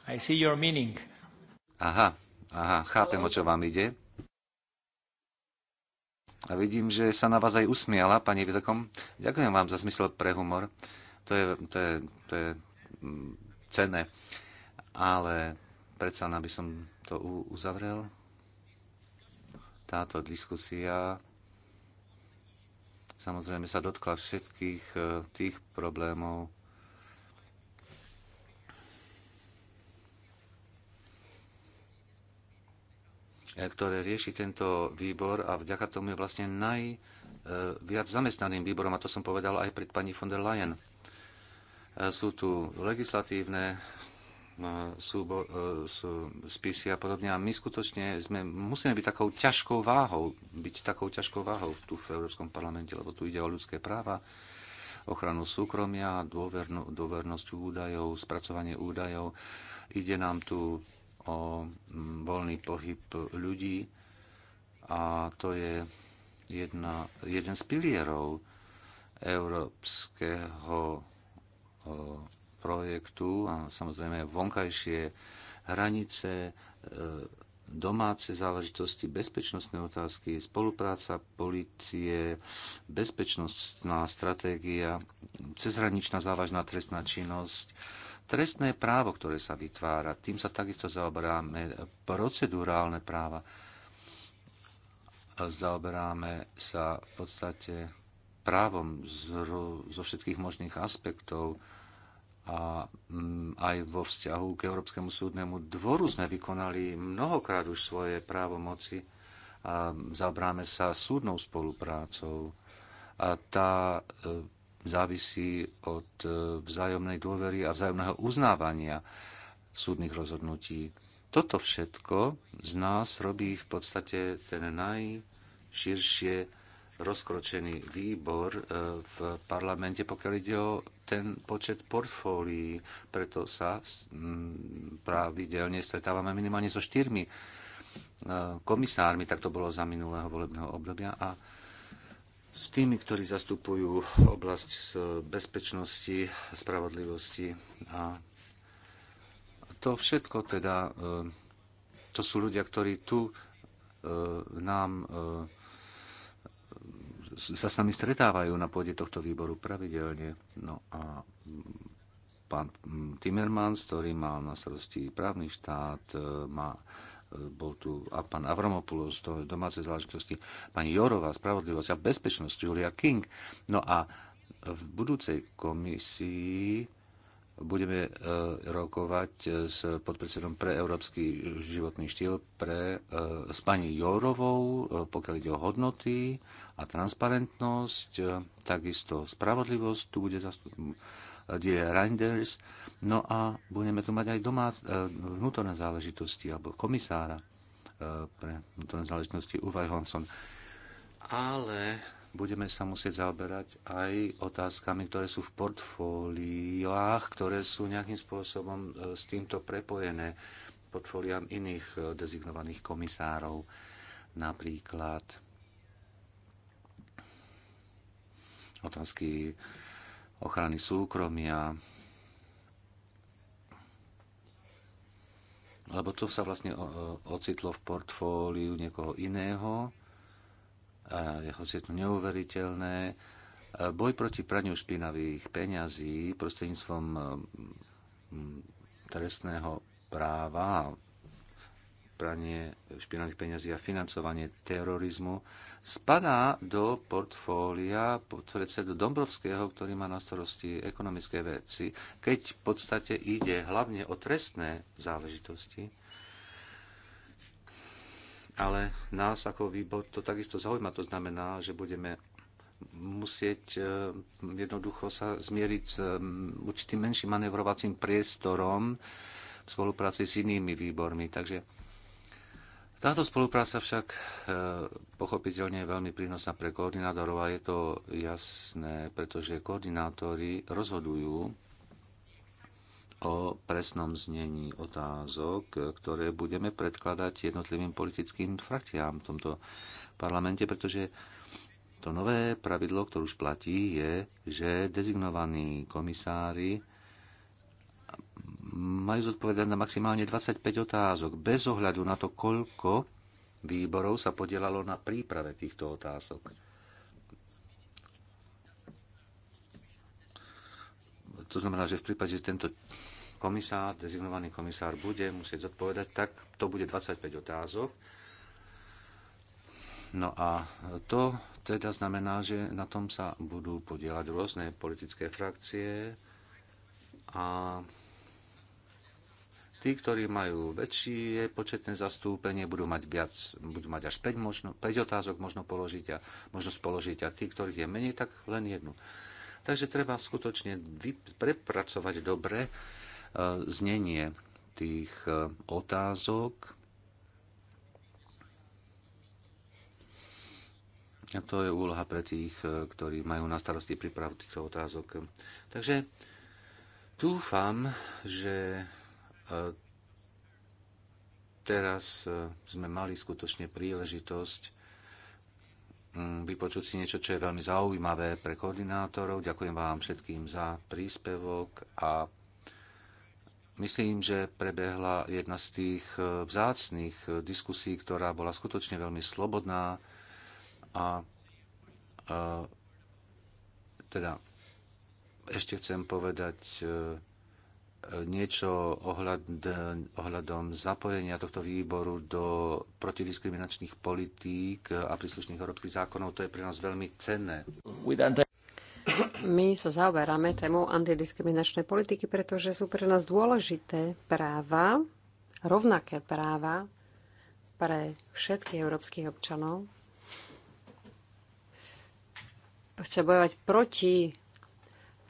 I see your meaning.
Aha, aha, chápem, o čo vám ide. A vidím, že sa na vás aj usmiala, pani Vidokom. Ďakujem vám za zmysel pre humor. To je, to je, to je mm, cené. Ale predsa aby som to uzavrel. Táto diskusia samozrejme sa dotkla všetkých eh, tých problémov, ktoré rieši tento výbor a vďaka tomu je vlastne najviac e, zamestnaným výborom a to som povedal aj pred pani von der Leyen. E, sú tu legislatívne e, súbo, sú spisy a podobne a my skutočne sme, musíme byť takou ťažkou váhou, byť takou ťažkou váhou tu v Európskom parlamente, lebo tu ide o ľudské práva, ochranu súkromia, dôvernosť údajov, spracovanie údajov. Ide nám tu o voľný pohyb ľudí a to je jedna, jeden z pilierov európskeho projektu a samozrejme vonkajšie hranice, e, domáce záležitosti, bezpečnostné otázky, spolupráca policie, bezpečnostná stratégia, cezhraničná závažná trestná činnosť, Trestné právo, ktoré sa vytvára, tým sa takisto zaoberáme, procedurálne práva. Zaoberáme sa v podstate právom zo všetkých možných aspektov a mm, aj vo vzťahu k Európskemu súdnemu dvoru sme vykonali mnohokrát už svoje právomoci a zaobráme sa súdnou spoluprácou. A tá e, závisí od e, vzájomnej dôvery a vzájomného uznávania súdnych rozhodnutí. Toto všetko z nás robí v podstate ten najširšie rozkročený výbor e, v parlamente, pokiaľ ide o ten počet portfólií. Preto sa pravidelne stretávame minimálne so štyrmi e, komisármi, tak to bolo za minulého volebného obdobia. A s tými, ktorí zastupujú oblasť z bezpečnosti, spravodlivosti a to všetko teda, e, to sú ľudia, ktorí tu e, nám e, sa s nami stretávajú na pôde tohto výboru pravidelne. No a pán Timmermans, ktorý má na starosti právny štát, má bol tu a pán Avramopoulos, to domáce záležitosti, pani Jorová, spravodlivosť a bezpečnosť, Julia King. No a v budúcej komisii budeme e, rokovať e, s podpredsedom pre európsky životný štýl pre, e, s pani Jorovou, pokiaľ ide o hodnoty a transparentnosť, takisto spravodlivosť, tu bude zastup, die Reinders, No a budeme tu mať aj domác, e, vnútorné záležitosti, alebo komisára e, pre vnútorné záležitosti Uwe Honson. Ale budeme sa musieť zaoberať aj otázkami, ktoré sú v portfóliách, ktoré sú nejakým spôsobom e, s týmto prepojené portfóliám iných dezignovaných komisárov. Napríklad otázky ochrany súkromia, lebo to sa vlastne ocitlo v portfóliu niekoho iného, a je hoci je to neuveriteľné. Boj proti praniu špinavých peňazí prostredníctvom e, trestného práva, pranie špinavých peňazí a financovanie terorizmu spadá do portfólia predsedu Dombrovského, ktorý má na starosti ekonomické veci, keď v podstate ide hlavne o trestné záležitosti. Ale nás ako výbor to takisto zaujíma. To znamená, že budeme musieť e, jednoducho sa zmieriť s určitým menším manevrovacím priestorom v spolupráci s inými výbormi. Takže táto spolupráca však e, pochopiteľne je veľmi prínosná pre koordinátorov a je to jasné, pretože koordinátori rozhodujú o presnom znení otázok, ktoré budeme predkladať jednotlivým politickým frakciám v tomto parlamente, pretože to nové pravidlo, ktoré už platí, je, že dezignovaní komisári majú zodpovedať na maximálne 25 otázok, bez ohľadu na to, koľko výborov sa podielalo na príprave týchto otázok. To znamená, že v prípade, že tento komisár, dezignovaný komisár bude musieť zodpovedať, tak to bude 25 otázok. No a to teda znamená, že na tom sa budú podielať rôzne politické frakcie a Tí, ktorí majú väčšie početné zastúpenie, budú mať viac, budú mať až 5, možno, 5 otázok možno položiť a možnosť položiť a tí, ktorých je menej, tak len jednu. Takže treba skutočne prepracovať dobre e, znenie tých e, otázok. A to je úloha pre tých, e, ktorí majú na starosti prípravu týchto otázok. Takže dúfam, že Teraz e, sme mali skutočne príležitosť mm, vypočuť si niečo, čo je veľmi zaujímavé pre koordinátorov. Ďakujem vám všetkým za príspevok a myslím, že prebehla jedna z tých e, vzácných e, diskusí, ktorá bola skutočne veľmi slobodná a, a teda ešte chcem povedať niečo ohľad, ohľadom zapojenia tohto výboru do protidiskriminačných politík a príslušných európskych zákonov. To je pre nás veľmi cenné. My
sa zaoberáme tému antidiskriminačnej politiky, pretože sú pre nás dôležité práva, rovnaké práva pre všetkých európskych občanov. Chce bojovať proti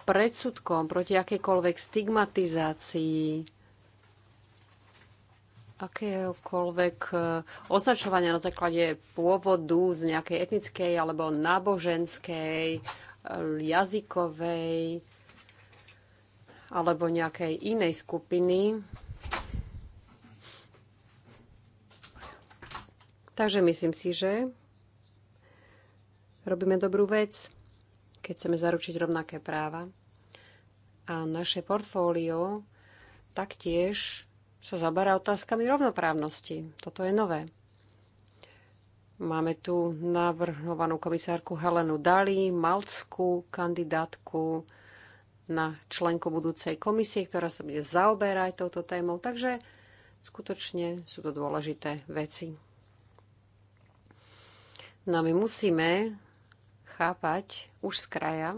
predsudkom, proti akékoľvek stigmatizácii, akéhokoľvek e, označovania na základe pôvodu z nejakej etnickej alebo náboženskej, e, jazykovej alebo nejakej inej skupiny. Takže myslím si, že robíme dobrú vec keď chceme zaručiť rovnaké práva. A naše portfólio taktiež sa zabára otázkami rovnoprávnosti. Toto je nové. Máme tu navrhovanú komisárku Helenu Dali, maltskú kandidátku na členku budúcej komisie, ktorá sa bude zaoberať touto témou. Takže skutočne sú to dôležité veci. No my musíme chápať už z kraja,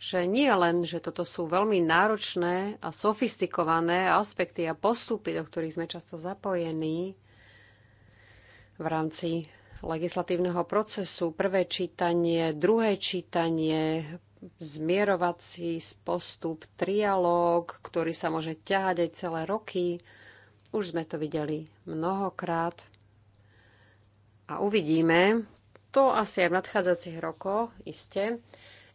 že nie len, že toto sú veľmi náročné a sofistikované aspekty a postupy, do ktorých sme často zapojení v rámci legislatívneho procesu, prvé čítanie, druhé čítanie, zmierovací postup, trialóg, ktorý sa môže ťahať aj celé roky. Už sme to videli mnohokrát. A uvidíme, to asi aj v nadchádzajúcich rokoch, iste.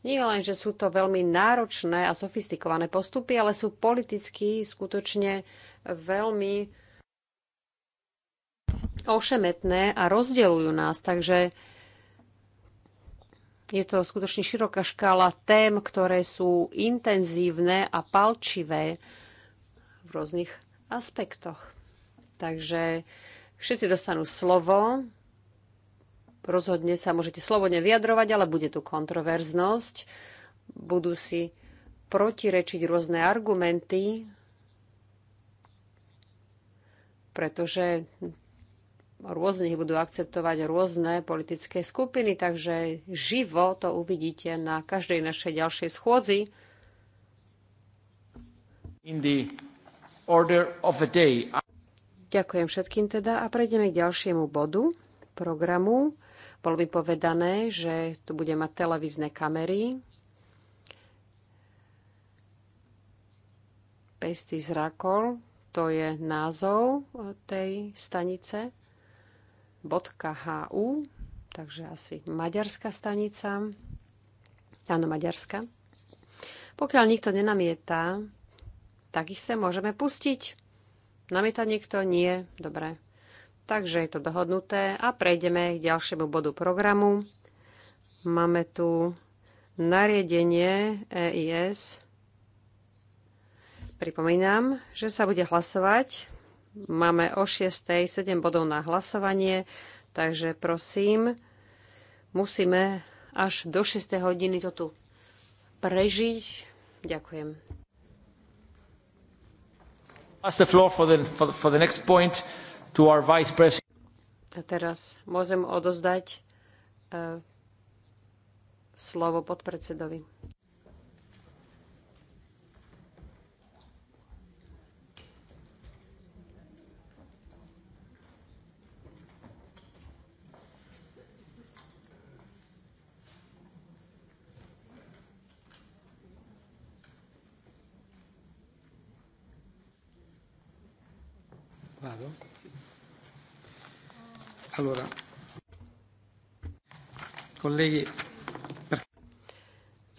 Nie len, že sú to veľmi náročné a sofistikované postupy, ale sú politicky skutočne veľmi ošemetné a rozdeľujú nás. Takže je to skutočne široká škála tém, ktoré sú intenzívne a palčivé v rôznych aspektoch. Takže všetci dostanú slovo, rozhodne sa môžete slobodne vyjadrovať, ale bude tu kontroverznosť. Budú si protirečiť rôzne argumenty, pretože rôzne budú akceptovať rôzne politické skupiny, takže živo to uvidíte na každej našej ďalšej schôdzi.
In the order of the day.
Ďakujem všetkým teda a prejdeme k ďalšiemu bodu programu. Bolo mi povedané, že tu bude mať televízne kamery, Pestý zrakol, to je názov e, tej stanice, .hu, takže asi maďarská stanica. Áno, maďarská. Pokiaľ nikto nenamietá, tak ich sa môžeme pustiť. Namieta niekto? Nie. Dobre. Takže je to dohodnuté a prejdeme k ďalšiemu bodu programu. Máme tu nariadenie EIS. Pripomínam, že sa bude hlasovať. Máme o 6.7 bodov na hlasovanie, takže prosím, musíme až do 6. hodiny to tu prežiť. Ďakujem.
That's the floor for the, for, for the next point to our vice president.
A teraz môžem odozdať uh, slovo podpredsedovi.
Pardon. Allora, kolegi...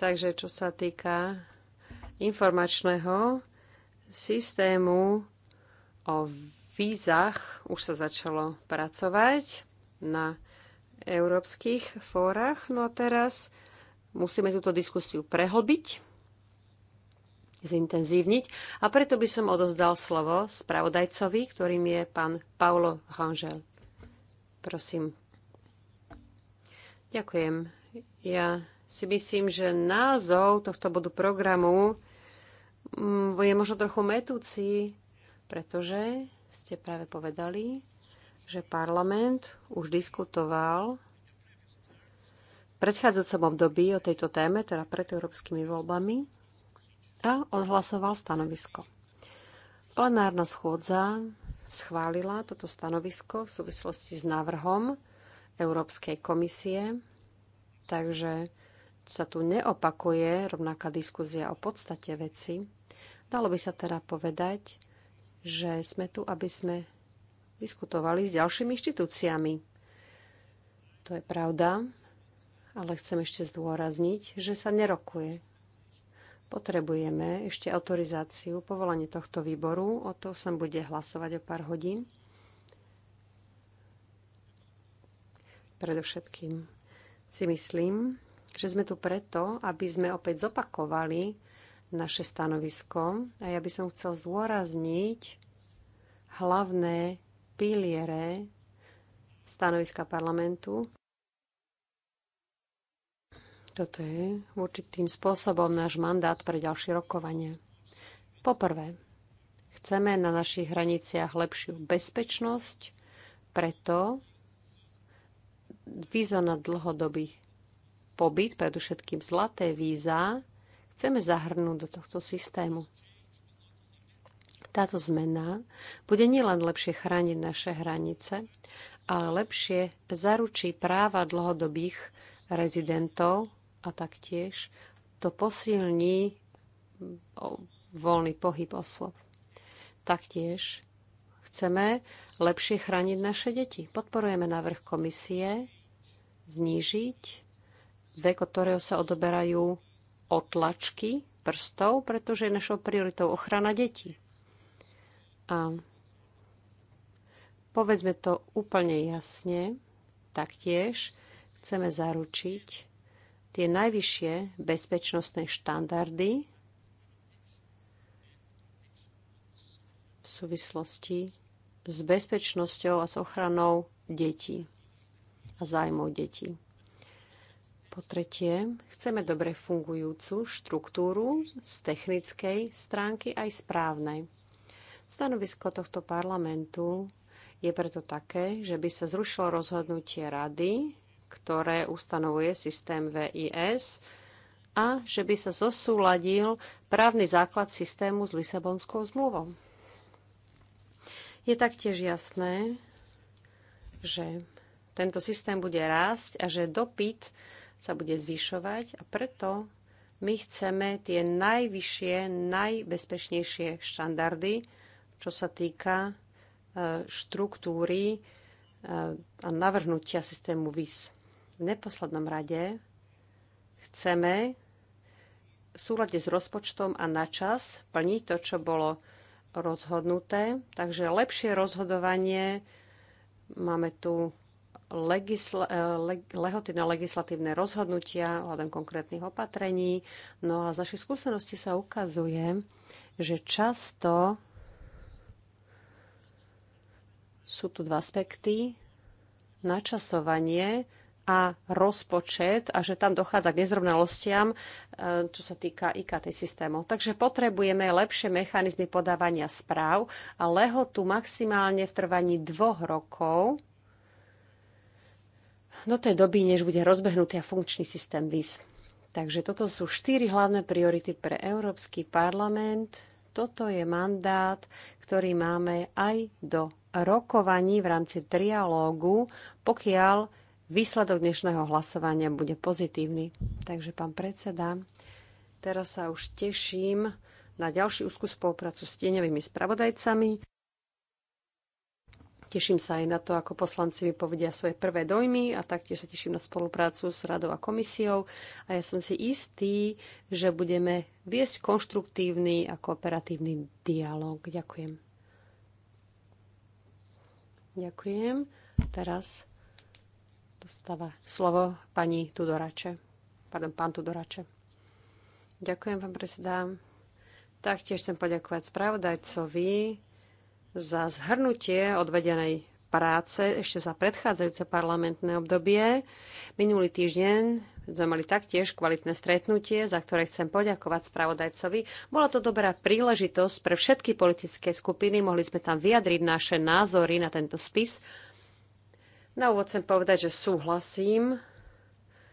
Takže čo sa týka informačného systému o vízach, už sa začalo pracovať na európskych fórach. No a teraz musíme túto diskusiu prehlbiť, zintenzívniť. A preto by som odozdal slovo spravodajcovi, ktorým je pán Paulo Rangel. Prosím. Ďakujem. Ja si myslím, že názov tohto bodu programu mm, je možno trochu metúci, pretože ste práve povedali, že parlament už diskutoval v predchádzajúcom období o tejto téme, teda pred európskymi voľbami, a odhlasoval stanovisko. Plenárna schôdza schválila toto stanovisko v súvislosti s návrhom Európskej komisie, takže sa tu neopakuje rovnaká diskúzia o podstate veci. Dalo by sa teda povedať, že sme tu, aby sme diskutovali s ďalšími inštitúciami. To je pravda, ale chcem ešte zdôrazniť, že sa nerokuje potrebujeme ešte autorizáciu, povolanie tohto výboru. O to sa bude hlasovať o pár hodín. Predovšetkým si myslím, že sme tu preto, aby sme opäť zopakovali naše stanovisko a ja by som chcel zdôrazniť hlavné piliere stanoviska parlamentu. Toto je určitým spôsobom náš mandát pre ďalšie rokovanie. Poprvé, chceme na našich hraniciach lepšiu bezpečnosť, preto víza na dlhodobý pobyt, predovšetkým zlaté víza, chceme zahrnúť do tohto systému. Táto zmena bude nielen lepšie chrániť naše hranice, ale lepšie zaručí práva dlhodobých rezidentov a taktiež to posilní voľný pohyb osôb. Taktiež chceme lepšie chrániť naše deti. Podporujeme návrh komisie znížiť vek, od ktorého sa odoberajú otlačky prstov, pretože je našou prioritou ochrana detí. A povedzme to úplne jasne, taktiež chceme zaručiť, tie najvyššie bezpečnostné štandardy v súvislosti s bezpečnosťou a s ochranou detí a zájmov detí. Po tretie, chceme dobre fungujúcu štruktúru z technickej stránky aj správnej. Stanovisko tohto parlamentu je preto také, že by sa zrušilo rozhodnutie rady ktoré ustanovuje systém VIS a že by sa zosúladil právny základ systému s Lisabonskou zmluvou. Je taktiež jasné, že tento systém bude rásť a že dopyt sa bude zvyšovať a preto my chceme tie najvyššie, najbezpečnejšie štandardy, čo sa týka e, štruktúry e, a navrhnutia systému VIS. V neposlednom rade chceme v súlade s rozpočtom a na čas plniť to, čo bolo rozhodnuté. Takže lepšie rozhodovanie. Máme tu e, lehoty na legislatívne rozhodnutia hľadom konkrétnych opatrení. No a z našich skúseností sa ukazuje, že často sú tu dva aspekty. Načasovanie a rozpočet a že tam dochádza k nezrovnalostiam, e, čo sa týka IKT systémov. Takže potrebujeme lepšie mechanizmy podávania správ a lehotu maximálne v trvaní dvoch rokov do tej doby, než bude rozbehnutý a funkčný systém VIS. Takže toto sú štyri hlavné priority pre Európsky parlament. Toto je mandát, ktorý máme aj do rokovaní v rámci trialógu, pokiaľ výsledok dnešného hlasovania bude pozitívny. Takže, pán predseda, teraz sa už teším na ďalšiu úzkú spoluprácu s tieňovými spravodajcami. Teším sa aj na to, ako poslanci mi povedia svoje prvé dojmy a taktiež sa teším na spoluprácu s radou a komisiou. A ja som si istý, že budeme viesť konštruktívny a kooperatívny dialog. Ďakujem. Ďakujem. Teraz dostáva slovo pani Tudorače. Pardon, pán Tudorače. Ďakujem vám, predseda. Taktiež chcem poďakovať spravodajcovi za zhrnutie odvedenej práce ešte za predchádzajúce parlamentné obdobie. Minulý týždeň sme mali taktiež kvalitné stretnutie, za ktoré chcem poďakovať spravodajcovi. Bola to dobrá príležitosť pre všetky politické skupiny, mohli sme tam vyjadriť naše názory na tento spis. Na úvod chcem povedať, že súhlasím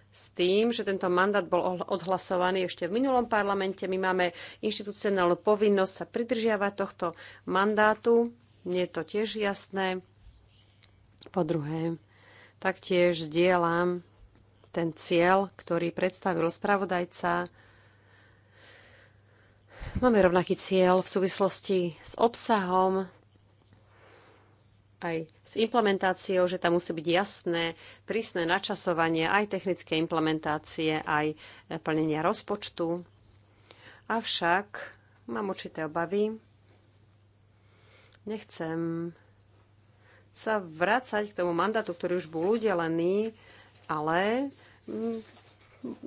s tým, že tento mandát bol odhlasovaný ešte v minulom parlamente. My máme inštitucionálnu povinnosť sa pridržiavať tohto mandátu. Nie je to tiež jasné. Po druhé, taktiež zdieľam ten cieľ, ktorý predstavil spravodajca. Máme rovnaký cieľ v súvislosti s obsahom aj s implementáciou, že tam musí byť jasné, prísne načasovanie aj technické implementácie, aj eh, plnenia rozpočtu. Avšak mám určité obavy. Nechcem sa vrácať k tomu mandátu, ktorý už bol udelený, ale mm,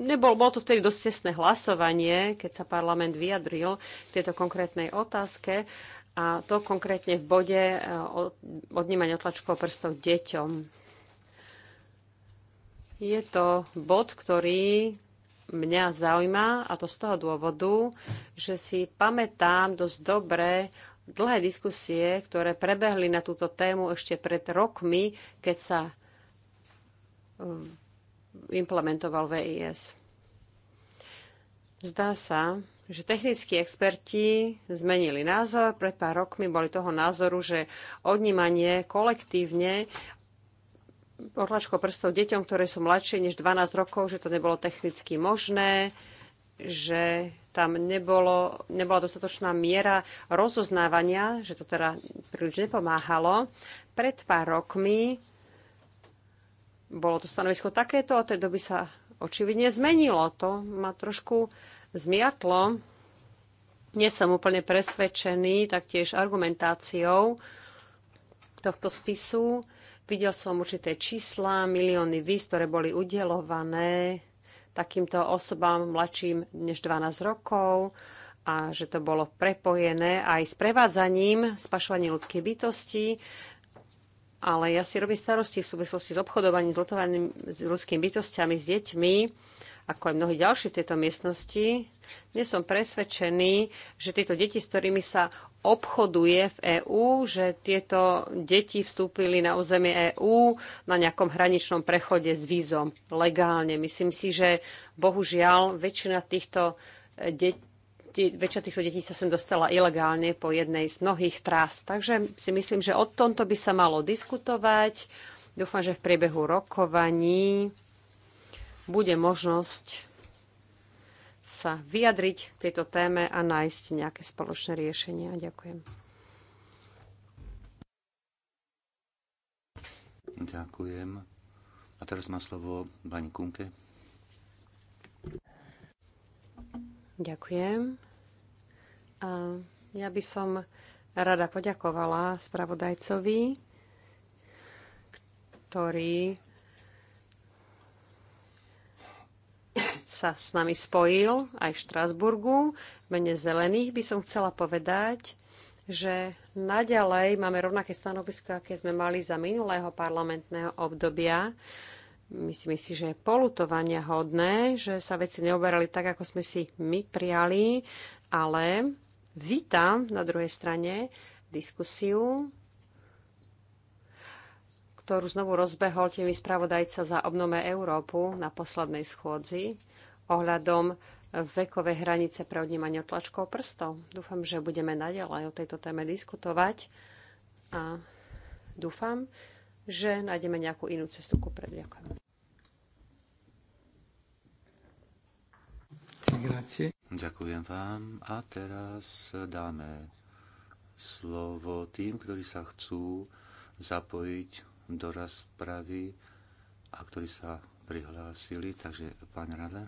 nebol, bol to vtedy dosť tesné hlasovanie, keď sa parlament vyjadril k tejto konkrétnej otázke a to konkrétne v bode e, odnímania otlačkov prstov deťom. Je to bod, ktorý mňa zaujíma a to z toho dôvodu, že si pamätám dosť dobre dlhé diskusie, ktoré prebehli na túto tému ešte pred rokmi, keď sa e, implementoval VIS. Zdá sa, že technickí experti zmenili názor. Pred pár rokmi boli toho názoru, že odnímanie kolektívne otlačko prstov deťom, ktoré sú mladšie než 12 rokov, že to nebolo technicky možné, že tam nebolo, nebola dostatočná miera rozoznávania, že to teda príliš nepomáhalo. Pred pár rokmi bolo to stanovisko takéto, od tej doby sa očividne zmenilo. To ma trošku zmiatlo. Nie som úplne presvedčený taktiež argumentáciou tohto spisu. Videl som určité čísla, milióny víz, ktoré boli udelované takýmto osobám mladším než 12 rokov a že to bolo prepojené aj s prevádzaním, spašovaním ľudskej bytosti, Ale ja si robím starosti v súvislosti s obchodovaním s ľudskými bytostiami, s deťmi ako aj mnohí ďalší v tejto miestnosti, nie som presvedčený, že tieto deti, s ktorými sa obchoduje v EÚ, že tieto deti vstúpili na územie EÚ na nejakom hraničnom prechode s vízom legálne. Myslím si, že bohužiaľ väčšina týchto eh, detí väčšina týchto detí sa sem dostala ilegálne po jednej z mnohých trás. Takže si myslím, že o tomto by sa malo diskutovať. Dúfam, že v priebehu rokovaní bude možnosť sa vyjadriť tejto téme a nájsť nejaké spoločné riešenia. Ďakujem.
Ďakujem. A teraz má slovo pani Kunke.
Ďakujem. A ja by som rada poďakovala spravodajcovi, ktorý sa s nami spojil aj v Štrasburgu. V mene zelených by som chcela povedať, že naďalej máme rovnaké stanovisko, aké sme mali za minulého parlamentného obdobia. Myslím si, že je polutovania hodné, že sa veci neoberali tak, ako sme si my prijali, ale vítam na druhej strane diskusiu, ktorú znovu rozbehol tými spravodajca za obnome Európu na poslednej schôdzi ohľadom vekové hranice pre odnímanie tlačkov prstov. Dúfam, že budeme naďalej o tejto téme diskutovať a dúfam, že nájdeme nejakú inú cestu ku pred. Ďakujem.
Ďakujem vám. A teraz dáme slovo tým, ktorí sa chcú zapojiť do rozpravy a ktorí sa prihlásili, takže pán Rada.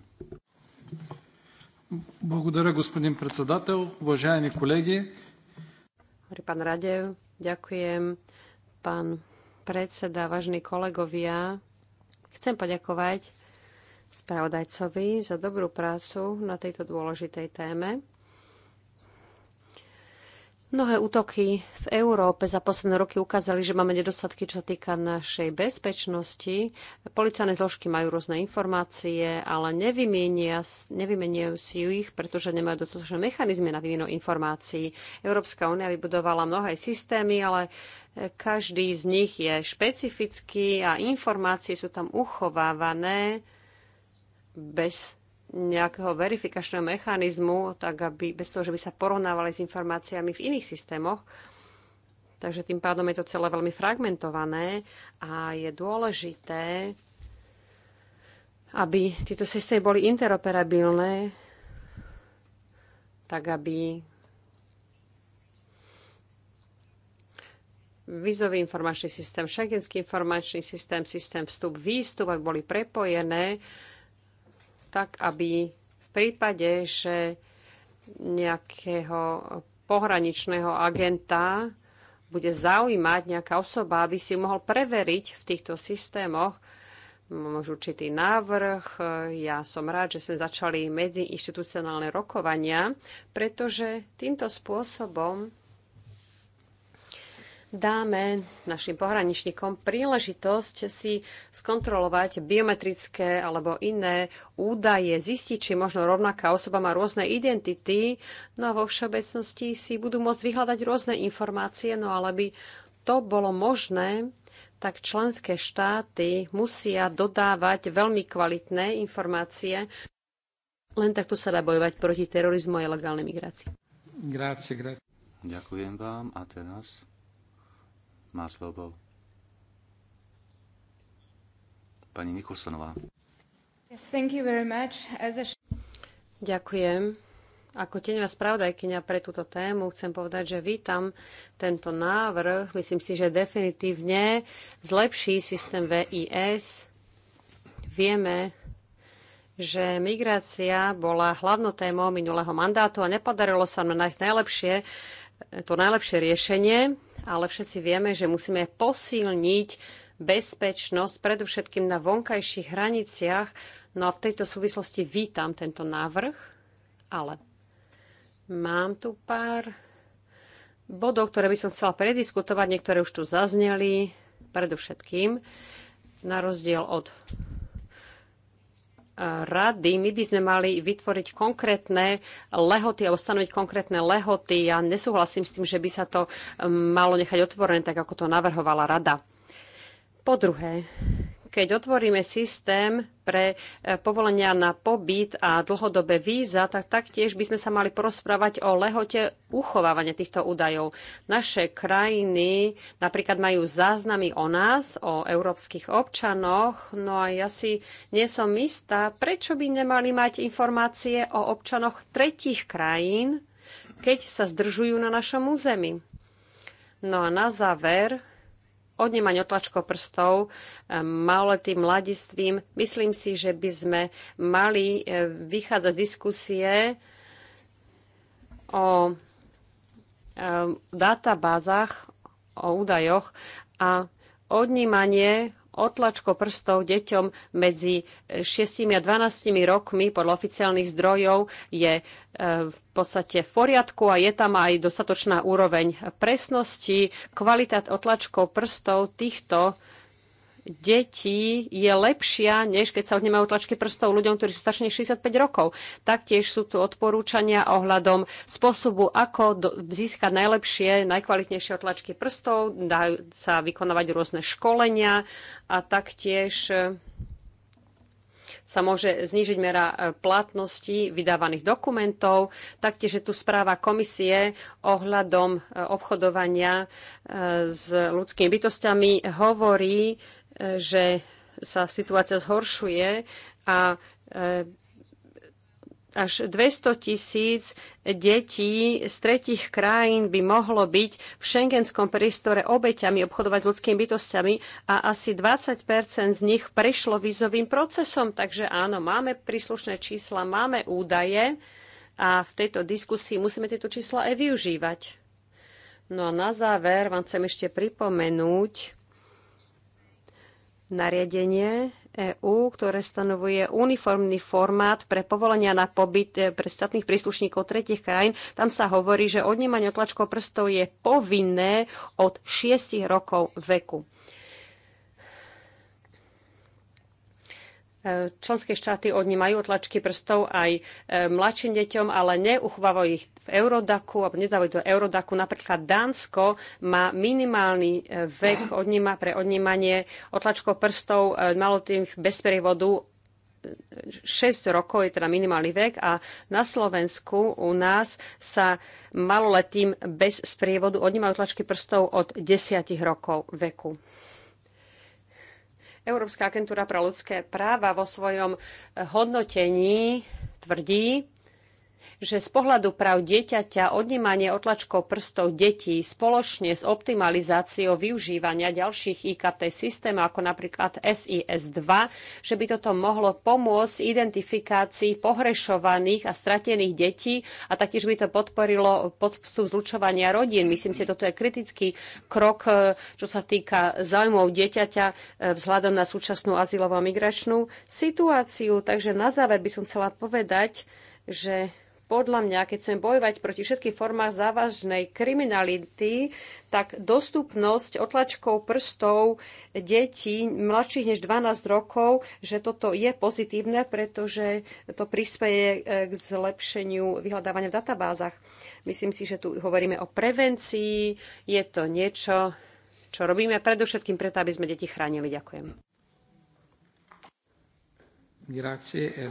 Благодаря,
господин председател. Уважаеми колеги.
Pán Radev, ďakujem. Pán predseda, vážni kolegovia, chcem poďakovať spravodajcovi za dobrú prácu na tejto dôležitej téme. Mnohé útoky v Európe za posledné roky ukázali, že máme nedostatky, čo týka našej bezpečnosti. Policajné zložky majú rôzne informácie, ale nevymenia si ich, pretože nemajú dostatočné mechanizmy na výmenu informácií. Európska únia vybudovala mnohé systémy, ale každý z nich je špecifický a informácie sú tam uchovávané bez nejakého verifikačného mechanizmu, tak aby, bez toho, že by sa porovnávali s informáciami v iných systémoch. Takže tým pádom je to celé veľmi fragmentované a je dôležité, aby tieto systémy boli interoperabilné, tak aby vizový informačný systém, šengenský informačný systém, systém vstup-výstup, aby boli prepojené, tak aby v prípade, že nejakého pohraničného agenta bude zaujímať nejaká osoba, aby si mohol preveriť v týchto systémoch, môžu určitý návrh. Ja som rád, že sme začali medziinstitucionálne rokovania, pretože týmto spôsobom dáme našim pohraničníkom príležitosť si skontrolovať biometrické alebo iné údaje, zistiť, či možno rovnaká osoba má rôzne identity, no a vo všeobecnosti si budú môcť vyhľadať rôzne informácie, no ale by to bolo možné, tak členské štáty musia dodávať veľmi kvalitné informácie. Len takto sa dá bojovať proti terorizmu a ilegálnej migrácii.
Grazie, grazie. Ďakujem vám a teraz má slovo pani Nikolsonová.
Yes, thank you very much. As a... Ďakujem. Ako tieňová spravodajkyňa pre túto tému chcem povedať, že vítam tento návrh. Myslím si, že definitívne zlepší systém VIS. Vieme, že migrácia bola hlavnou témou minulého mandátu a nepodarilo sa nám nájsť najlepšie, to najlepšie riešenie ale všetci vieme, že musíme posilniť bezpečnosť, predovšetkým na vonkajších hraniciach. No a v tejto súvislosti vítam tento návrh, ale mám tu pár bodov, ktoré by som chcela prediskutovať. Niektoré už tu zazneli, predovšetkým na rozdiel od rady, my by sme mali vytvoriť konkrétne lehoty a ustanoviť konkrétne lehoty. Ja nesúhlasím s tým, že by sa to um, malo nechať otvorené, tak ako to navrhovala rada. Po druhé, keď otvoríme systém pre e, povolenia na pobyt a dlhodobé víza, tak taktiež by sme sa mali porozprávať o lehote uchovávania týchto údajov. Naše krajiny napríklad majú záznamy o nás, o európskych občanoch, no a ja si nie som istá, prečo by nemali mať informácie o občanoch tretích krajín, keď sa zdržujú na našom území. No a na záver odnímanie otlačko prstov eh, maloletým mladistvím. Myslím si, že by sme mali eh, vychádzať z diskusie o eh, databázach, o údajoch a odnímanie otlačko prstov deťom medzi 6 a 12 rokmi podľa oficiálnych zdrojov je e, v podstate v poriadku a je tam aj dostatočná úroveň presnosti. Kvalita otlačkov prstov týchto detí je lepšia, než keď sa odnemajú tlačky prstov ľuďom, ktorí sú starší než 65 rokov. Taktiež sú tu odporúčania ohľadom spôsobu, ako do, získať najlepšie, najkvalitnejšie tlačky prstov, dajú sa vykonávať rôzne školenia a taktiež e, sa môže znížiť mera e, platnosti vydávaných dokumentov. Taktiež je tu správa komisie ohľadom e, obchodovania s ľudskými bytostiami. Hovorí, že sa situácia zhoršuje a e, až 200 tisíc detí z tretich krajín by mohlo byť v šengenskom priestore obeťami obchodovať s ľudskými bytostiami a asi 20 z nich prešlo vízovým procesom. Takže áno, máme príslušné čísla, máme údaje a v tejto diskusii musíme tieto čísla aj využívať. No a na záver vám chcem ešte pripomenúť, nariadenie EÚ, ktoré stanovuje uniformný formát pre povolenia na pobyt eh, pre statných príslušníkov tretich krajín. Tam sa hovorí, že odnímanie otlačkov prstov je povinné od 6 rokov veku. E, členské štáty odnímajú otlačky prstov aj e, mladším deťom, ale neuchovávajú ich v Eurodaku, alebo nedávajú do Eurodaku. Napríklad Dánsko má minimálny e, vek odníma, pre odnímanie otlačkov prstov malotým bez vodu 6 rokov je teda minimálny vek a na Slovensku u nás sa maloletým bez sprievodu odnímajú tlačky prstov od 10 rokov veku. Európska agentúra pre ľudské práva vo svojom eh, hodnotení tvrdí, že z pohľadu práv dieťaťa odnímanie otlačkov prstov detí spoločne s optimalizáciou využívania ďalších IKT systémov, ako napríklad SIS-2, že by toto mohlo pomôcť identifikácii pohrešovaných a stratených detí a taktiež by to podporilo podstup zlučovania rodín. Myslím si, že toto je kritický krok, e, čo sa týka záujmov dieťaťa e, vzhľadom na súčasnú azylovo migračnú situáciu. Takže na záver by som chcela povedať, že podľa mňa, keď chcem bojovať proti všetkým formách závažnej kriminality, tak dostupnosť otlačkov prstov detí mladších než 12 rokov, že toto je pozitívne, pretože to prispieje eh, k zlepšeniu vyhľadávania v databázach. Myslím si, že tu hovoríme o prevencii. Je to niečo, čo robíme predovšetkým preto, aby sme deti chránili. Ďakujem.
Grazie, e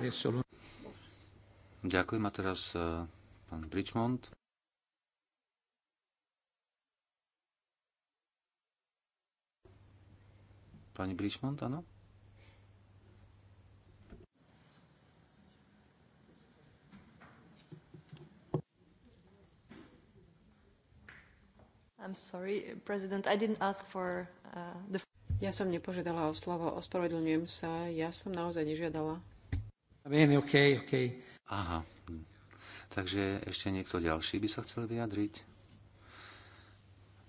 Ďakujem a teraz e, pán Bridgmont. Pani Bridgmont, áno?
I'm sorry, President,
I didn't ask for uh, the... Ja som nepožiadala o slovo, ospravedlňujem sa, ja som naozaj nežiadala.
I mean, okay, okay. Aha. Hm. Takže ešte niekto ďalší by sa chcel vyjadriť?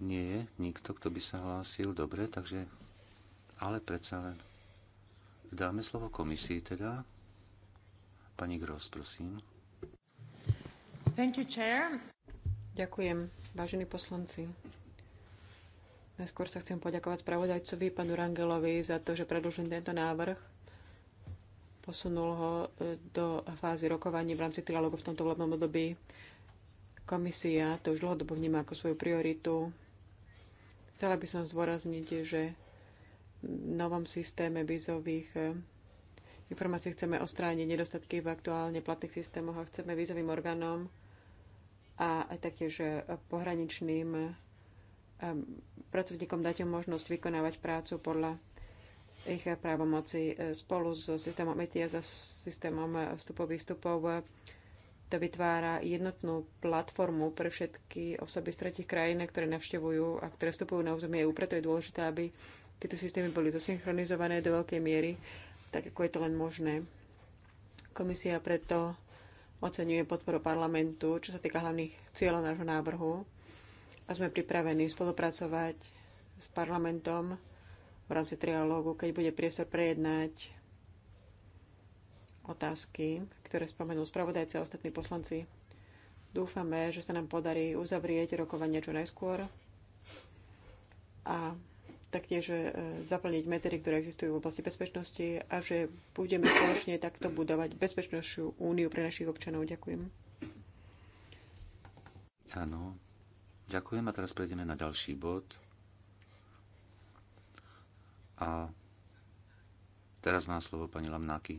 Nie je nikto, kto by sa hlásil. Dobre, takže... Ale predsa len. Dáme slovo komisii teda. Pani Gross, prosím.
Thank you, chair. Ďakujem, vážení poslanci. Najskôr sa chcem poďakovať spravodajcovi, panu Rangelovi, za to, že predložil tento návrh posunul ho e, do fázy rokovania v rámci trialógu v tomto volebnom období. Komisia to už dlhodobo vníma ako svoju prioritu. Chcela by som zdôrazniť, že v novom systéme vízových e, informácií chceme ostrániť nedostatky v aktuálne platných systémoch a chceme vízovým orgánom a aj taktiež e, pohraničným pracovníkom dať možnosť vykonávať prácu podľa ich právomoci e, spolu so systémom ETIA a systémom vstupov výstupov to vytvára jednotnú platformu pre všetky osoby z tretich krajín, ktoré navštevujú a ktoré vstupujú na územie EU. Preto je dôležité, aby tieto systémy boli zosynchronizované do veľkej miery, tak ako je to len možné. Komisia preto oceňuje podporu parlamentu, čo sa týka hlavných cieľov nášho návrhu a sme pripravení spolupracovať s parlamentom v rámci trialógu, keď bude priestor prejednať otázky, ktoré spomenú spravodajce a ostatní poslanci. Dúfame, že sa nám podarí uzavrieť rokovanie čo najskôr a taktiež e, zaplniť medzery, ktoré existujú v oblasti bezpečnosti a že budeme spoločne takto budovať bezpečnostnú úniu pre našich občanov. Ďakujem.
Áno. Ďakujem a teraz prejdeme na ďalší bod. A teraz má slovo pani Lamnáky.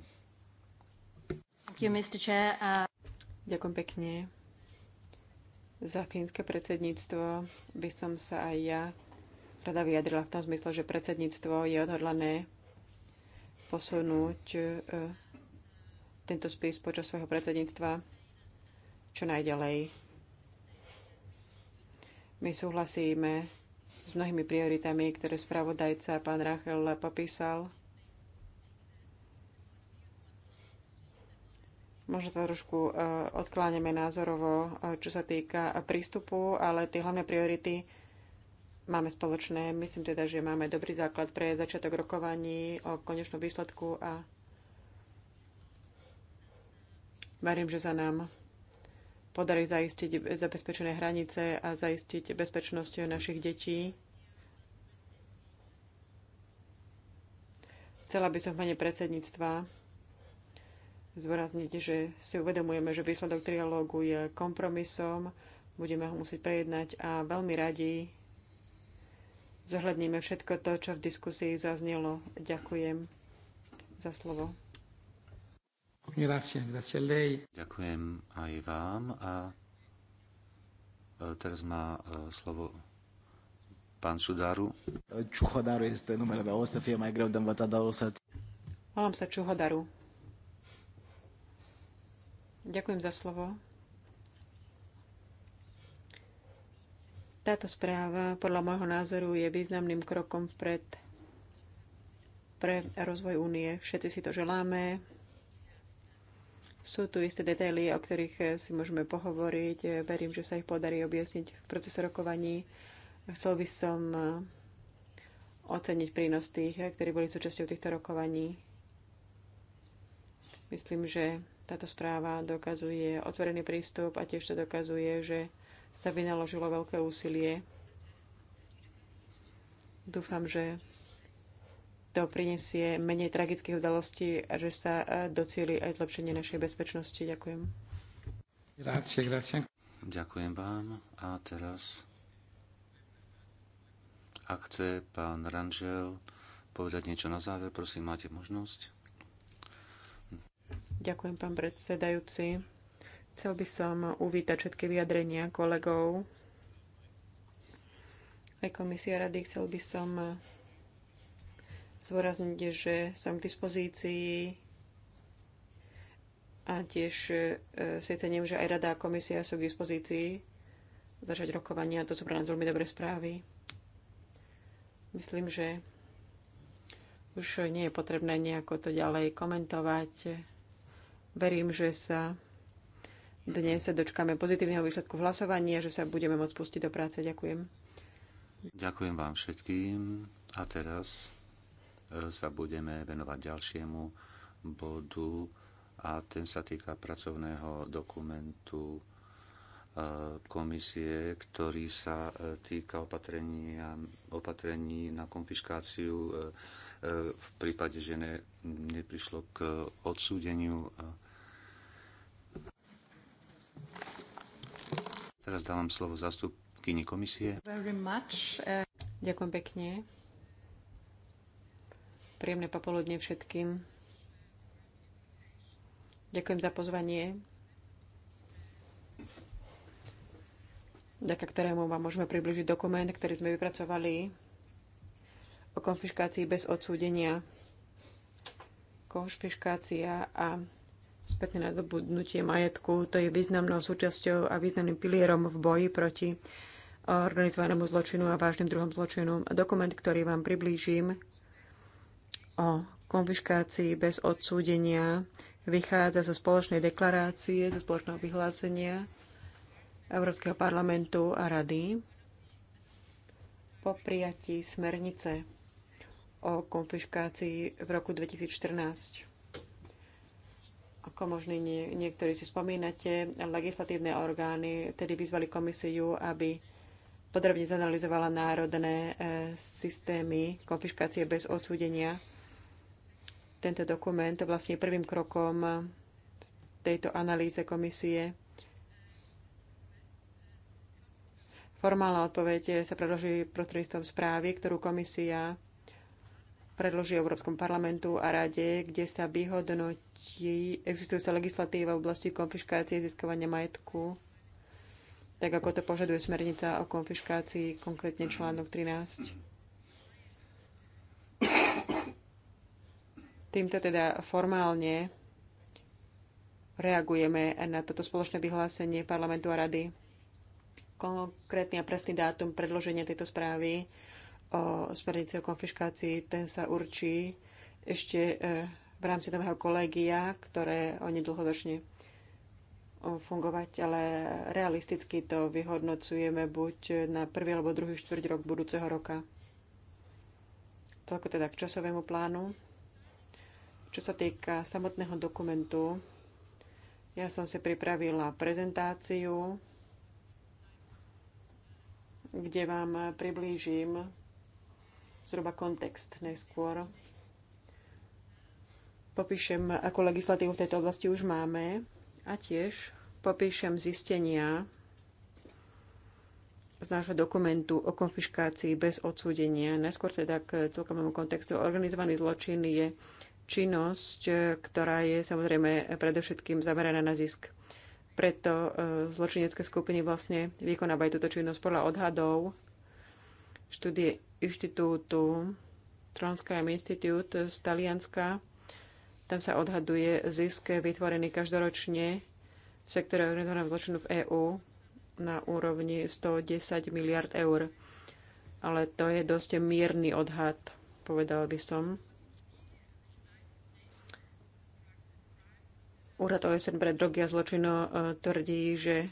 Uh, Ďakujem pekne. Za fínske predsedníctvo by som sa aj ja rada vyjadrila v tom zmysle, že predsedníctvo je odhodlané posunúť uh, tento spis počas svojho predsedníctva čo najďalej. My súhlasíme s mnohými prioritami, ktoré spravodajca pán Rachel popísal. Možno sa trošku e, odkláňame názorovo, e, čo sa týka prístupu, ale tie hlavné priority máme spoločné. Myslím teda, že máme dobrý základ pre začiatok rokovaní o konečnom výsledku a verím, že sa nám podarí zaistiť zabezpečené hranice a zaistiť bezpečnosť našich detí. Chcela by som v mene predsedníctva zvorazniť, že si uvedomujeme, že výsledok trialógu je kompromisom, budeme ho musieť prejednať a veľmi radi zohľadníme všetko to, čo v diskusii zaznelo. Ďakujem za slovo.
Grazie, grazie lei. Ďakujem aj vám. A e, teraz má e, slovo pán
Čudaru. Ciuhodaru je ten numer, O să fie mai greu de învățat, dar
Volám sa Čuhodaru. Ďakujem za slovo. Táto správa podľa môjho názoru je významným krokom vpred pre rozvoj únie. Všetci si to želáme. Sú tu isté detaily, o ktorých eh, si môžeme pohovoriť. Eh, verím, že sa ich podarí objasniť v procese rokovaní. Chcel by som eh, oceniť prínos tých, ktorí boli súčasťou týchto rokovaní. Myslím, že táto správa dokazuje otvorený prístup a tiež to dokazuje, že sa vynaložilo veľké úsilie. Dúfam, že to prinesie menej tragických udalostí a že sa e, docieli aj zlepšenie našej bezpečnosti. Ďakujem.
Grazie, grazie. Ďakujem vám. A teraz, ak chce pán Ranžel povedať niečo na záver, prosím, máte možnosť.
Ďakujem, pán predsedajúci. Chcel by som uvítať všetky vyjadrenia kolegov. Aj komisia rady chcel by som zvorazniť, že som k dispozícii a tiež e, si cením, že aj rada a komisia sú k dispozícii začať rokovania. To sú pre nás veľmi dobré správy. Myslím, že už nie je potrebné nejako to ďalej komentovať. Verím, že sa dnes sa dočkáme pozitívneho výsledku v hlasovaní a že sa budeme môcť pustiť do práce. Ďakujem.
Ďakujem vám všetkým. A teraz sa budeme venovať ďalšiemu bodu a ten sa týka pracovného dokumentu e, komisie, ktorý sa e, týka opatrenia, opatrení na konfiškáciu e, v prípade, že ne, neprišlo k odsúdeniu. Teraz dávam slovo zastupkyni komisie.
Ďakujem pekne. Príjemné popoludne všetkým. Ďakujem za pozvanie, vďaka ktorému vám môžeme približiť dokument, ktorý sme vypracovali o konfiškácii bez odsúdenia. Konfiškácia a spätné nadobudnutie majetku, to je významnou súčasťou a významným pilierom v boji proti organizovanému zločinu a vážnym druhom zločinu. Dokument, ktorý vám priblížim, o konfiškácii bez odsúdenia vychádza zo spoločnej deklarácie, zo spoločného vyhlásenia Európskeho parlamentu a rady po prijatí smernice o konfiškácii v roku 2014. Ako možno nie, niektorí si spomínate, legislatívne orgány tedy vyzvali komisiu, aby podrobne zanalizovala národné e, systémy konfiškácie bez odsúdenia tento dokument vlastne prvým krokom tejto analýze komisie. Formálna odpoveď sa predloží prostredníctvom správy, ktorú komisia predloží Európskom parlamentu a rade, kde sa vyhodnotí existujúca legislatíva v oblasti konfiškácie získavania majetku, tak ako to požaduje smernica o konfiškácii, konkrétne článok 13. Týmto teda formálne reagujeme na toto spoločné vyhlásenie parlamentu a rady. Konkrétny a presný dátum predloženia tejto správy o smernici o konfiškácii, ten sa určí ešte e, v rámci nového kolégia, ktoré oni dlhodočne fungovať, ale realisticky to vyhodnocujeme buď na prvý alebo druhý štvrť rok budúceho roka. Toľko teda k časovému plánu. Čo sa týka samotného dokumentu, ja som si pripravila prezentáciu, kde vám priblížim zhruba kontext najskôr. Popíšem, akú legislatívu v tejto oblasti už máme a tiež popíšem zistenia z nášho dokumentu o konfiškácii bez odsúdenia. Najskôr teda k celkomému kontextu. Organizovaný zločin je činnosť, e, ktorá je samozrejme predovšetkým zameraná na zisk. Preto e, zločinecké skupiny vlastne vykonávajú túto činnosť podľa odhadov štúdie inštitútu Transcrime Institute z Talianska. Tam sa odhaduje zisk vytvorený každoročne v sektore organizovaného zločinu v EÚ na úrovni 110 miliard eur. Ale to je dosť mierny odhad, povedal by som. Úrad OSN pre drogy a zločino e, tvrdí, že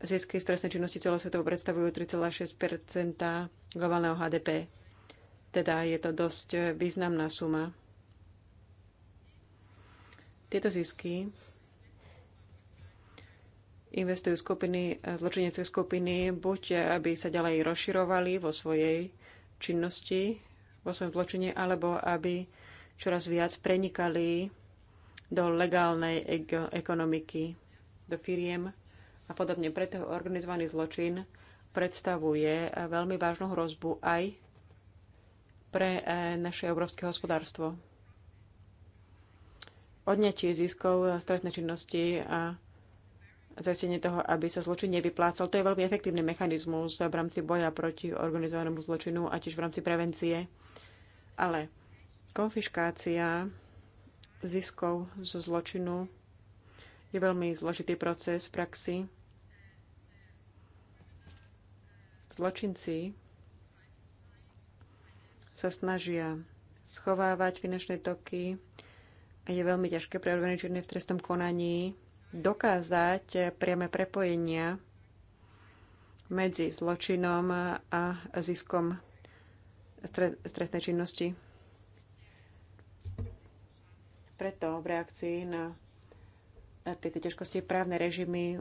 zisky z trestnej činnosti celosvetovo predstavujú 3,6 globálneho HDP. Teda je to dosť e, významná suma. Tieto zisky investujú skupiny, e, zločinecké skupiny, buď aby sa ďalej rozširovali vo svojej činnosti, vo svojom zločine, alebo aby čoraz viac prenikali do legálnej ekonomiky, do firiem a podobne. Preto organizovaný zločin predstavuje eh, veľmi vážnu hrozbu aj pre eh, naše európske hospodárstvo. Odňatie ziskov eh, stresné činnosti a zajistenie toho, aby sa zločin nevyplácal, to je veľmi efektívny mechanizmus v rámci boja proti organizovanému zločinu a tiež v rámci prevencie. Ale konfiškácia ziskov zo zločinu je veľmi zložitý proces v praxi. Zločinci sa snažia schovávať finančné toky a je veľmi ťažké pre organičné v trestnom konaní dokázať priame prepojenia medzi zločinom a ziskom stresnej činnosti. Preto v reakcii na tieto ťažkosti právne režimy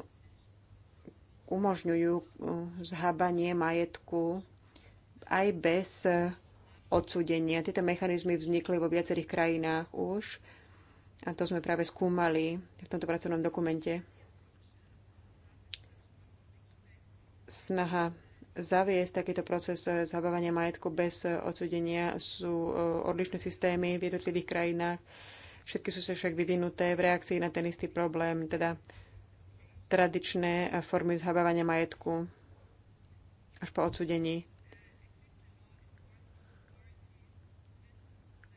umožňujú eh, zhábanie majetku aj bez eh, odsúdenia. Tieto mechanizmy vznikli vo viacerých krajinách už a to sme práve skúmali v tomto pracovnom dokumente. Snaha zaviesť takýto proces eh, zhábavania majetku bez odsúdenia sú odlišné systémy v jednotlivých krajinách Všetky sú sa však vyvinuté v reakcii na ten istý problém, teda tradičné formy zhabávania majetku až po odsudení.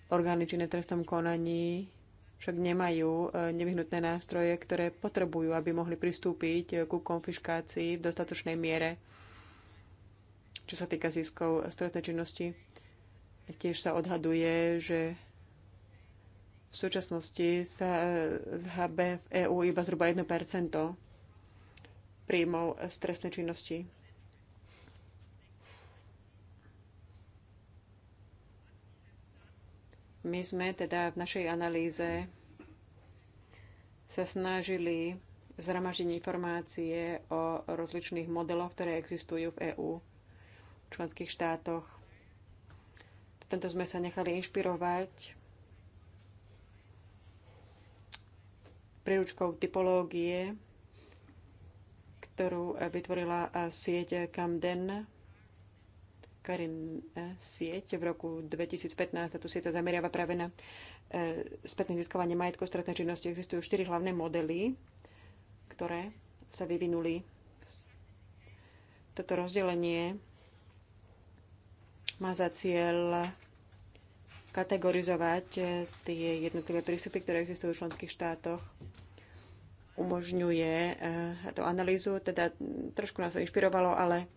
Orgány či trestom konaní však nemajú e, nevyhnutné nástroje, ktoré potrebujú, aby mohli pristúpiť e, ku konfiškácii v dostatočnej miere, čo sa týka ziskov stretnej činnosti. Tiež sa odhaduje, že v súčasnosti sa e, z HB v EÚ iba zhruba 1% príjmov z trestnej činnosti. My sme teda v našej analýze sa snažili zhromaždiť informácie o rozličných modeloch, ktoré existujú v EÚ, v členských štátoch. V tomto sme sa nechali inšpirovať príručkou typológie, ktorú eh, vytvorila eh, sieť eh, Camden, Karin sieť v roku 2015. Táto sieť sa zameriava práve na spätné získavanie majetkov stratnej činnosti. Existujú štyri hlavné modely, ktoré sa vyvinuli. Toto rozdelenie má za cieľ kategorizovať e, tie jednotlivé prístupy, ktoré existujú v členských štátoch. Umožňuje e, tú analýzu, teda trošku nás inšpirovalo, ale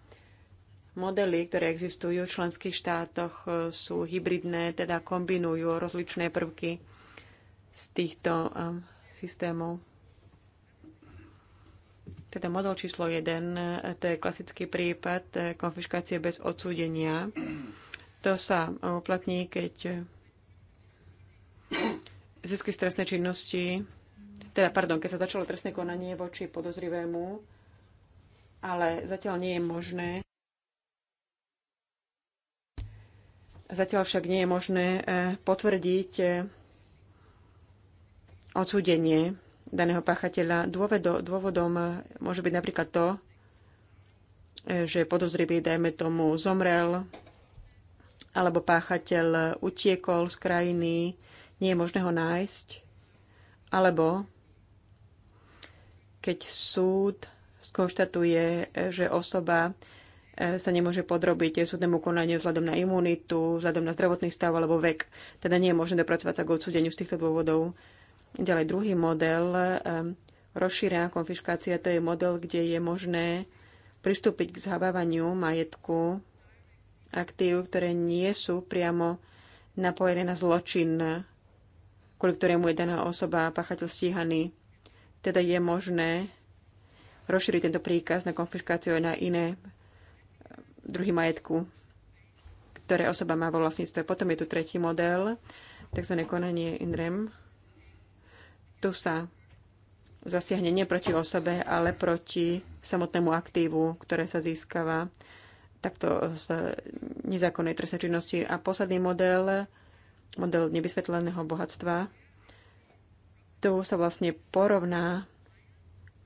modely, ktoré existujú v členských štátoch, e, sú hybridné, teda kombinujú rozličné prvky z týchto systémov. Teda model číslo 1, to je klasický prípad konfiškácie bez odsúdenia. To sa uplatní, keď zisky z trestnej činnosti, teda pardon, keď sa začalo trestné konanie voči podozrivému, ale zatiaľ nie je možné. Zatiaľ však nie je možné eh, potvrdiť eh, odsúdenie daného páchateľa. Dôvedo, dôvodom eh, môže byť napríklad to, že podozrivý, dajme tomu, zomrel, alebo páchateľ utiekol z krajiny, nie je možné ho nájsť, alebo keď súd skonštatuje, že osoba e, sa nemôže podrobiť súdnemu konaniu vzhľadom na imunitu, vzhľadom na zdravotný stav alebo vek. Teda nie je možné dopracovať sa k odsúdeniu z týchto dôvodov. Ďalej druhý model, e, rozšírená konfiškácia, to je model, kde je možné pristúpiť k zhabávaniu majetku aktív, ktoré nie sú priamo napojené na zločin, kvôli ktorému je daná osoba páchateľ stíhaný. Teda je možné rozšíriť tento príkaz na konfiškáciu aj na iné eh, druhy majetku, ktoré osoba má vo vlastníctve. Potom je tu tretí model, tzv. konanie in rem. Tu sa zasiahne nie proti osobe, ale proti samotnému aktívu, ktoré sa získava takto z nezákonnej trestnej činnosti. A posledný model, model nevysvetleného bohatstva, tu sa vlastne porovná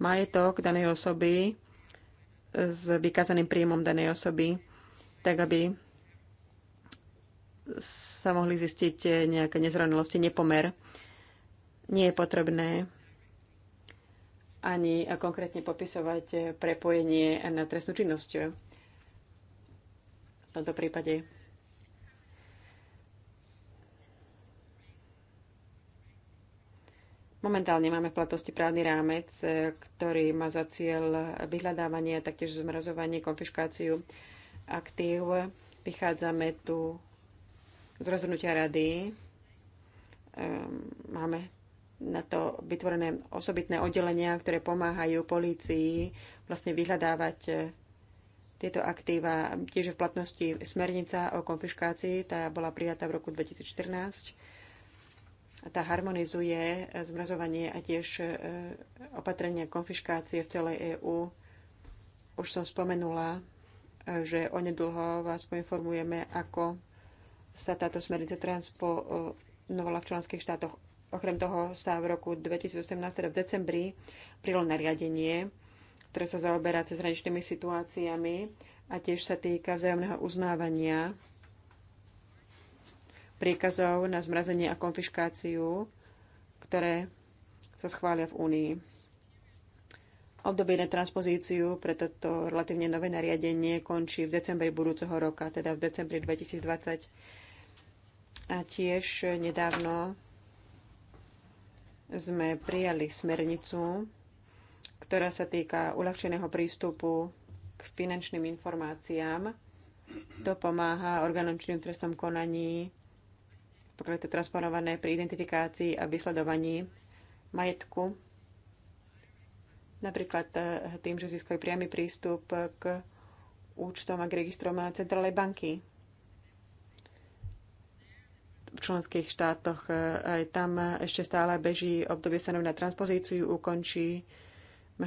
majetok danej osoby s vykázaným príjmom danej osoby, tak aby sa mohli zistiť nejaké nezrovnalosti, nepomer. Nie je potrebné ani konkrétne popisovať prepojenie na trestnú činnosť v tomto prípade. Momentálne máme v platnosti právny rámec, e, ktorý má za cieľ vyhľadávanie a taktiež zmrazovanie, konfiškáciu aktív. Vychádzame tu z rozhodnutia rady. Ehm, máme na to vytvorené osobitné oddelenia, ktoré pomáhajú polícii vlastne vyhľadávať e, tieto aktíva. Tiež je v platnosti smernica o konfiškácii, tá bola prijatá v roku 2014. Tá harmonizuje zmrazovanie a tiež e, opatrenia konfiškácie v celej EÚ. Už som spomenula, e, že onedlho vás poinformujeme, ako sa táto smernica transponovala v členských štátoch. Okrem toho sa v roku 2018, teda v decembri, prilo nariadenie, ktoré sa zaoberá cezhraničnými situáciami a tiež sa týka vzájomného uznávania príkazov na zmrazenie a konfiškáciu, ktoré sa schvália v Únii. Obdobie na transpozíciu pre toto relatívne nové nariadenie končí v decembri budúceho roka, teda v decembri 2020. A tiež nedávno sme prijali smernicu ktorá sa týka uľahčeného prístupu k finančným informáciám. To pomáha orgánom činným trestnom konaní, pokiaľ je to transponované pri identifikácii a vysledovaní majetku. Napríklad eh, tým, že získajú priamy prístup k účtom a k registrom Centrálnej banky. V členských štátoch eh, aj tam eh, ešte stále beží obdobie stanov na transpozíciu, ukončí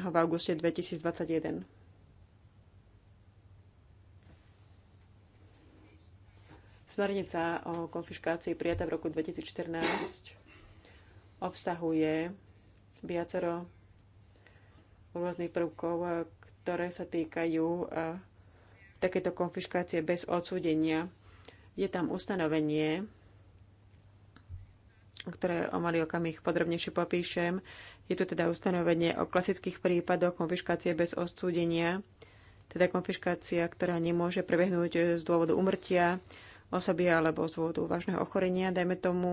ho v auguste 2021. Smernica o konfiškácii prijatá v roku 2014 obsahuje viacero rôznych prvkov, ktoré sa týkajú e, takéto konfiškácie bez odsúdenia. Je tam ustanovenie, ktoré o malý okamih podrobnejšie popíšem, je tu teda ustanovenie o klasických prípadoch konfiškácie bez odsúdenia, teda konfiškácia, ktorá nemôže prebehnúť z dôvodu umrtia osoby alebo z dôvodu vážneho ochorenia, dajme tomu.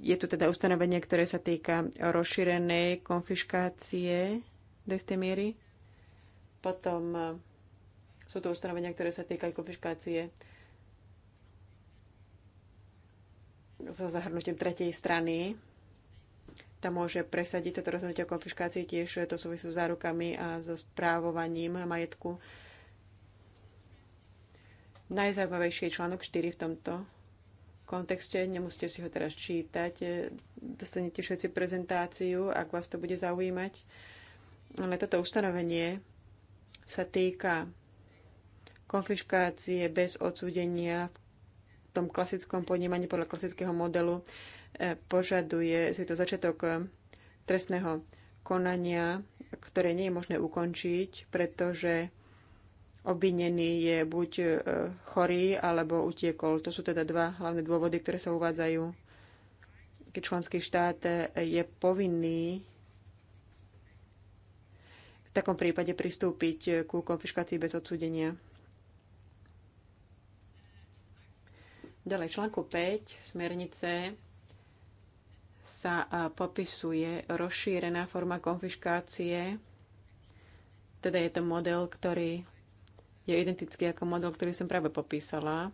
Je tu teda ustanovenie, ktoré sa týka rozšírenej konfiškácie do istej miery. Potom e, sú to ustanovenia, ktoré sa týkajú konfiškácie so zahrnutím tretej strany, tam môže presadiť toto rozhodnutie o konfiškácii, tiež to súvisí s zárukami a so správovaním majetku. Najzaujímavejší je článok 4 v tomto kontexte, nemusíte si ho teraz čítať, dostanete všetci prezentáciu, ak vás to bude zaujímať. Ale toto ustanovenie sa týka konfiškácie bez odsúdenia v tom klasickom podnímaní podľa klasického modelu požaduje si to začiatok e, trestného konania, ktoré nie je možné ukončiť, pretože obvinený je buď e, chorý alebo utiekol. To sú teda dva hlavné dôvody, ktoré sa uvádzajú. Keď členský štát e, je povinný v takom prípade pristúpiť ku konfiškácii bez odsúdenia. Ďalej článku 5 smernice sa popisuje rozšírená forma konfiškácie, teda je to model, ktorý je identický ako model, ktorý som práve popísala.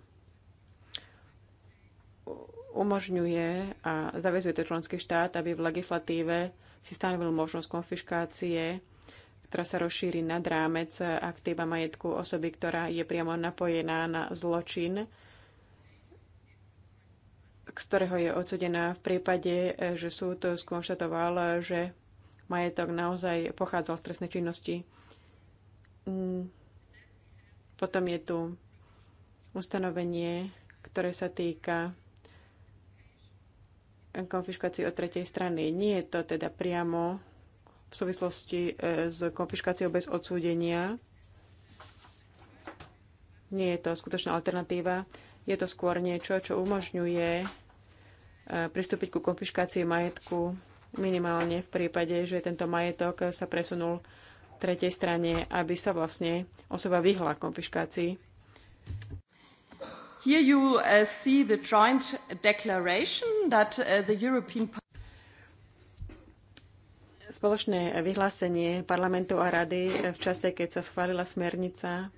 Umožňuje a zavezuje to členský štát, aby v legislatíve si stanovil možnosť konfiškácie, ktorá sa rozšíri nad rámec aktíva majetku osoby, ktorá je priamo napojená na zločin, z ktorého je odsudená v prípade, eh, že súd skonštatoval, eh, že majetok naozaj pochádzal z trestnej činnosti. Mm. Potom je tu ustanovenie, ktoré sa týka eh, konfiškácii od tretej strany. Nie je to teda priamo v súvislosti s konfiškáciou bez odsúdenia. Nie je to skutočná alternatíva. Je to skôr niečo, čo umožňuje Eh, pristúpiť ku konfiškácii majetku minimálne v prípade, že tento majetok sa presunul tretej strane, aby sa vlastne osoba vyhla konfiškácii. Here you eh, see the joint declaration that eh, the European Spoločné vyhlásenie parlamentu a rady v čase, keď sa schválila smernica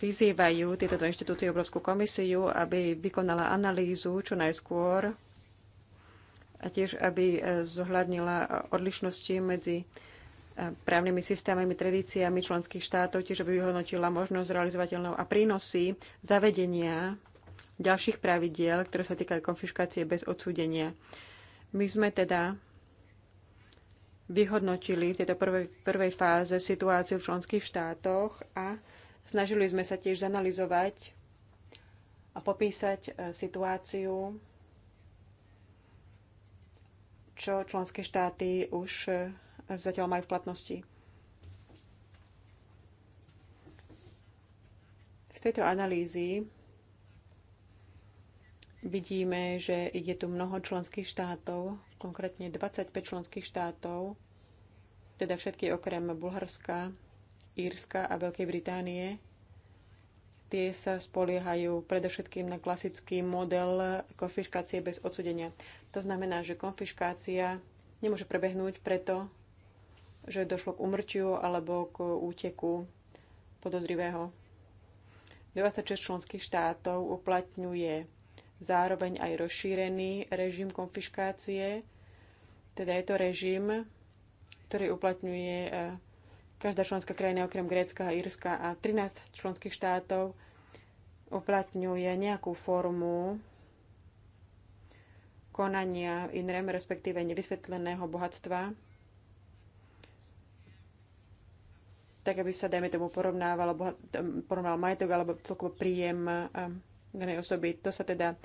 vyzývajú tieto inštitúcie Európsku komisiu, aby vykonala analýzu čo najskôr a tiež aby e, zohľadnila odlišnosti medzi e, právnymi systémami, tradíciami členských štátov, tiež aby vyhodnotila možnosť realizovateľnou a prínosy zavedenia ďalších pravidiel, ktoré sa týkajú konfiškácie bez odsúdenia. My sme teda vyhodnotili v tejto prvej, prvej fáze situáciu v členských štátoch a Snažili sme sa tiež zanalizovať a popísať e, situáciu, čo členské štáty už e, zatiaľ majú v platnosti. Z tejto analýzy vidíme, že je tu mnoho členských štátov, konkrétne 25 členských štátov, teda všetky okrem Bulharska, Írska a Veľkej Británie. Tie sa spoliehajú predovšetkým na klasický model konfiškácie bez odsudenia. To znamená, že konfiškácia nemôže prebehnúť preto, že došlo k umrčiu alebo k úteku podozrivého. 26 členských štátov uplatňuje zároveň aj rozšírený režim konfiškácie, teda je to režim, ktorý uplatňuje eh, Každá členská krajina okrem Grécka a Írska a 13 členských štátov uplatňuje nejakú formu konania inrem, respektíve nevysvetleného bohatstva, tak aby sa, dajme tomu, porovnával, porovnal majetok alebo celkovo príjem um, danej osoby. To sa teda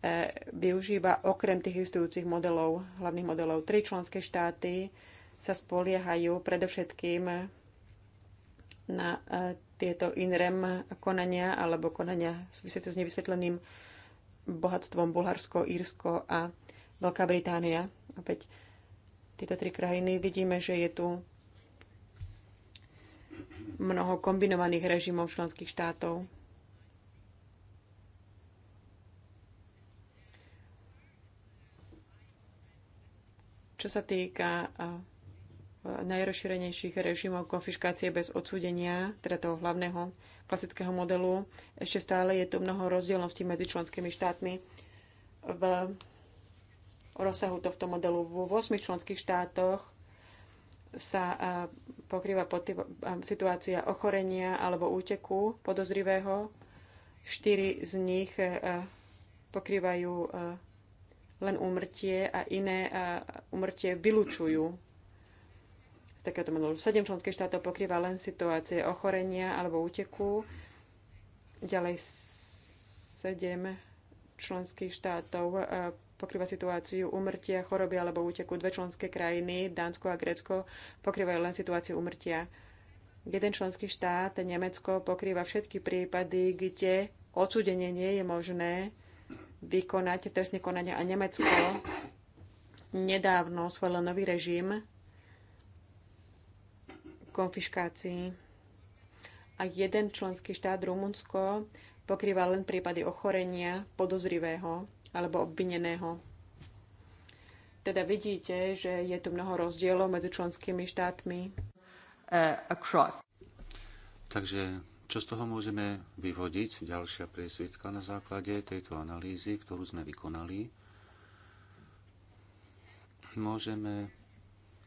eh, využíva okrem tých existujúcich modelov, hlavných modelov. Tri členské štáty sa spoliehajú predovšetkým na e, tieto inrem konania alebo konania súvisiace s nevysvetleným bohatstvom Bulharsko, Írsko a Veľká Británia. Opäť tieto tri krajiny vidíme, že je tu mnoho kombinovaných režimov členských štátov. Čo sa týka najrozšírenejších režimov konfiškácie bez odsúdenia, teda toho hlavného klasického modelu. Ešte stále je tu mnoho rozdielností medzi členskými štátmi v rozsahu tohto modelu. V 8 členských štátoch sa e, pokrýva e, situácia ochorenia alebo úteku podozrivého. Štyri z nich e, pokrývajú len úmrtie a iné úmrtie vylučujú z takéhoto modelu. Sedem členských štátov pokrýva len situácie ochorenia alebo úteku. Ďalej sedem členských štátov e, pokrýva situáciu umrtia, choroby alebo úteku. Dve členské krajiny, Dánsko a Grécko, pokrývajú len situáciu umrtia. Jeden členský štát, Nemecko, pokrýva všetky prípady, kde odsudenie nie je možné vykonať trestne konania a Nemecko nedávno schválil nový režim konfiškácii. A jeden členský štát, Rumunsko, pokrýva len prípady ochorenia podozrivého alebo obvineného. Teda vidíte, že je tu mnoho rozdielov medzi členskými štátmi. Uh,
Takže čo z toho môžeme vyvodiť? Ďalšia priesvitka na základe tejto analýzy, ktorú sme vykonali. Môžeme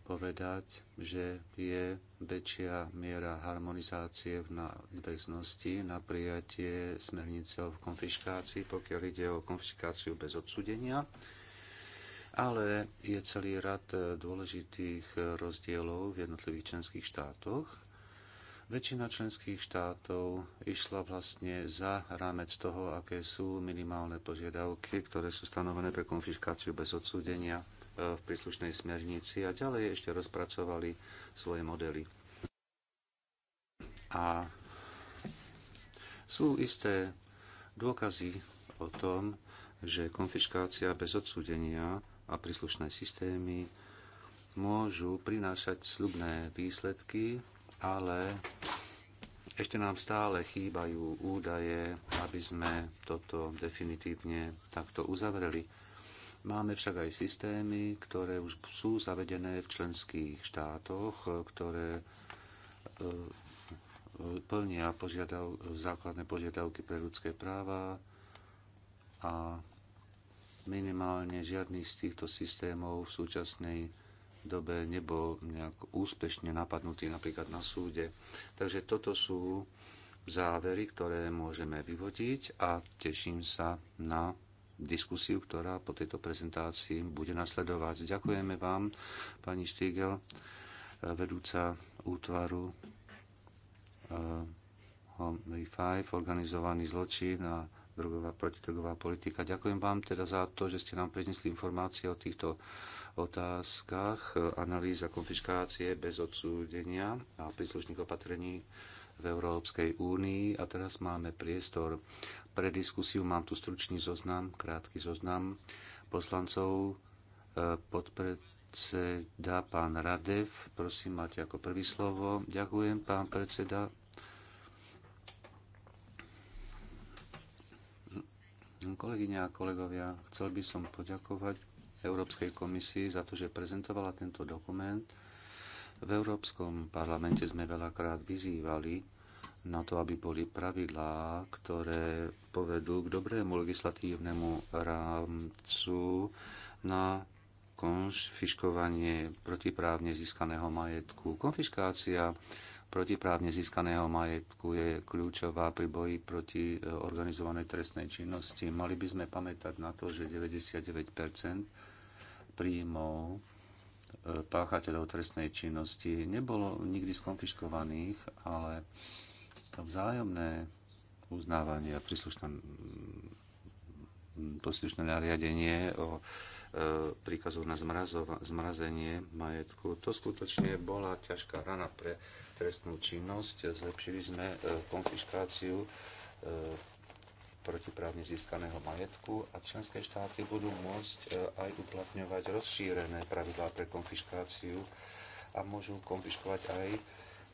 povedať, že je väčšia miera harmonizácie v nadväznosti na prijatie smernice o konfiškácii, pokiaľ ide o konfiškáciu bez odsudenia. Ale je celý rad dôležitých rozdielov v jednotlivých členských štátoch. Väčšina členských štátov išla vlastne za rámec toho, aké sú minimálne požiadavky, ktoré sú stanovené pre konfiškáciu bez odsúdenia E, v príslušnej smernici a ďalej ešte rozpracovali svoje modely. A sú isté dôkazy o tom, že konfiškácia bez odsúdenia a príslušné systémy môžu prinášať slubné výsledky, ale ešte nám stále chýbajú údaje, aby sme toto definitívne takto uzavreli. Máme však aj systémy, ktoré už sú zavedené v členských štátoch, e, ktoré e, e, plnia požiadav, základné požiadavky pre ľudské práva a minimálne žiadny z týchto systémov v súčasnej dobe nebol nejak úspešne napadnutý napríklad na súde. Takže toto sú závery, ktoré môžeme vyvodiť a teším sa na diskusiu, ktorá po tejto prezentácii bude nasledovať. Ďakujeme vám, pani Štígel, vedúca útvaru eh, HOMI5, organizovaný zločin a drogová, protidrogová politika. Ďakujem vám teda za to, že ste nám prinesli informácie o týchto otázkach, eh, analýza konfiškácie bez odsúdenia a príslušných opatrení v Európskej únii a teraz máme priestor pre diskusiu. Mám tu stručný zoznam, krátky zoznam poslancov e, podpredseda pán Radev. Prosím, máte ako prvý slovo. Ďakujem, pán predseda. Kolegyne a kolegovia, chcel by som poďakovať Európskej komisii za to, že prezentovala tento dokument v Európskom parlamente sme veľakrát vyzývali na to, aby boli pravidlá, ktoré povedú k dobrému legislatívnemu rámcu na konfiškovanie protiprávne získaného majetku. Konfiškácia protiprávne získaného majetku je kľúčová pri boji proti e, organizovanej trestnej činnosti. Mali by sme pamätať na to, že 99 príjmov E, páchateľov trestnej činnosti nebolo nikdy skonfiškovaných, ale to vzájomné uznávanie a príslušné, mm, príslušné nariadenie o e, príkazov na zmrazov, zmrazenie majetku. To skutočne bola ťažká rana pre trestnú činnosť. Zlepšili sme e, konfiškáciu protiprávne získaného majetku a členské štáty budú môcť e, aj uplatňovať rozšírené pravidlá pre konfiškáciu a môžu konfiškovať aj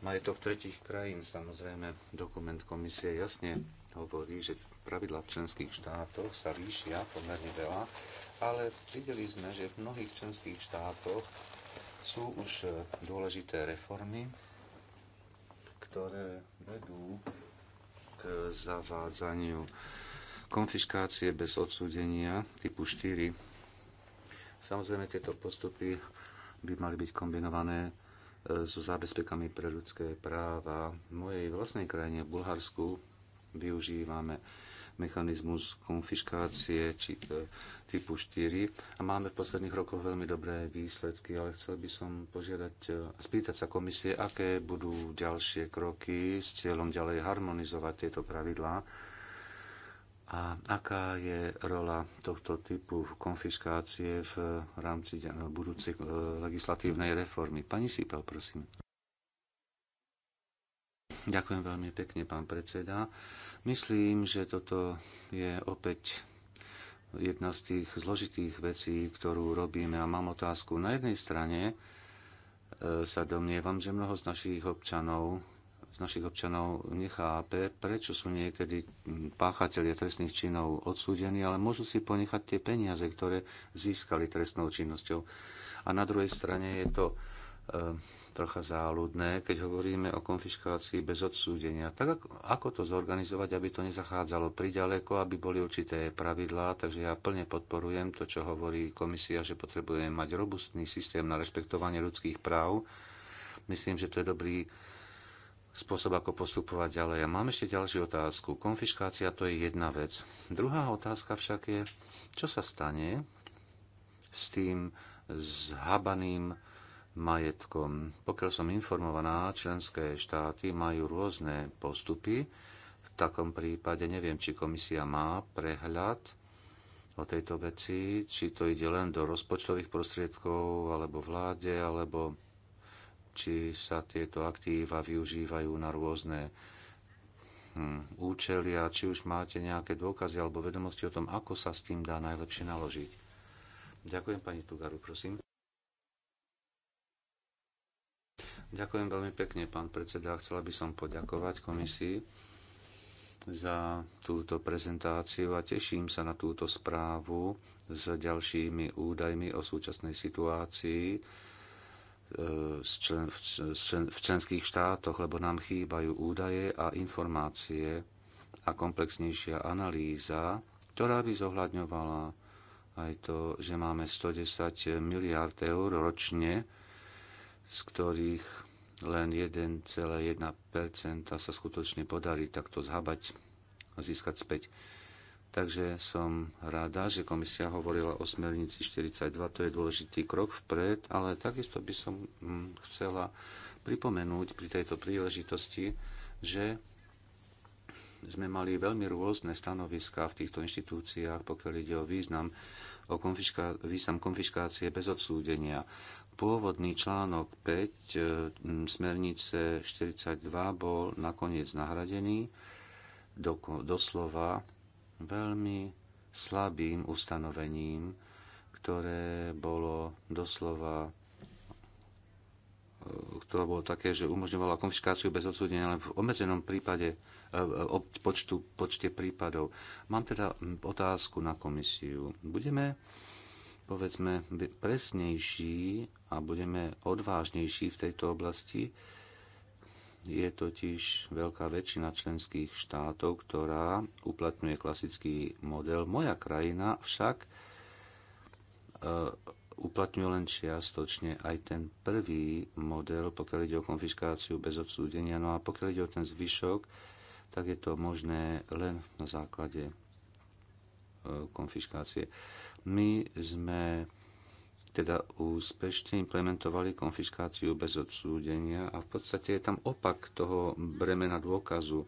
majetok tretich krajín. Samozrejme, dokument komisie jasne hovorí, že pravidlá v členských štátoch sa líšia pomerne veľa, ale videli sme, že v mnohých členských štátoch sú už e, dôležité reformy, ktoré vedú k zavádzaniu konfiškácie bez odsúdenia typu 4. Samozrejme, tieto postupy by mali byť kombinované e, so zábezpekami pre ľudské práva. V mojej vlastnej krajine, v Bulharsku, využívame mechanizmus konfiškácie či, e, typu 4 a máme v posledných rokoch veľmi dobré výsledky, ale chcel by som požiadať, e, spýtať sa komisie, aké budú ďalšie kroky s cieľom ďalej harmonizovať tieto pravidlá a aká je rola tohto typu konfiškácie v rámci budúcej e, legislatívnej reformy. Pani Sipel, prosím. Ďakujem veľmi pekne, pán predseda. Myslím, že toto je opäť jedna z tých zložitých vecí, ktorú robíme. A mám otázku. Na jednej strane e, sa domnievam, že mnoho z našich občanov z našich občanov nechápe, prečo sú niekedy páchatelia trestných činov odsúdení, ale môžu si ponechať tie peniaze, ktoré získali trestnou činnosťou. A na druhej strane je to e, trocha záľudné, keď hovoríme o konfiškácii bez odsúdenia. Tak ako to zorganizovať, aby to nezachádzalo priďaleko, aby boli určité pravidlá, takže ja plne podporujem to, čo hovorí komisia, že potrebujeme mať robustný systém na rešpektovanie ľudských práv. Myslím, že to je dobrý spôsob, ako postupovať ďalej. A mám ešte ďalšiu otázku. Konfiškácia to je jedna vec. Druhá otázka však je, čo sa stane s tým zhabaným majetkom. Pokiaľ som informovaná, členské štáty majú rôzne postupy. V takom prípade neviem, či komisia má prehľad o tejto veci, či to ide len do rozpočtových prostriedkov, alebo vláde, alebo či sa tieto aktíva využívajú na rôzne hm, účely a či už máte nejaké dôkazy alebo vedomosti o tom, ako sa s tým dá najlepšie naložiť. Ďakujem pani Tugaru, prosím. Ďakujem veľmi pekne, pán predseda. Chcela by som poďakovať komisii za túto prezentáciu a teším sa na túto správu s ďalšími údajmi o súčasnej situácii e, v členských štátoch, lebo nám chýbajú údaje a informácie a komplexnejšia analýza, ktorá by zohľadňovala aj to, že máme 110 miliard eur ročne z ktorých len 1,1% sa skutočne podarí takto zhabať a získať späť. Takže som rada, že komisia hovorila o smernici 42, to je dôležitý krok vpred, ale takisto by som mm, chcela pripomenúť pri tejto príležitosti, že sme mali veľmi rôzne stanoviská v týchto inštitúciách, pokiaľ ide o význam, o konfiška, význam konfiškácie bez odsúdenia. Pôvodný článok 5 e, smernice 42 bol nakoniec nahradený doslova veľmi slabým ustanovením, ktoré bolo doslova e, ktoré bolo také, že umožňovalo konfiskáciu bez odsúdenia len v obmedzenom prípade e, počtu, počte prípadov. Mám teda otázku na komisiu. Budeme povedzme presnejší a budeme odvážnejší v tejto oblasti. Je totiž veľká väčšina členských štátov, ktorá uplatňuje klasický model. Moja krajina však e, uplatňuje len čiastočne aj ten prvý model, pokiaľ ide o konfiškáciu bez odsúdenia. No a pokiaľ ide o ten zvyšok, tak je to možné len na základe e, konfiškácie. My sme teda úspešne implementovali konfiškáciu bez odsúdenia a v podstate je tam opak toho bremena dôkazu.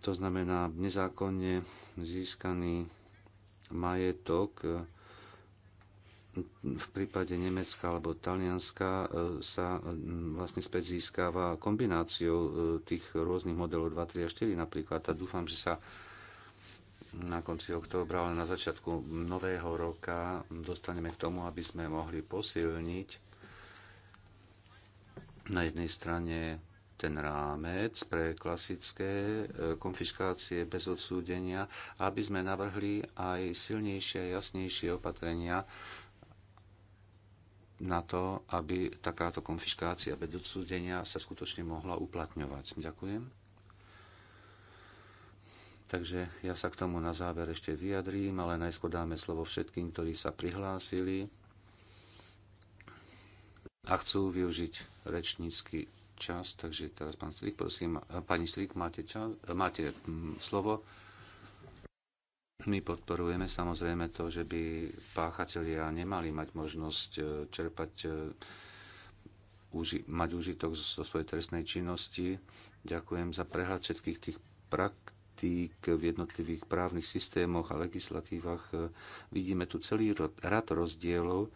To znamená, nezákonne získaný majetok e, v prípade Nemecka alebo Talianska e, sa e, vlastne späť získava kombináciou tých rôznych modelov 2, 3 a 4 napríklad a dúfam, že sa na konci októbra, ale na začiatku nového roka dostaneme k tomu, aby sme mohli posilniť na jednej strane ten rámec pre klasické e, konfiškácie bez odsúdenia, aby sme navrhli aj silnejšie a jasnejšie opatrenia na to, aby takáto konfiškácia bez odsúdenia sa skutočne mohla uplatňovať. Ďakujem. Takže ja sa k tomu na záver ešte vyjadrím, ale najskôr dáme slovo všetkým, ktorí sa prihlásili a chcú využiť rečnícky čas. Takže teraz pán Strik, prosím, pani Strik, máte, čas, máte mm, slovo. My podporujeme samozrejme to, že by páchatelia nemali mať možnosť e, čerpať e, mať užitok zo svojej trestnej činnosti. Ďakujem za prehľad všetkých tých praktík politík v jednotlivých právnych systémoch a legislatívach. Vidíme tu celý rad rozdielov.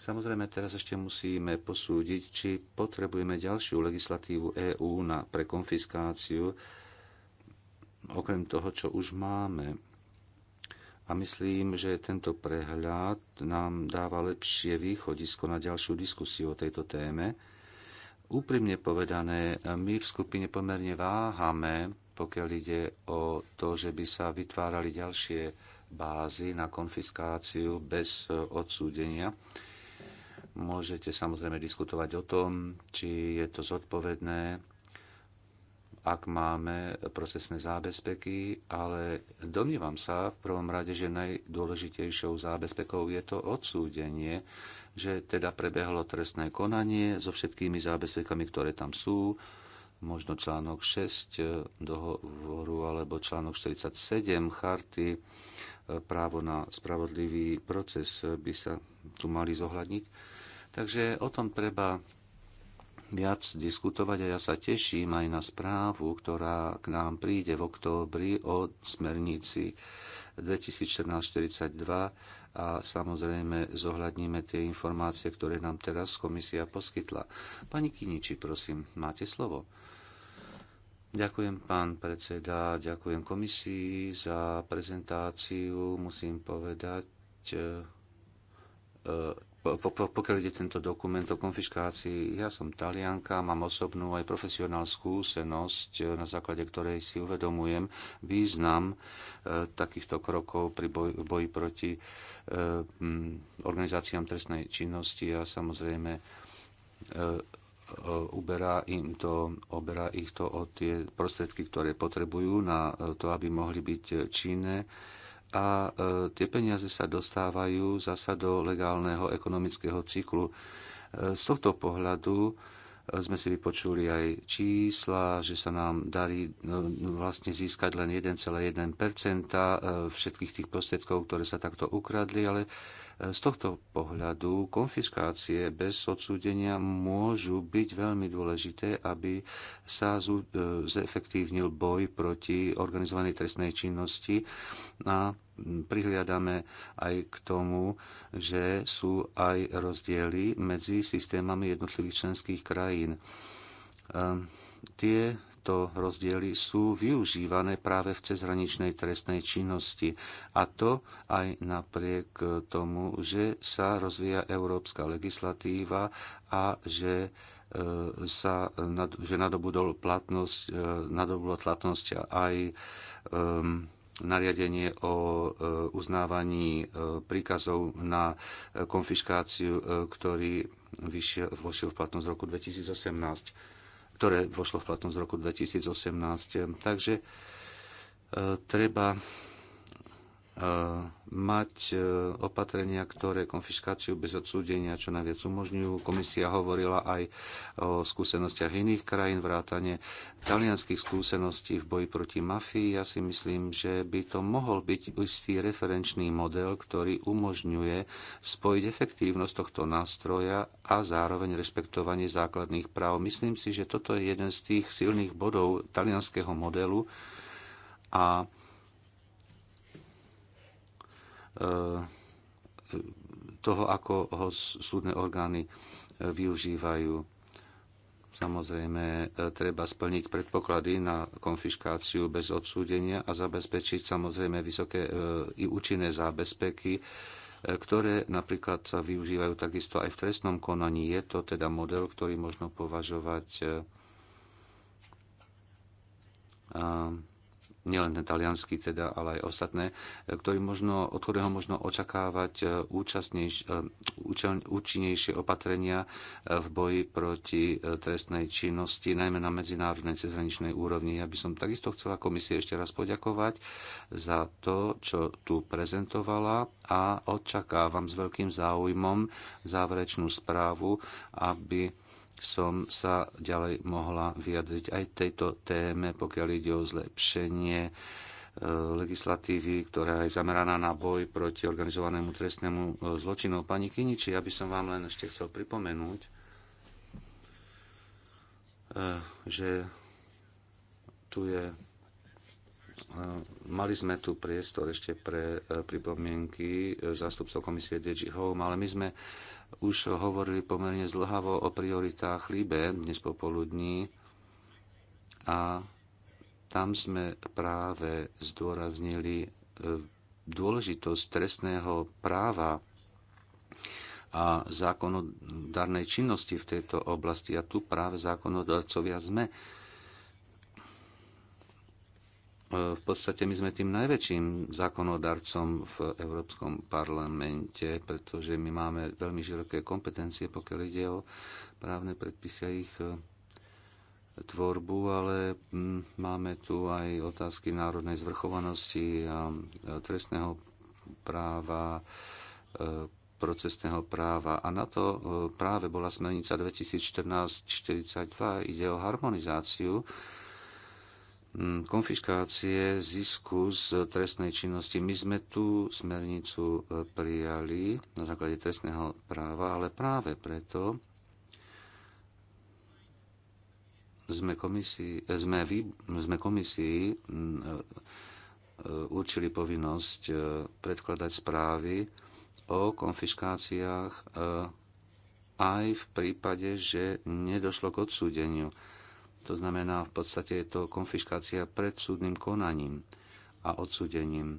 Samozrejme, teraz ešte musíme posúdiť, či potrebujeme ďalšiu legislatívu EÚ na prekonfiskáciu, okrem toho, čo už máme. A myslím, že tento prehľad nám dáva lepšie východisko na ďalšiu diskusiu o tejto téme. Úprimne povedané, my v skupine pomerne váhame pokiaľ ide o to, že by sa vytvárali ďalšie bázy na konfiskáciu bez e, odsúdenia. Môžete samozrejme diskutovať o tom, či je to zodpovedné, ak máme procesné zábezpeky, ale domnívam sa v prvom rade, že najdôležitejšou zábezpekou je to odsúdenie, že teda prebehlo trestné konanie so všetkými zábezpekami, ktoré tam sú, možno článok 6 e, dohovoru alebo článok 47 charty e, právo na spravodlivý proces e, by sa tu mali zohľadniť. Takže o tom treba viac diskutovať a ja sa teším aj na správu, ktorá k nám príde v októbri o smernici 2014-42 a samozrejme zohľadníme tie informácie, ktoré nám teraz komisia poskytla. Pani Kiniči, prosím, máte slovo. Ďakujem, pán predseda, ďakujem komisii za prezentáciu. Musím povedať, e, e, pokiaľ ide tento dokument o konfiškácii, ja som talianka, mám osobnú aj profesionálnu skúsenosť, e, na základe ktorej si uvedomujem význam takýchto krokov pri boji, boji proti organizáciám trestnej činnosti a samozrejme E, uberá im to, oberá ich to o tie prostriedky, ktoré potrebujú na e, to, aby mohli byť činné. A e, tie peniaze sa dostávajú zasa do legálneho ekonomického cyklu. Z tohto pohľadu sme si vypočuli aj čísla, že sa nám darí vlastne získať len 1,1 všetkých tých prostriedkov, ktoré sa takto ukradli, ale z tohto pohľadu konfiskácie bez odsúdenia môžu byť veľmi dôležité, aby sa e, zefektívnil boj proti organizovanej trestnej činnosti a prihliadame aj k tomu, že sú aj rozdiely medzi systémami jednotlivých členských krajín. Ehm, tie tieto rozdiely sú využívané práve v cezhraničnej trestnej činnosti. A to aj napriek tomu, že sa rozvíja európska legislatíva a že e, sa že nadobudol platnosť, e, nadobudol platnosť aj um, nariadenie o e, uznávaní príkazov na konfiškáciu, ktorý vošiel v platnosť v roku 2018 ktoré vošlo v platnosť v roku 2018. Takže e, treba Eh, mať eh, opatrenia, ktoré konfiškáciu bez odsúdenia čo najviac umožňujú. Komisia hovorila aj o skúsenostiach iných krajín, vrátane talianských skúseností v boji proti mafii. Ja si myslím, že by to mohol byť istý referenčný model, ktorý umožňuje spojiť efektívnosť tohto nástroja a zároveň rešpektovanie základných práv. Myslím si, že toto je jeden z tých silných bodov talianského modelu a E, toho, ako ho súdne orgány e, využívajú. Samozrejme, e, treba splniť predpoklady na konfiškáciu bez odsúdenia a zabezpečiť samozrejme vysoké i účinné zábezpeky, ktoré napríklad sa využívajú takisto aj v trestnom konaní. Je to teda model, ktorý možno považovať nielen ten talianský teda, ale aj ostatné, e, ktorý možno, od ktorého možno očakávať e, e, účinnejšie opatrenia v boji proti trestnej činnosti, najmä na medzinárodnej cezhraničnej úrovni. Ja by som takisto chcela komisie ešte raz poďakovať za to, čo tu prezentovala a očakávam s veľkým záujmom záverečnú správu, aby som sa ďalej mohla vyjadriť aj tejto téme, pokiaľ ide o zlepšenie e, legislatívy, ktorá je zameraná na boj proti organizovanému trestnému e, zločinu. Pani Kiniči, ja by som vám len ešte chcel pripomenúť, e, že tu je Mali sme tu priestor ešte pre pripomienky zástupcov komisie DG Home, ale my sme už hovorili pomerne zlhavo o prioritách Líbe dnes popoludní a tam sme práve zdôraznili e, dôležitosť trestného práva a zákonodárnej činnosti v tejto oblasti. A tu práve zákonodarcovia sme E, v podstate my sme tým najväčším zákonodarcom v Európskom parlamente, pretože my máme veľmi široké kompetencie, pokiaľ ide o právne predpisy a ich e, tvorbu, ale máme tu aj otázky národnej zvrchovanosti a e, trestného práva, procesného práva. A na to práve bola smernica 2014-42. Ide o harmonizáciu Mm, konfiškácie zisku z trestnej činnosti. My sme tú smernicu e, prijali na základe trestného práva, ale práve preto sme komisii, e, sme, vy, sme komisii mm, e, určili povinnosť predkladať správy o konfiškáciách aj v prípade, že nedošlo k odsúdeniu to znamená, v podstate je to konfiškácia pred súdnym konaním a odsúdením. E,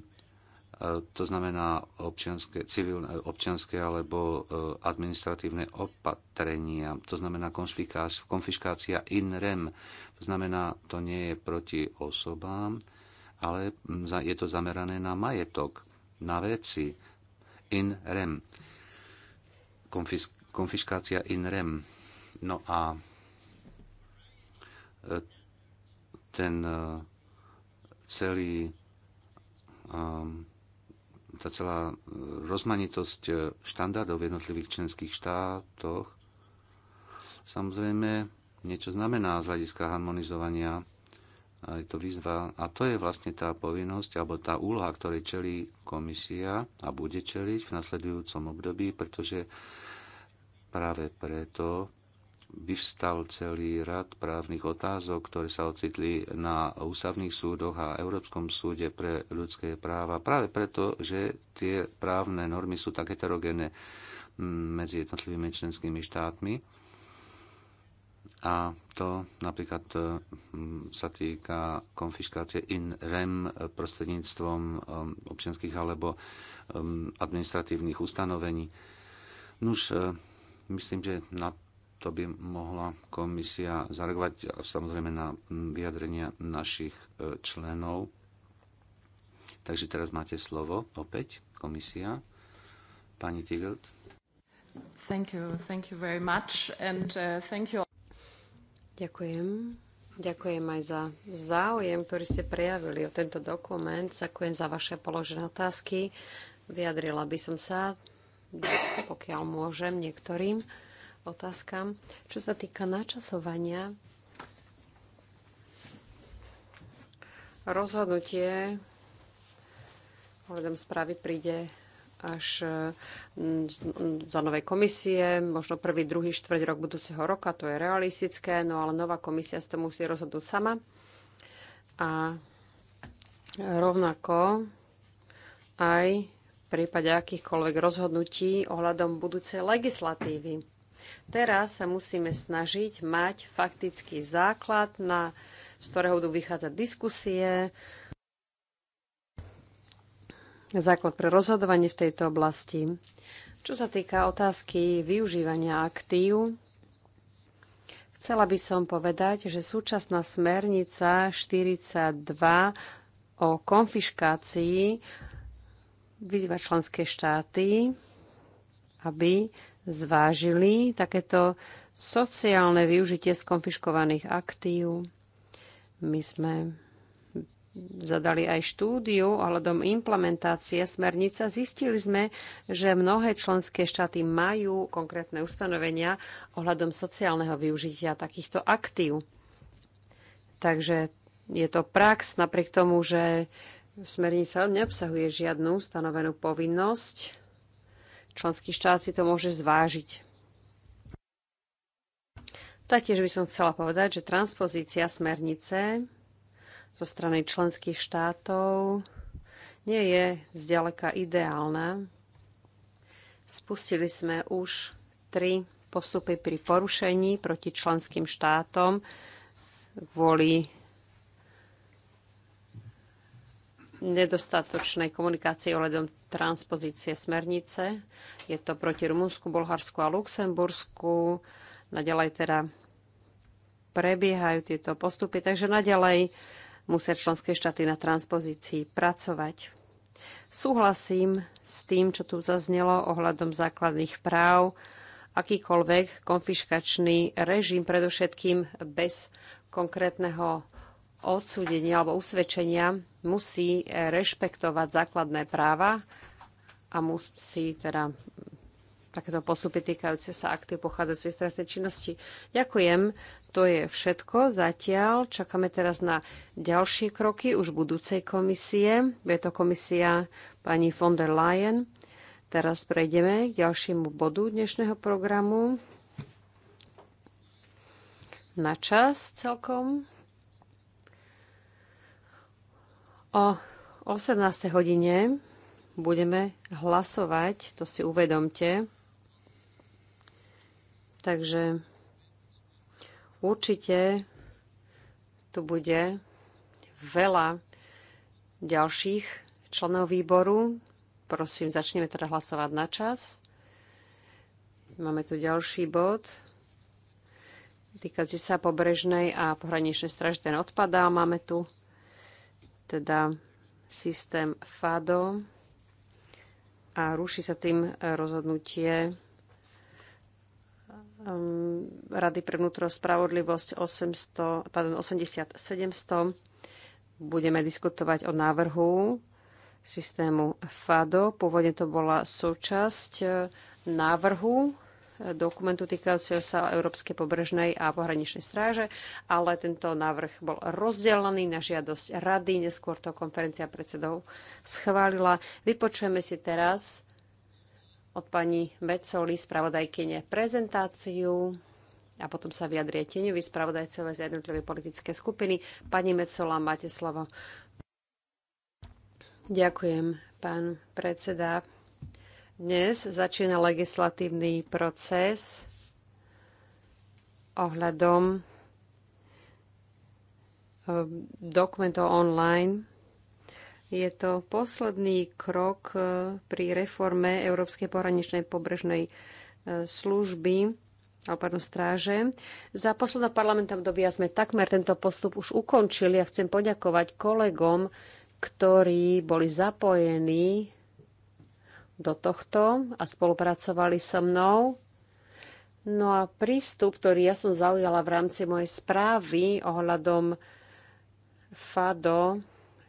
to znamená občianské, civilné, občianské alebo e, administratívne opatrenia. To znamená konfiškácia in rem. To znamená, to nie je proti osobám, ale je to zamerané na majetok, na veci. In rem. Konfisk, konfiškácia in rem. No a ten e, celý um, tá celá e, rozmanitosť e, štandardov v jednotlivých členských štátoch samozrejme niečo znamená z hľadiska harmonizovania. Je to výzva a to je vlastne tá povinnosť alebo tá úloha, ktorej čelí komisia a bude čeliť v nasledujúcom období, pretože práve preto vyvstal celý rad právnych otázok, ktoré sa ocitli na ústavných súdoch a Európskom súde pre ľudské práva. Práve preto, že tie právne normy sú tak heterogénne mm, medzi jednotlivými členskými štátmi. A to napríklad e, mm, sa týka konfiškácie in rem prostredníctvom e, občianských alebo e, mm, administratívnych ustanovení. Nuž, myslím, že na to by mohla komisia zareagovať samozrejme na vyjadrenia našich e, členov. Takže teraz máte slovo opäť, komisia. Pani Tigelt.
Thank you, thank you very much and uh, thank you. Ďakujem. Ďakujem aj za záujem, ktorý ste prejavili o tento dokument. Ďakujem za vaše položené otázky. Vyjadrila by som sa, pokiaľ môžem, niektorým otázkam. Čo sa týka načasovania, rozhodnutie hľadom správy príde až mm, za novej komisie, možno prvý, druhý, štvrť rok budúceho roka, to je realistické, no ale nová komisia si to musí rozhodnúť sama. A rovnako aj v prípade akýchkoľvek rozhodnutí ohľadom budúcej legislatívy. Teraz sa musíme snažiť mať faktický základ, na, z ktorého budú vychádzať diskusie, základ pre rozhodovanie v tejto oblasti. Čo sa týka otázky využívania aktív, Chcela by som povedať, že súčasná smernica 42 o konfiškácii vyzýva členské štáty, aby zvážili takéto sociálne využitie skonfiškovaných aktív. My sme zadali aj štúdiu ohľadom implementácie smernice. Zistili sme, že mnohé členské štáty majú konkrétne ustanovenia ohľadom sociálneho využitia takýchto aktív. Takže je to prax, napriek tomu, že smernica neobsahuje žiadnu stanovenú povinnosť členský štát si to môže zvážiť. Taktiež by som chcela povedať, že transpozícia smernice zo strany členských štátov nie je zďaleka ideálna. Spustili sme už tri postupy pri porušení proti členským štátom kvôli nedostatočnej komunikácie ohľadom transpozície smernice. Je to proti Rumunsku, Bulharsku a Luxembursku. Naďalej teda prebiehajú tieto postupy, takže naďalej musia členské štáty na transpozícii pracovať. Súhlasím s tým, čo tu zaznelo ohľadom základných práv, akýkoľvek konfiškačný režim, predovšetkým bez konkrétneho odsúdenia alebo usvedčenia musí eh, rešpektovať základné práva a musí teda takéto postupy týkajúce sa aktív pochádzajúcej z trestnej činnosti. Ďakujem, to je všetko zatiaľ. Čakáme teraz na ďalšie kroky už budúcej komisie. Je to komisia pani von der Leyen. Teraz prejdeme k ďalšiemu bodu dnešného programu. Na čas celkom. O 18. hodine budeme hlasovať, to si uvedomte. Takže určite tu bude veľa ďalších členov výboru. Prosím, začneme teda hlasovať na čas. Máme tu ďalší bod. Týkajúci sa pobrežnej a pohraničnej straže, ten odpadá. Máme tu teda systém FADO a ruší sa tým rozhodnutie um, Rady pre vnútro spravodlivosť 800, Budeme diskutovať o návrhu systému FADO. Pôvodne to bola súčasť eh, návrhu dokumentu týkajúceho sa Európskej pobrežnej a pohraničnej stráže, ale tento návrh bol rozdelený na žiadosť rady, neskôr to konferencia predsedov schválila. Vypočujeme si teraz od pani Mecoli spravodajkyne prezentáciu a potom sa vyjadrie tieňoví spravodajcovia z jednotlivé politické skupiny. Pani Mecola, máte slovo. Ďakujem, pán predseda. Dnes začína legislatívny proces ohľadom ehm, dokumentov online. Je to posledný krok eh, pri reforme Európskej pohraničnej pobrežnej eh, služby alebo pardon, stráže. Za posledná parlamentná obdobia sme takmer tento postup už ukončili a chcem poďakovať kolegom, ktorí boli zapojení do tohto a spolupracovali so mnou. No a prístup, ktorý ja som zaujala v rámci mojej správy ohľadom FADO,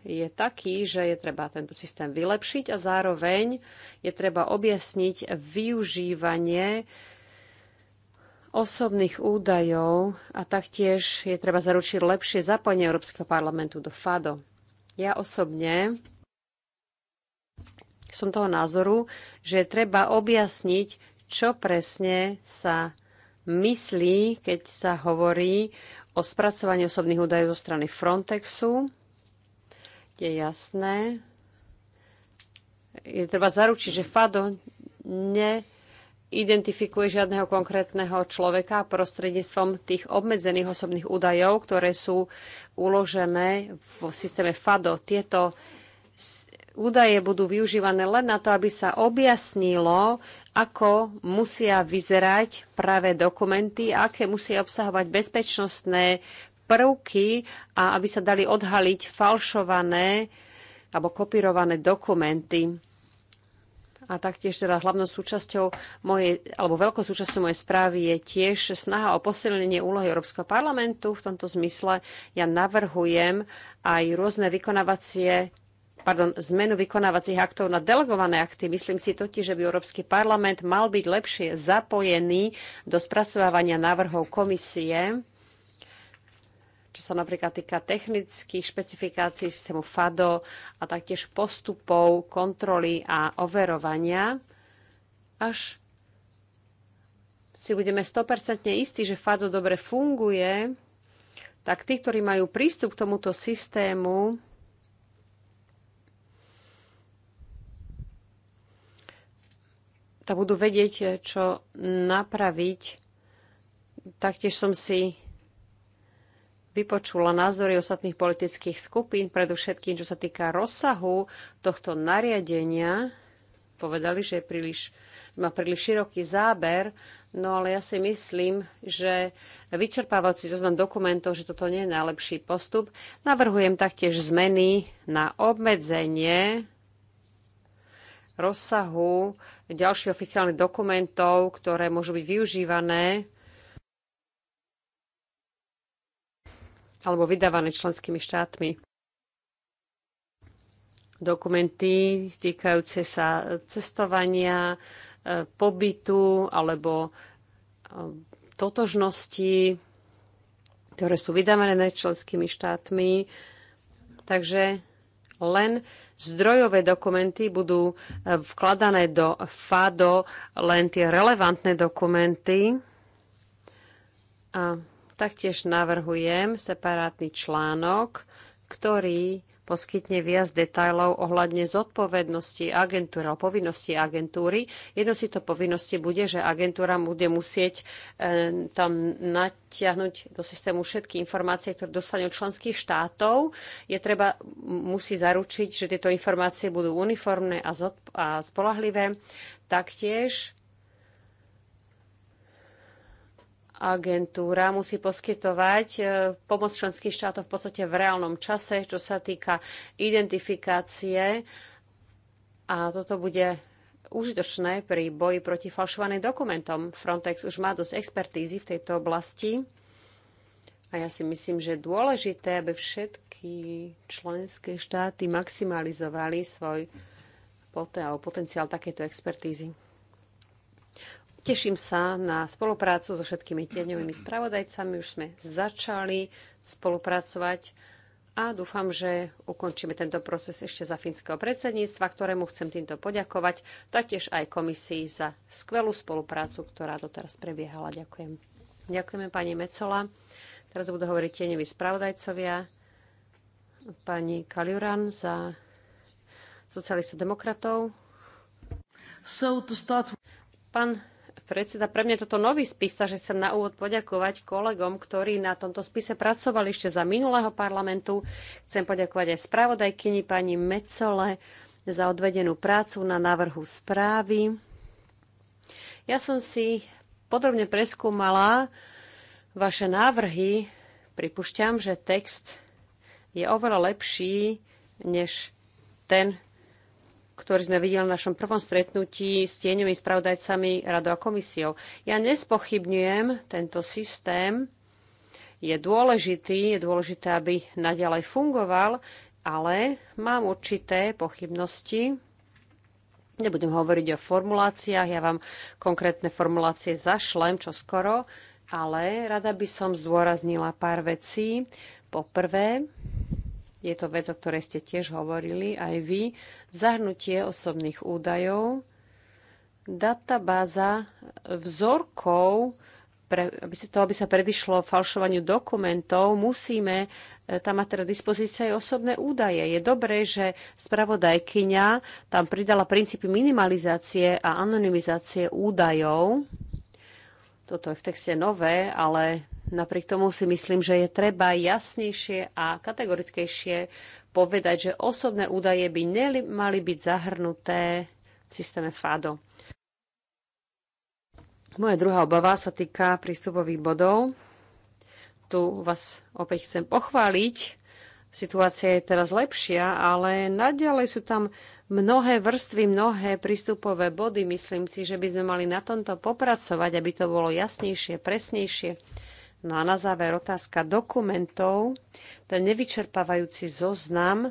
je taký, že je treba tento systém vylepšiť a zároveň je treba objasniť využívanie osobných údajov a taktiež je treba zaručiť lepšie zapojenie Európskeho parlamentu do FADO. Ja osobne som toho názoru, že treba objasniť, čo presne sa myslí, keď sa hovorí o spracovaní osobných údajov zo strany Frontexu. Je jasné. Je treba zaručiť, že FADO ne identifikuje žiadneho konkrétneho človeka prostredníctvom tých obmedzených osobných údajov, ktoré sú uložené v systéme FADO. Tieto údaje budú využívané len na to, aby sa objasnilo, ako musia vyzerať práve dokumenty, aké musia obsahovať bezpečnostné prvky a aby sa dali odhaliť falšované alebo kopírované dokumenty. A taktiež teda hlavnou súčasťou mojej, alebo veľkou súčasťou mojej správy je tiež snaha o posilnenie úlohy Európskeho parlamentu. V tomto zmysle ja navrhujem aj rôzne vykonávacie pardon, zmenu vykonávacích aktov na delegované akty. Myslím si totiž, že by Európsky parlament mal byť lepšie zapojený do spracovávania návrhov komisie, čo sa napríklad týka technických špecifikácií systému FADO a taktiež postupov kontroly a overovania, až si budeme 100% istí, že FADO dobre funguje, tak tí, ktorí majú prístup k tomuto systému, tak budú vedieť, e, čo napraviť. Taktiež som si vypočula názory ostatných politických skupín, predovšetkým čo sa týka rozsahu tohto nariadenia. Povedali, že je príliš, má príliš široký záber, no ale ja si myslím, že vyčerpávajúci zoznam dokumentov, že toto nie je najlepší postup. Navrhujem taktiež zmeny na obmedzenie rozsahu ďalších oficiálnych dokumentov, ktoré môžu byť využívané alebo vydávané členskými štátmi. Dokumenty týkajúce sa cestovania, e, pobytu alebo e, totožnosti, ktoré sú vydávané členskými štátmi. Takže len zdrojové dokumenty budú e, vkladané do FADO, len tie relevantné dokumenty. A taktiež navrhujem separátny článok, ktorý poskytne viac detajlov ohľadne zodpovednosti agentúry alebo povinnosti agentúry. Jedno si to povinnosti bude, že agentúra bude musieť e, tam natiahnuť do systému všetky informácie, ktoré dostane od členských štátov. Je treba, musí zaručiť, že tieto informácie budú uniformné a, a spolahlivé. Taktiež agentúra musí poskytovať e, pomoc členských štátov v podstate v reálnom čase, čo sa týka identifikácie. A toto bude užitočné pri boji proti falšovaným dokumentom. Frontex už má dosť expertízy v tejto oblasti. A ja si myslím, že je dôležité, aby všetky členské štáty maximalizovali svoj potenciál takéto expertízy. Teším sa na spoluprácu so všetkými tieňovými spravodajcami. Už sme začali spolupracovať a dúfam, že ukončíme tento proces ešte za fínskeho predsedníctva, ktorému chcem týmto poďakovať, taktiež aj komisii za skvelú spoluprácu, ktorá doteraz prebiehala. Ďakujem. Ďakujeme pani Mecola. Teraz budú hovoriť tieňoví spravodajcovia. Pani Kaliuran za socialistov demokratov. So to start... Pán predseda. Pre mňa je toto nový spis, takže chcem na úvod poďakovať kolegom, ktorí na tomto spise pracovali ešte za minulého parlamentu. Chcem poďakovať aj spravodajkyni pani Mecole za odvedenú prácu na návrhu správy. Ja som si podrobne preskúmala vaše návrhy. Pripúšťam, že text je oveľa lepší než ten, ktorý sme videli na našom prvom stretnutí s tieňovými spravodajcami Rado a komisiou. Ja nespochybňujem tento systém, je dôležitý, je dôležité, aby naďalej fungoval, ale mám určité pochybnosti. Nebudem hovoriť o formuláciách, ja vám konkrétne formulácie zašlem čo skoro, ale rada by som zdôraznila pár vecí. Poprvé, je to vec, o ktorej ste tiež hovorili aj vy, zahrnutie osobných údajov, databáza vzorkov, pre, aby sa, to, aby sa predišlo falšovaniu dokumentov, musíme e, tam mať teda dispozícia aj osobné údaje. Je dobré, že spravodajkyňa tam pridala princípy minimalizácie a anonymizácie údajov. Toto je v texte nové, ale Napriek tomu si myslím, že je treba jasnejšie a kategorickejšie povedať, že osobné údaje by nemali byť zahrnuté v systéme FADO. Moja druhá obava sa týka prístupových bodov. Tu vás opäť chcem pochváliť. Situácia je teraz lepšia, ale naďalej sú tam mnohé vrstvy, mnohé prístupové body. Myslím si, že by sme mali na tomto popracovať, aby to bolo jasnejšie, presnejšie. No a na záver otázka dokumentov, ten nevyčerpávajúci zoznam.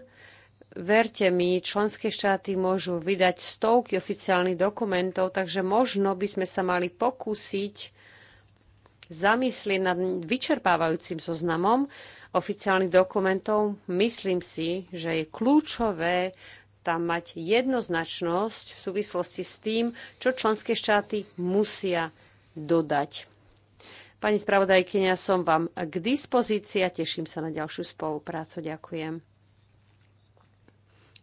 Verte mi, členské štáty môžu vydať stovky oficiálnych dokumentov, takže možno by sme sa mali pokúsiť zamyslieť nad vyčerpávajúcim zoznamom oficiálnych dokumentov. Myslím si, že je kľúčové tam mať jednoznačnosť v súvislosti s tým, čo členské štáty musia dodať Pani spravodajkynia, som vám k dispozícii a teším sa na ďalšiu spoluprácu. Ďakujem.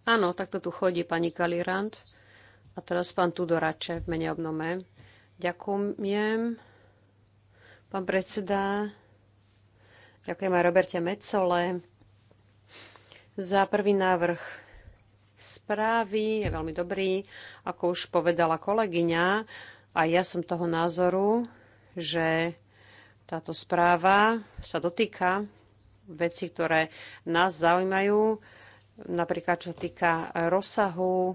Áno, takto tu chodí pani Kalirant. A teraz pán Tudorače v mene obnome. Ďakujem. Pán predseda, ďakujem aj Roberte Mecole za prvý návrh správy. Je veľmi dobrý, ako už povedala kolegyňa. A ja som toho názoru, že táto správa sa dotýka veci, ktoré nás zaujímajú, napríklad čo týka rozsahu,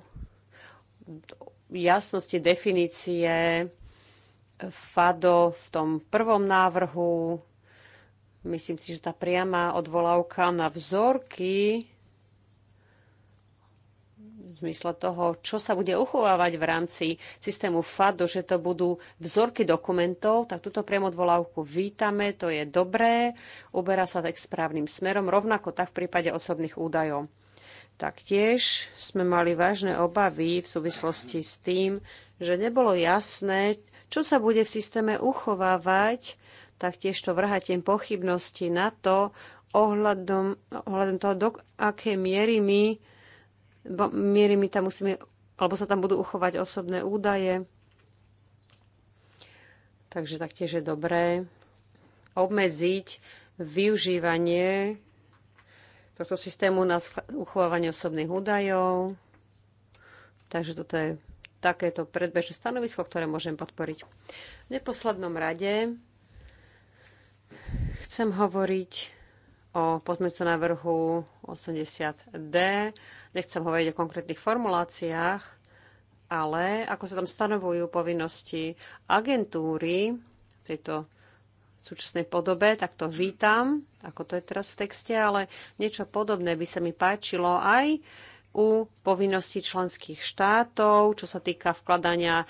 jasnosti definície FADO v tom prvom návrhu. Myslím si, že tá priama odvolávka na vzorky v zmysle toho, čo sa bude uchovávať v rámci systému FADO, že to budú vzorky dokumentov, tak túto priamo odvolávku vítame, to je dobré, uberá sa tak správnym smerom, rovnako tak v prípade osobných údajov. Taktiež sme mali vážne obavy v súvislosti s tým, že nebolo jasné, čo sa bude v systéme uchovávať, taktiež to vrha tým pochybnosti na to, ohľadom, ohľadom toho, do akej miery my miery my tam musíme, alebo sa tam budú uchovať osobné údaje. Takže taktiež je dobré obmedziť využívanie tohto systému na uchovávanie osobných údajov. Takže toto je takéto predbežné stanovisko, ktoré môžem podporiť. V neposlednom rade chcem hovoriť o pozmeňujúcom návrhu 80D. Nechcem hovoriť o konkrétnych formuláciách, ale ako sa tam stanovujú povinnosti agentúry v tejto súčasnej podobe, tak to vítam, ako to je teraz v texte, ale niečo podobné by sa mi páčilo aj u povinnosti členských štátov, čo sa týka vkladania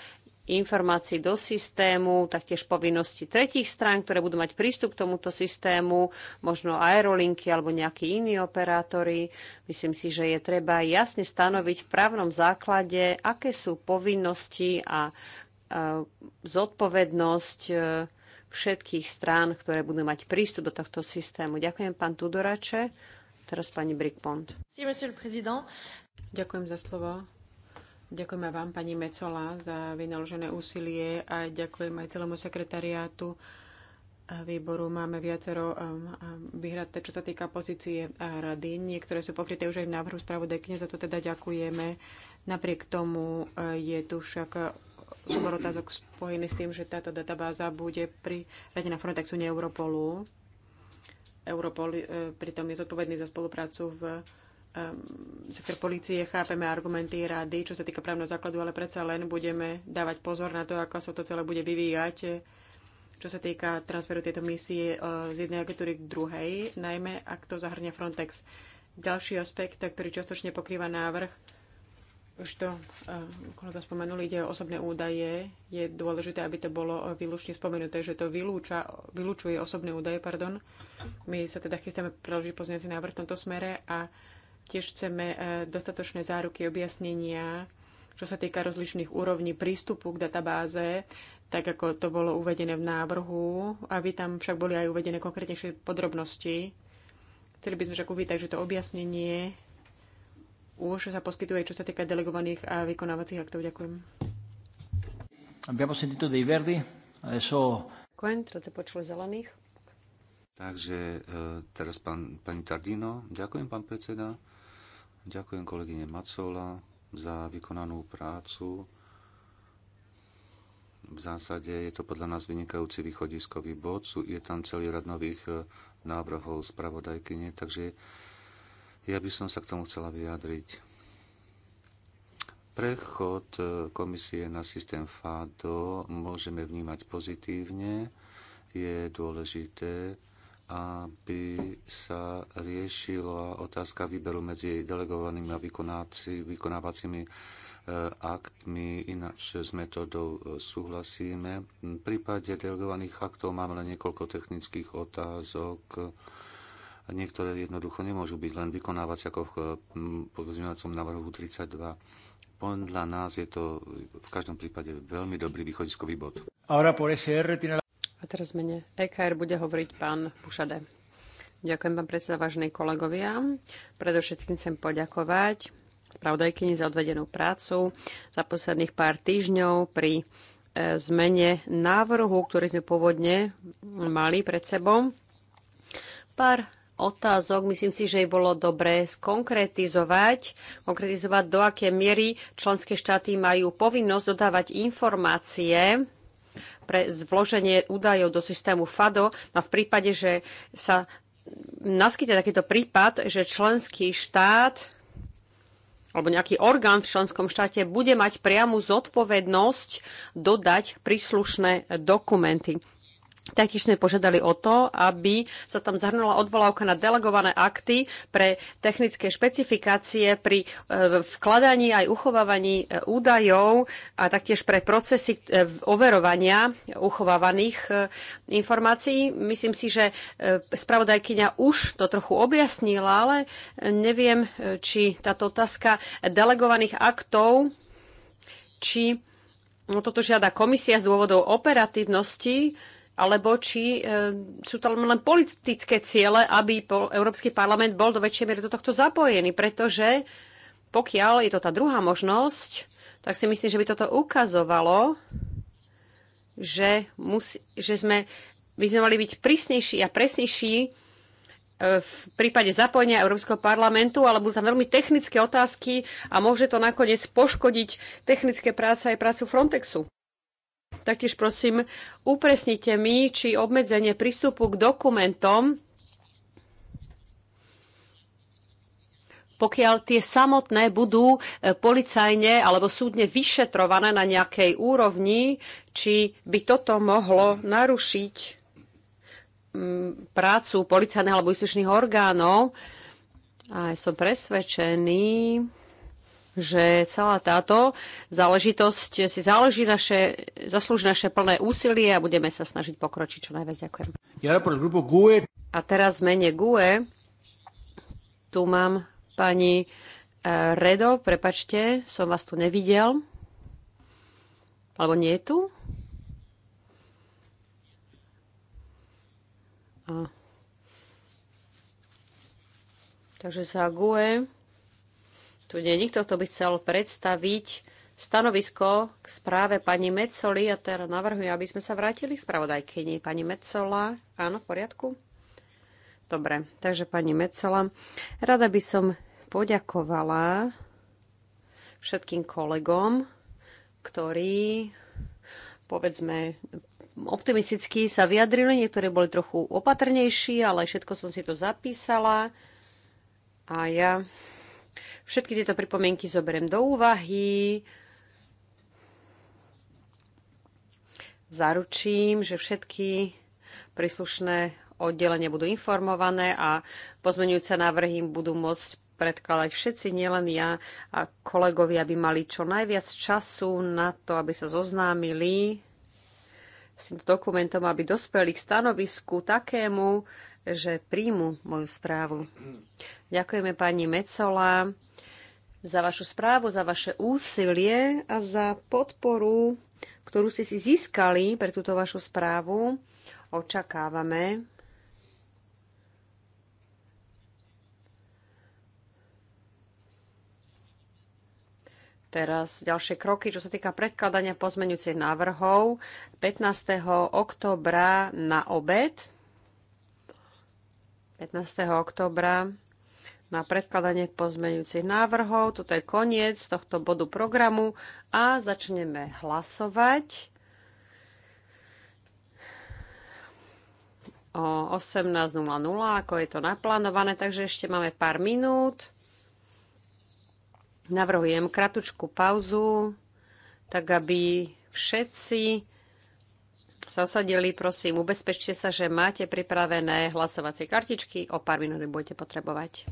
informácií do systému, taktiež povinnosti tretich strán, ktoré budú mať prístup k tomuto systému, možno aerolinky alebo nejakí iní operátori. Myslím si, že je treba jasne stanoviť v právnom základe, aké sú povinnosti a, a zodpovednosť e, všetkých strán, ktoré budú mať prístup do tohto systému. Ďakujem, pán Tudorače. Teraz pani Brickpont.
Ďakujem za slovo. Ďakujeme vám, pani Mecola, za vynaložené úsilie a ďakujem aj celému sekretariátu výboru. Máme viacero um, um, vyhradte, čo sa týka pozície rady. Niektoré sú pokryté už aj v návrhu spravodajkyne, za to teda ďakujeme. Napriek tomu e, je tu však súbor otázok spojený s tým, že táto databáza bude pri na Frontexu, nie Europolu. Europol e, pritom je zodpovedný za spoluprácu v Ehm, sektor policie, chápeme argumenty rady, čo sa týka právneho základu, ale predsa len budeme dávať pozor na to, ako sa to celé bude vyvíjať, čo sa týka transferu tejto misie eh, z jednej agentúry k druhej, najmä ak to zahrňa Frontex. Ďalší aspekt, ktorý častočne pokrýva návrh, už to eh, kolega spomenul, ide o osobné údaje. Je dôležité, aby to bolo eh, výlučne spomenuté, že to vylúča, vylúčuje osobné údaje. Pardon. My sa teda chystáme preložiť pozniaci návrh v tomto smere a Tiež chceme e, dostatočné záruky objasnenia, čo sa týka rozličných úrovní prístupu k databáze, tak ako to bolo uvedené v návrhu, aby tam však boli aj uvedené konkrétnejšie podrobnosti. Chceli by sme však uvítať, že to objasnenie už sa poskytuje, čo sa týka delegovaných a vykonávacích aktov. Ďakujem.
Abbiamo sentito dei verdi, adesso... zelených. Takže e, teraz
pán, pani Tardino. Ďakujem, pán predseda. Ďakujem kolegyne Macola za vykonanú prácu. V zásade je to podľa nás vynikajúci východiskový bod. Je tam celý rad nových e, návrhov spravodajkyne, takže ja by som sa k tomu chcela vyjadriť. Prechod e, komisie na systém FADO môžeme vnímať pozitívne. Je dôležité aby sa riešila otázka výberu medzi delegovanými a vykonávacími e, aktmi, ináč s metodou e, súhlasíme. V prípade delegovaných aktov máme len niekoľko technických otázok. Niektoré jednoducho nemôžu byť len vykonávacie ako v e, pozmeňovacom návrhu 32. Podľa nás je to v každom prípade veľmi dobrý východiskový bod.
A
teraz mene EKR bude hovoriť pán Pušade. Ďakujem, pán predseda, vážnej kolegovia. Predovšetkým chcem poďakovať spravodajkyni za odvedenú prácu za posledných pár týždňov pri e, zmene návrhu, ktorý sme pôvodne mali pred sebou. Pár otázok. Myslím si, že ich bolo dobre skonkretizovať, konkretizovať, do aké miery členské štáty majú povinnosť dodávať informácie pre vloženie údajov do systému FADO. No v prípade, že sa naskytne takýto prípad, že členský štát alebo nejaký orgán v členskom štáte bude mať priamu zodpovednosť dodať príslušné dokumenty. Taktiež sme požiadali o to, aby sa tam zahrnula odvolávka na delegované akty pre technické špecifikácie pri e, vkladaní aj uchovávaní e, údajov a taktiež pre procesy e, overovania uchovávaných informácií. Myslím si, že spravodajkyňa už to trochu objasnila, ale neviem, či táto otázka delegovaných aktov, či no toto žiada komisia z dôvodov operatívnosti, alebo či e, sú to len politické ciele, aby po, Európsky parlament bol do väčšej miery do tohto zapojený, pretože pokiaľ je to tá druhá možnosť, tak si myslím, že by toto ukazovalo, že, musí, že sme, by sme mali byť prísnejší a presnejší e, v prípade zapojenia Európskeho parlamentu, ale budú tam veľmi technické otázky a môže to nakoniec poškodiť technické práce aj prácu Frontexu. Taktiež prosím, upresnite mi, či obmedzenie prístupu k dokumentom, pokiaľ tie samotné budú e, policajne alebo súdne vyšetrované na nejakej úrovni, či by toto mohlo narušiť mm, prácu policajných alebo justičných orgánov. A som presvedčený, že celá táto záležitosť si záleží naše, zaslúži naše plné úsilie a budeme sa snažiť pokročiť čo najviac. Ďakujem. A teraz v mene GUE tu mám pani eh, Redo, prepačte, som vás tu nevidel. Alebo nie je tu? A. Takže sa GUE tu nie je nikto, kto by chcel predstaviť stanovisko k správe pani Mecoli a teraz navrhujem, aby sme sa vrátili k spravodajkyni. Pani Mecola, áno, v poriadku? Dobre, takže pani Mecola, rada by som poďakovala všetkým kolegom, ktorí povedzme optimisticky sa vyjadrili, niektorí boli trochu opatrnejší, ale všetko som si to zapísala a ja Všetky tieto pripomienky zoberiem do úvahy. Zaručím, že všetky príslušné oddelenia budú informované a pozmenujúce návrhy budú môcť predkladať všetci, nielen ja a kolegovia aby mali čo najviac času na to, aby sa zoznámili s týmto dokumentom, aby dospeli k stanovisku takému, že príjmu moju správu. Ďakujeme pani Mecola za vašu správu, za vaše úsilie a za podporu, ktorú ste si získali pre túto vašu správu. Očakávame, teraz ďalšie kroky, čo sa týka predkladania pozmeňujúcich návrhov 15. oktobra na obed. 15. oktobra na predkladanie pozmeňujúcich návrhov. Toto je koniec tohto bodu programu a začneme hlasovať o 18.00, ako je to naplánované, takže ešte máme pár minút. Navrhujem kratučku pauzu, tak aby všetci sa osadili, prosím, ubezpečte sa, že máte pripravené hlasovacie kartičky. O pár minút budete potrebovať.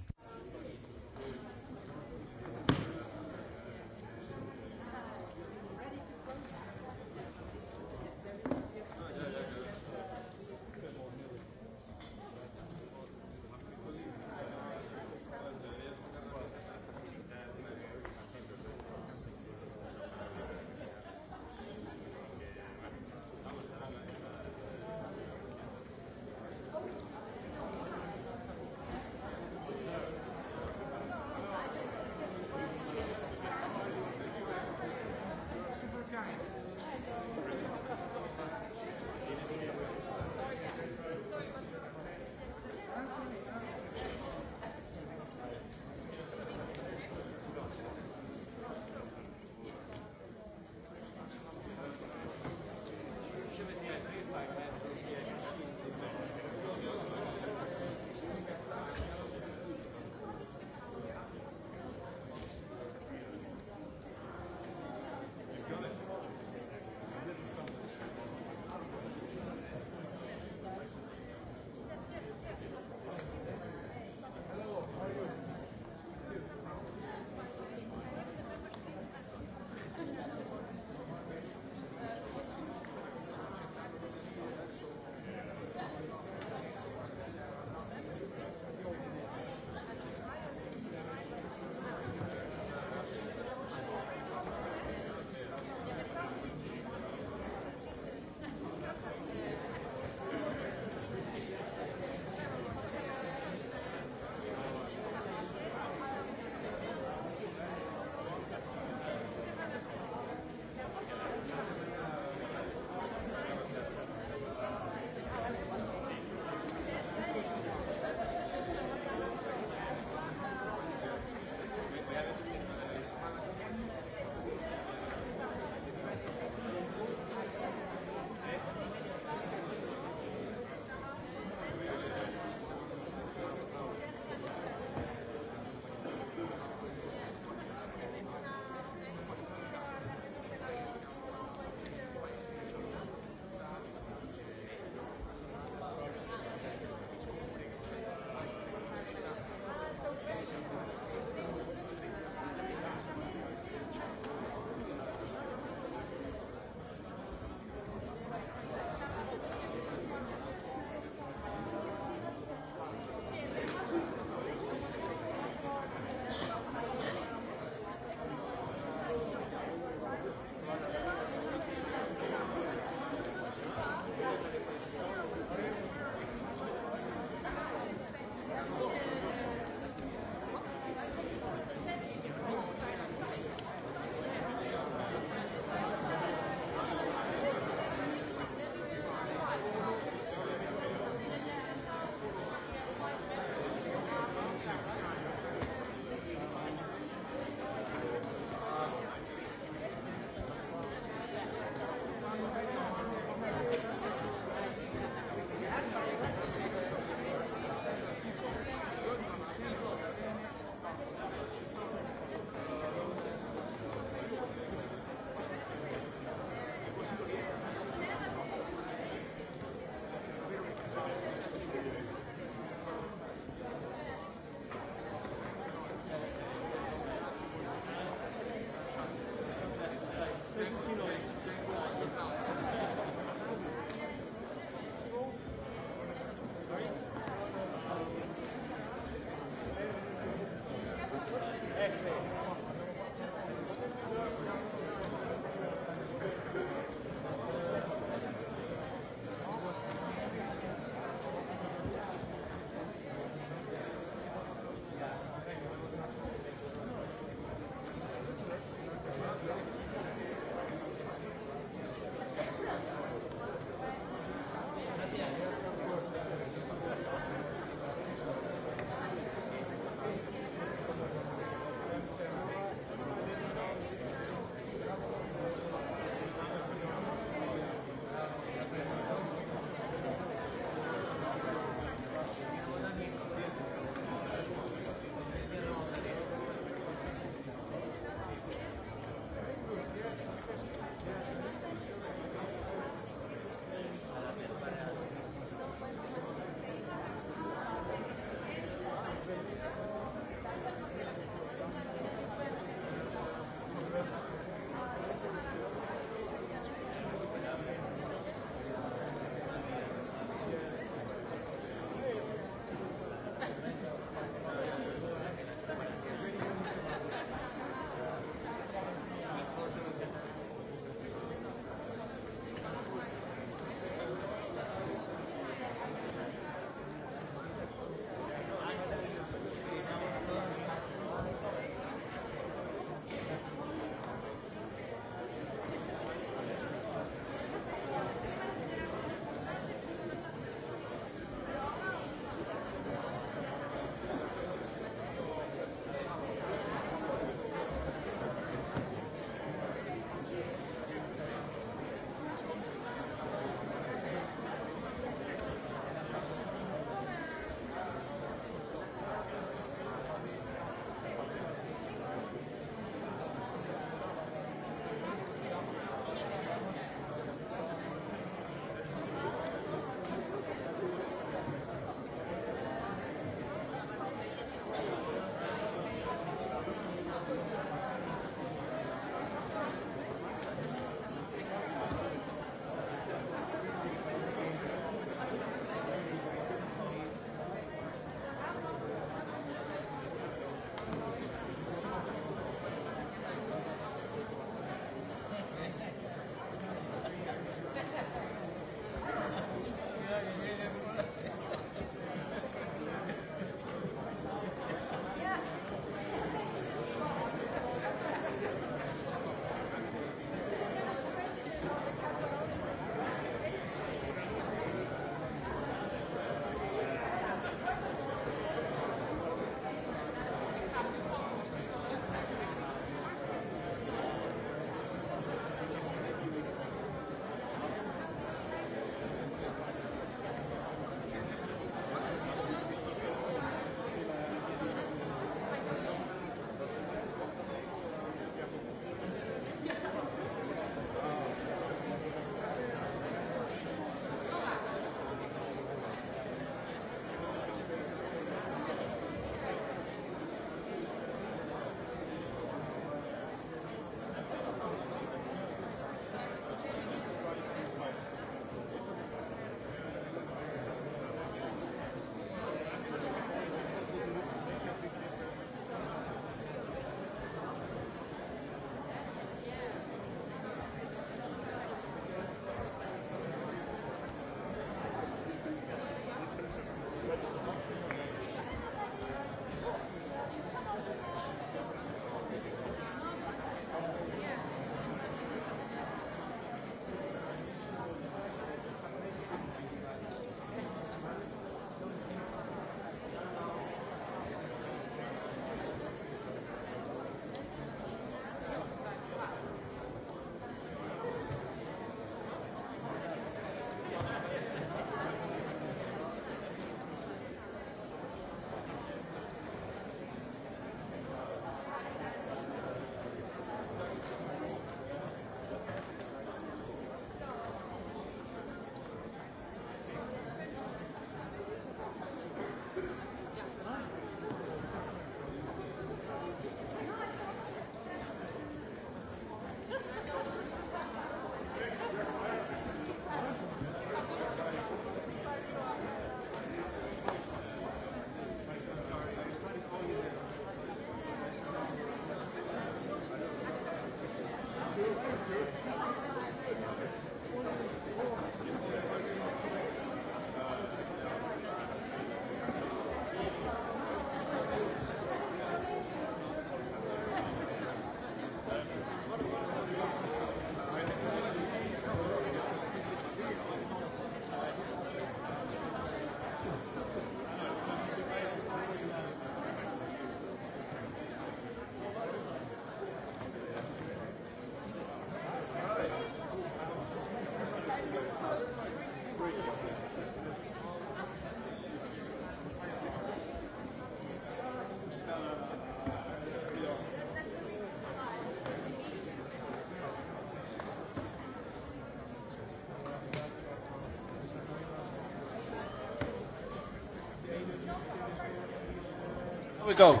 we go.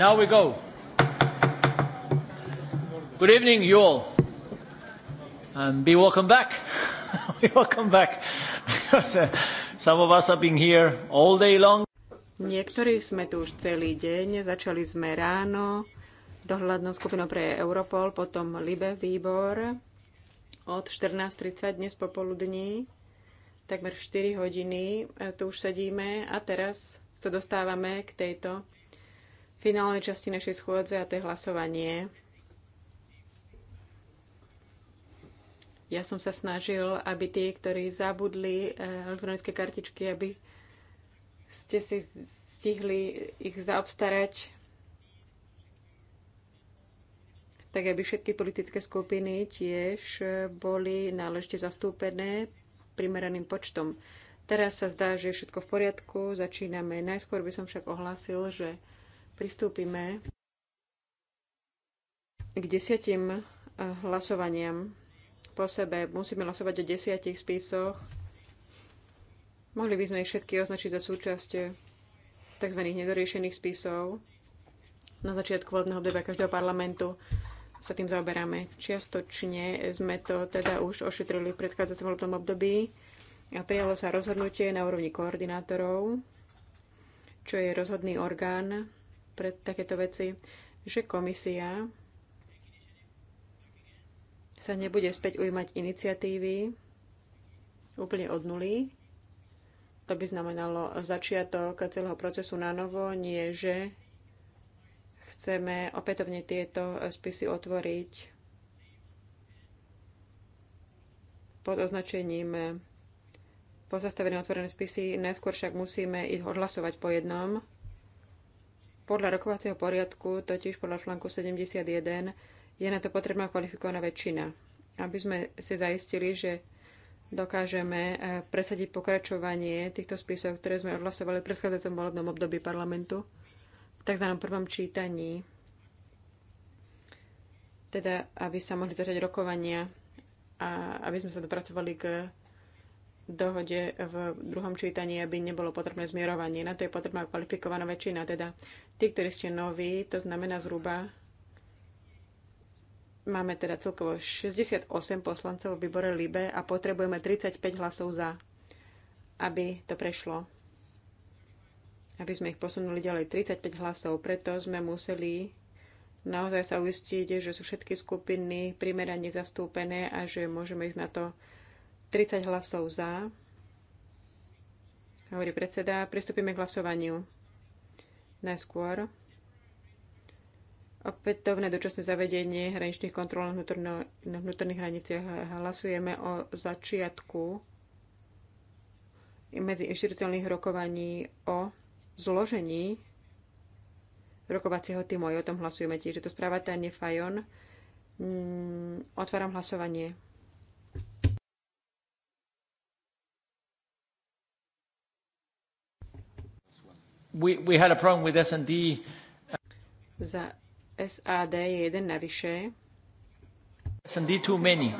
Now we go. Good evening, you all. And um, be welcome back. be welcome back. Uh, some of us have been here all day long. Niektorí
sme tu už celý deň, začali sme ráno dohľadnou skupinou pre Europol, potom Libe výbor od 14.30 dnes popoludní, takmer 4 hodiny, eh, tu už sedíme a teraz sa dostávame k tejto finálnej časti našej schôdze a to je hlasovanie. Ja som sa snažil, aby tí, ktorí zabudli eh, elektronické kartičky, aby ste si stihli ich zaobstarať, tak aby všetky politické skupiny tiež eh, boli náležite zastúpené primeraným počtom. Teraz sa zdá, že je všetko v poriadku, začíname. Najskôr by som však ohlásil, že pristúpime k desiatim eh, hlasovaniam po sebe. Musíme hlasovať o desiatich spisoch. Mohli by sme ich všetky označiť za súčasť tzv. nedoriešených spisov. Na začiatku volebného obdobia každého parlamentu sa tým zaoberáme. Čiastočne sme to teda už ošetrili v predchádzajúcom volebnom období a prijalo sa rozhodnutie na úrovni koordinátorov, čo je rozhodný orgán pre takéto veci, že komisia sa nebude späť ujmať iniciatívy úplne od nuly. To by znamenalo začiatok celého procesu na novo, nie že chceme opätovne tieto spisy otvoriť pod označením pozastavené otvorené spisy, najskôr však musíme ich odhlasovať po jednom. Podľa rokovacieho poriadku, totiž podľa článku 71, je na to potrebná kvalifikovaná väčšina, aby sme si zaistili, že dokážeme eh, presadiť pokračovanie týchto spisov, ktoré sme odhlasovali v predchádzajúcom volebnom období parlamentu v tzv. prvom čítaní. Teda, aby sa mohli začať rokovania a aby sme sa dopracovali k dohode v druhom čítaní, aby nebolo potrebné zmierovanie. Na to je potrebná kvalifikovaná väčšina. Teda tí, ktorí ste noví, to znamená zhruba máme teda celkovo 68 poslancov v výbore LIBE a potrebujeme 35 hlasov za, aby to prešlo. Aby sme ich posunuli ďalej 35 hlasov. Preto sme museli naozaj sa uistiť, že sú všetky skupiny primerane zastúpené a že môžeme ísť na to 30 hlasov za, hovorí predseda. Pristúpime k hlasovaniu. Najskôr opätovné dočasné zavedenie hraničných kontrol na, vnútorno, na vnútorných hraniciach. Hlasujeme o začiatku medzi inštitúciálnych rokovaní o zložení rokovacieho týmu. O tom hlasujeme tiež. že to správa Tanie Fajon. Mm, otváram hlasovanie.
we, we had a problem with S&D.
Za SAD je jeden navyše.
S&D too many.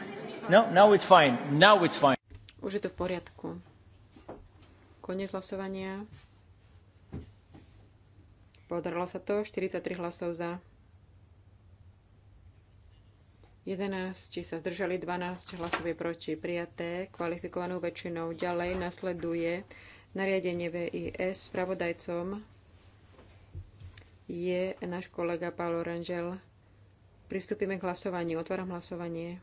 No, now it's fine. Now it's fine.
Už je to v poriadku. Konec hlasovania. Podarilo sa to. 43 hlasov za. 11 sa zdržali, 12 hlasov je proti. Prijaté kvalifikovanou väčšinou. Ďalej nasleduje nariadenie VIS. Spravodajcom je náš kolega Paolo Rangel. Pristúpime k hlasovaniu. Otváram hlasovanie.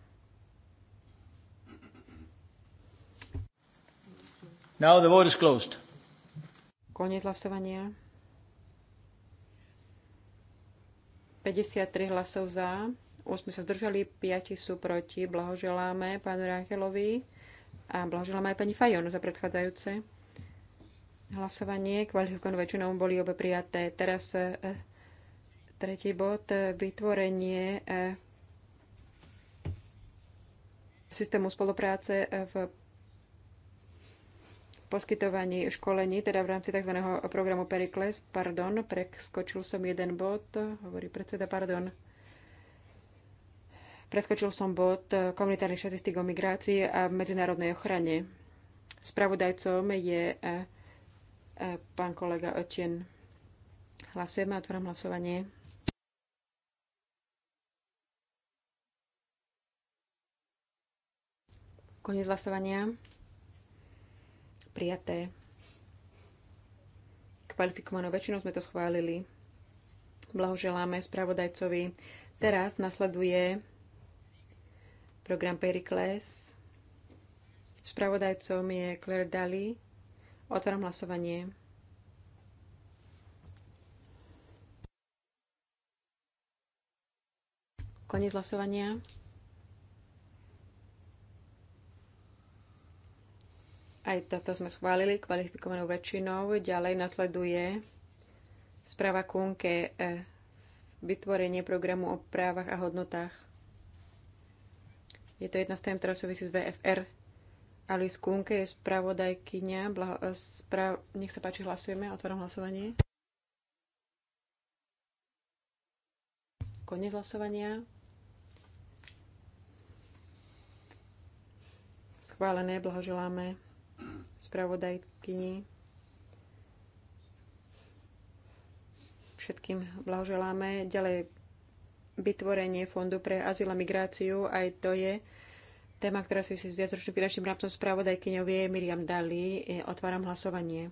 Now the vote is closed.
Koniec hlasovania. 53 hlasov za, 8 sa zdržali, 5 sú proti. Blahoželáme pánu Rachelovi a blahoželáme aj pani Fajon za predchádzajúce hlasovanie kvalifikovanou väčšinou boli obe prijaté. Teraz e, tretí bod, e, vytvorenie e, systému spolupráce v poskytovaní školení, teda v rámci tzv. programu Perikles. Pardon, preskočil som jeden bod, hovorí predseda, pardon. Preskočil som bod komunitárnych štatistík o migrácii a medzinárodnej ochrane. Spravodajcom je E, pán kolega Otien, hlasujeme, otváram hlasovanie. Koniec hlasovania. Prijaté. Kvalifikovanou väčšinou sme to schválili. Blahoželáme spravodajcovi. Teraz nasleduje program Pericles. Spravodajcom je Claire Daly. Otváram hlasovanie. Koniec hlasovania. Aj toto sme schválili kvalifikovanou väčšinou. Ďalej nasleduje správa Kunke eh, vytvorenie programu o právach a hodnotách. Je to jedna z tém, ktorá súvisí s VFR Alice Kunke je spravodajkynia. Blaho, eh, spra, nech sa páči, hlasujeme. Otváram hlasovanie. Konec hlasovania. Schválené, blahoželáme spravodajkyni. Všetkým blahoželáme. Ďalej vytvorenie Fondu pre azyl a migráciu. Aj to je Téma, ktorá si s viacročným finančným rámcom spravodajkyňou vie Miriam Dali. E, otváram hlasovanie.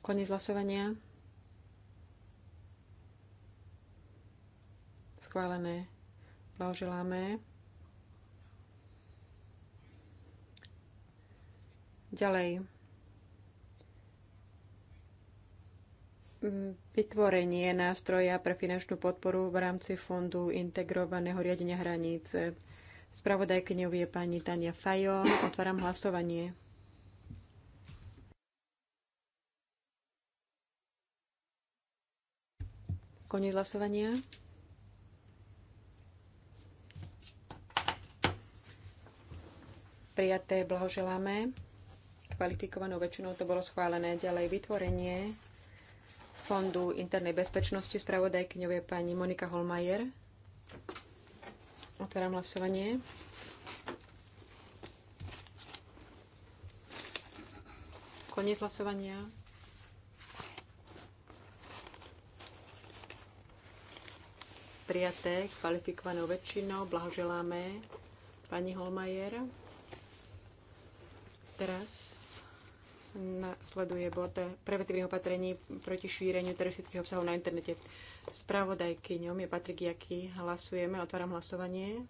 Koniec hlasovania. Schválené. Blahoželáme. Ďalej. vytvorenie nástroja pre finančnú podporu v rámci Fondu integrovaného riadenia hraníc. Spravodajkyňou je pani Tania Fajo. Otváram hlasovanie. Koniec hlasovania. Prijaté blahoželáme. Kvalifikovanou väčšinou to bolo schválené. Ďalej vytvorenie Fondu internej bezpečnosti. Spravodajkyňou je pani Monika Holmajer. Otváram hlasovanie. Koniec hlasovania. Prijaté kvalifikovanou väčšinou. Blahoželáme pani Holmajer. Teraz Nasleduje bod preventívnych opatrení proti šíreniu teroristických obsahov na internete. ňom je Patrik Jaký Hlasujeme. Otváram hlasovanie.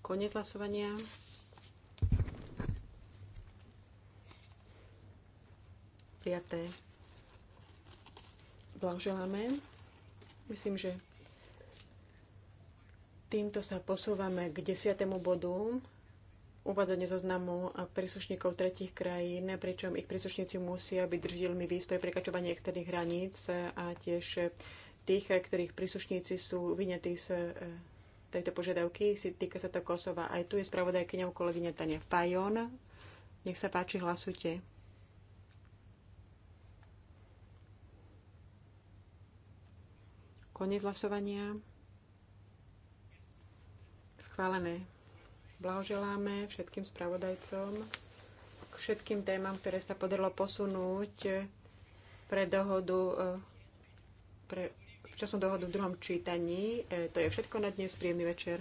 Koniec hlasovania. Prijaté. Blahoželáme. Myslím, že Týmto sa posúvame k desiatému bodu uvádzanie zoznamu príslušníkov tretich krajín, pričom ich príslušníci musia byť držiteľmi víz pre prekračovanie externých hraníc a tiež tých, ktorých príslušníci sú vyňatí z e, tejto požiadavky. Týka sa to Kosova. Aj tu je spravodajkyňou kolegyňa Tania Fajon. Nech sa páči, hlasujte. Koniec hlasovania. Schválené. Blahoželáme všetkým spravodajcom k všetkým témam, ktoré sa podarilo posunúť pre dohodu, eh, pre včasnú dohodu v druhom čítaní. Eh, to je všetko na dnes. Príjemný večer.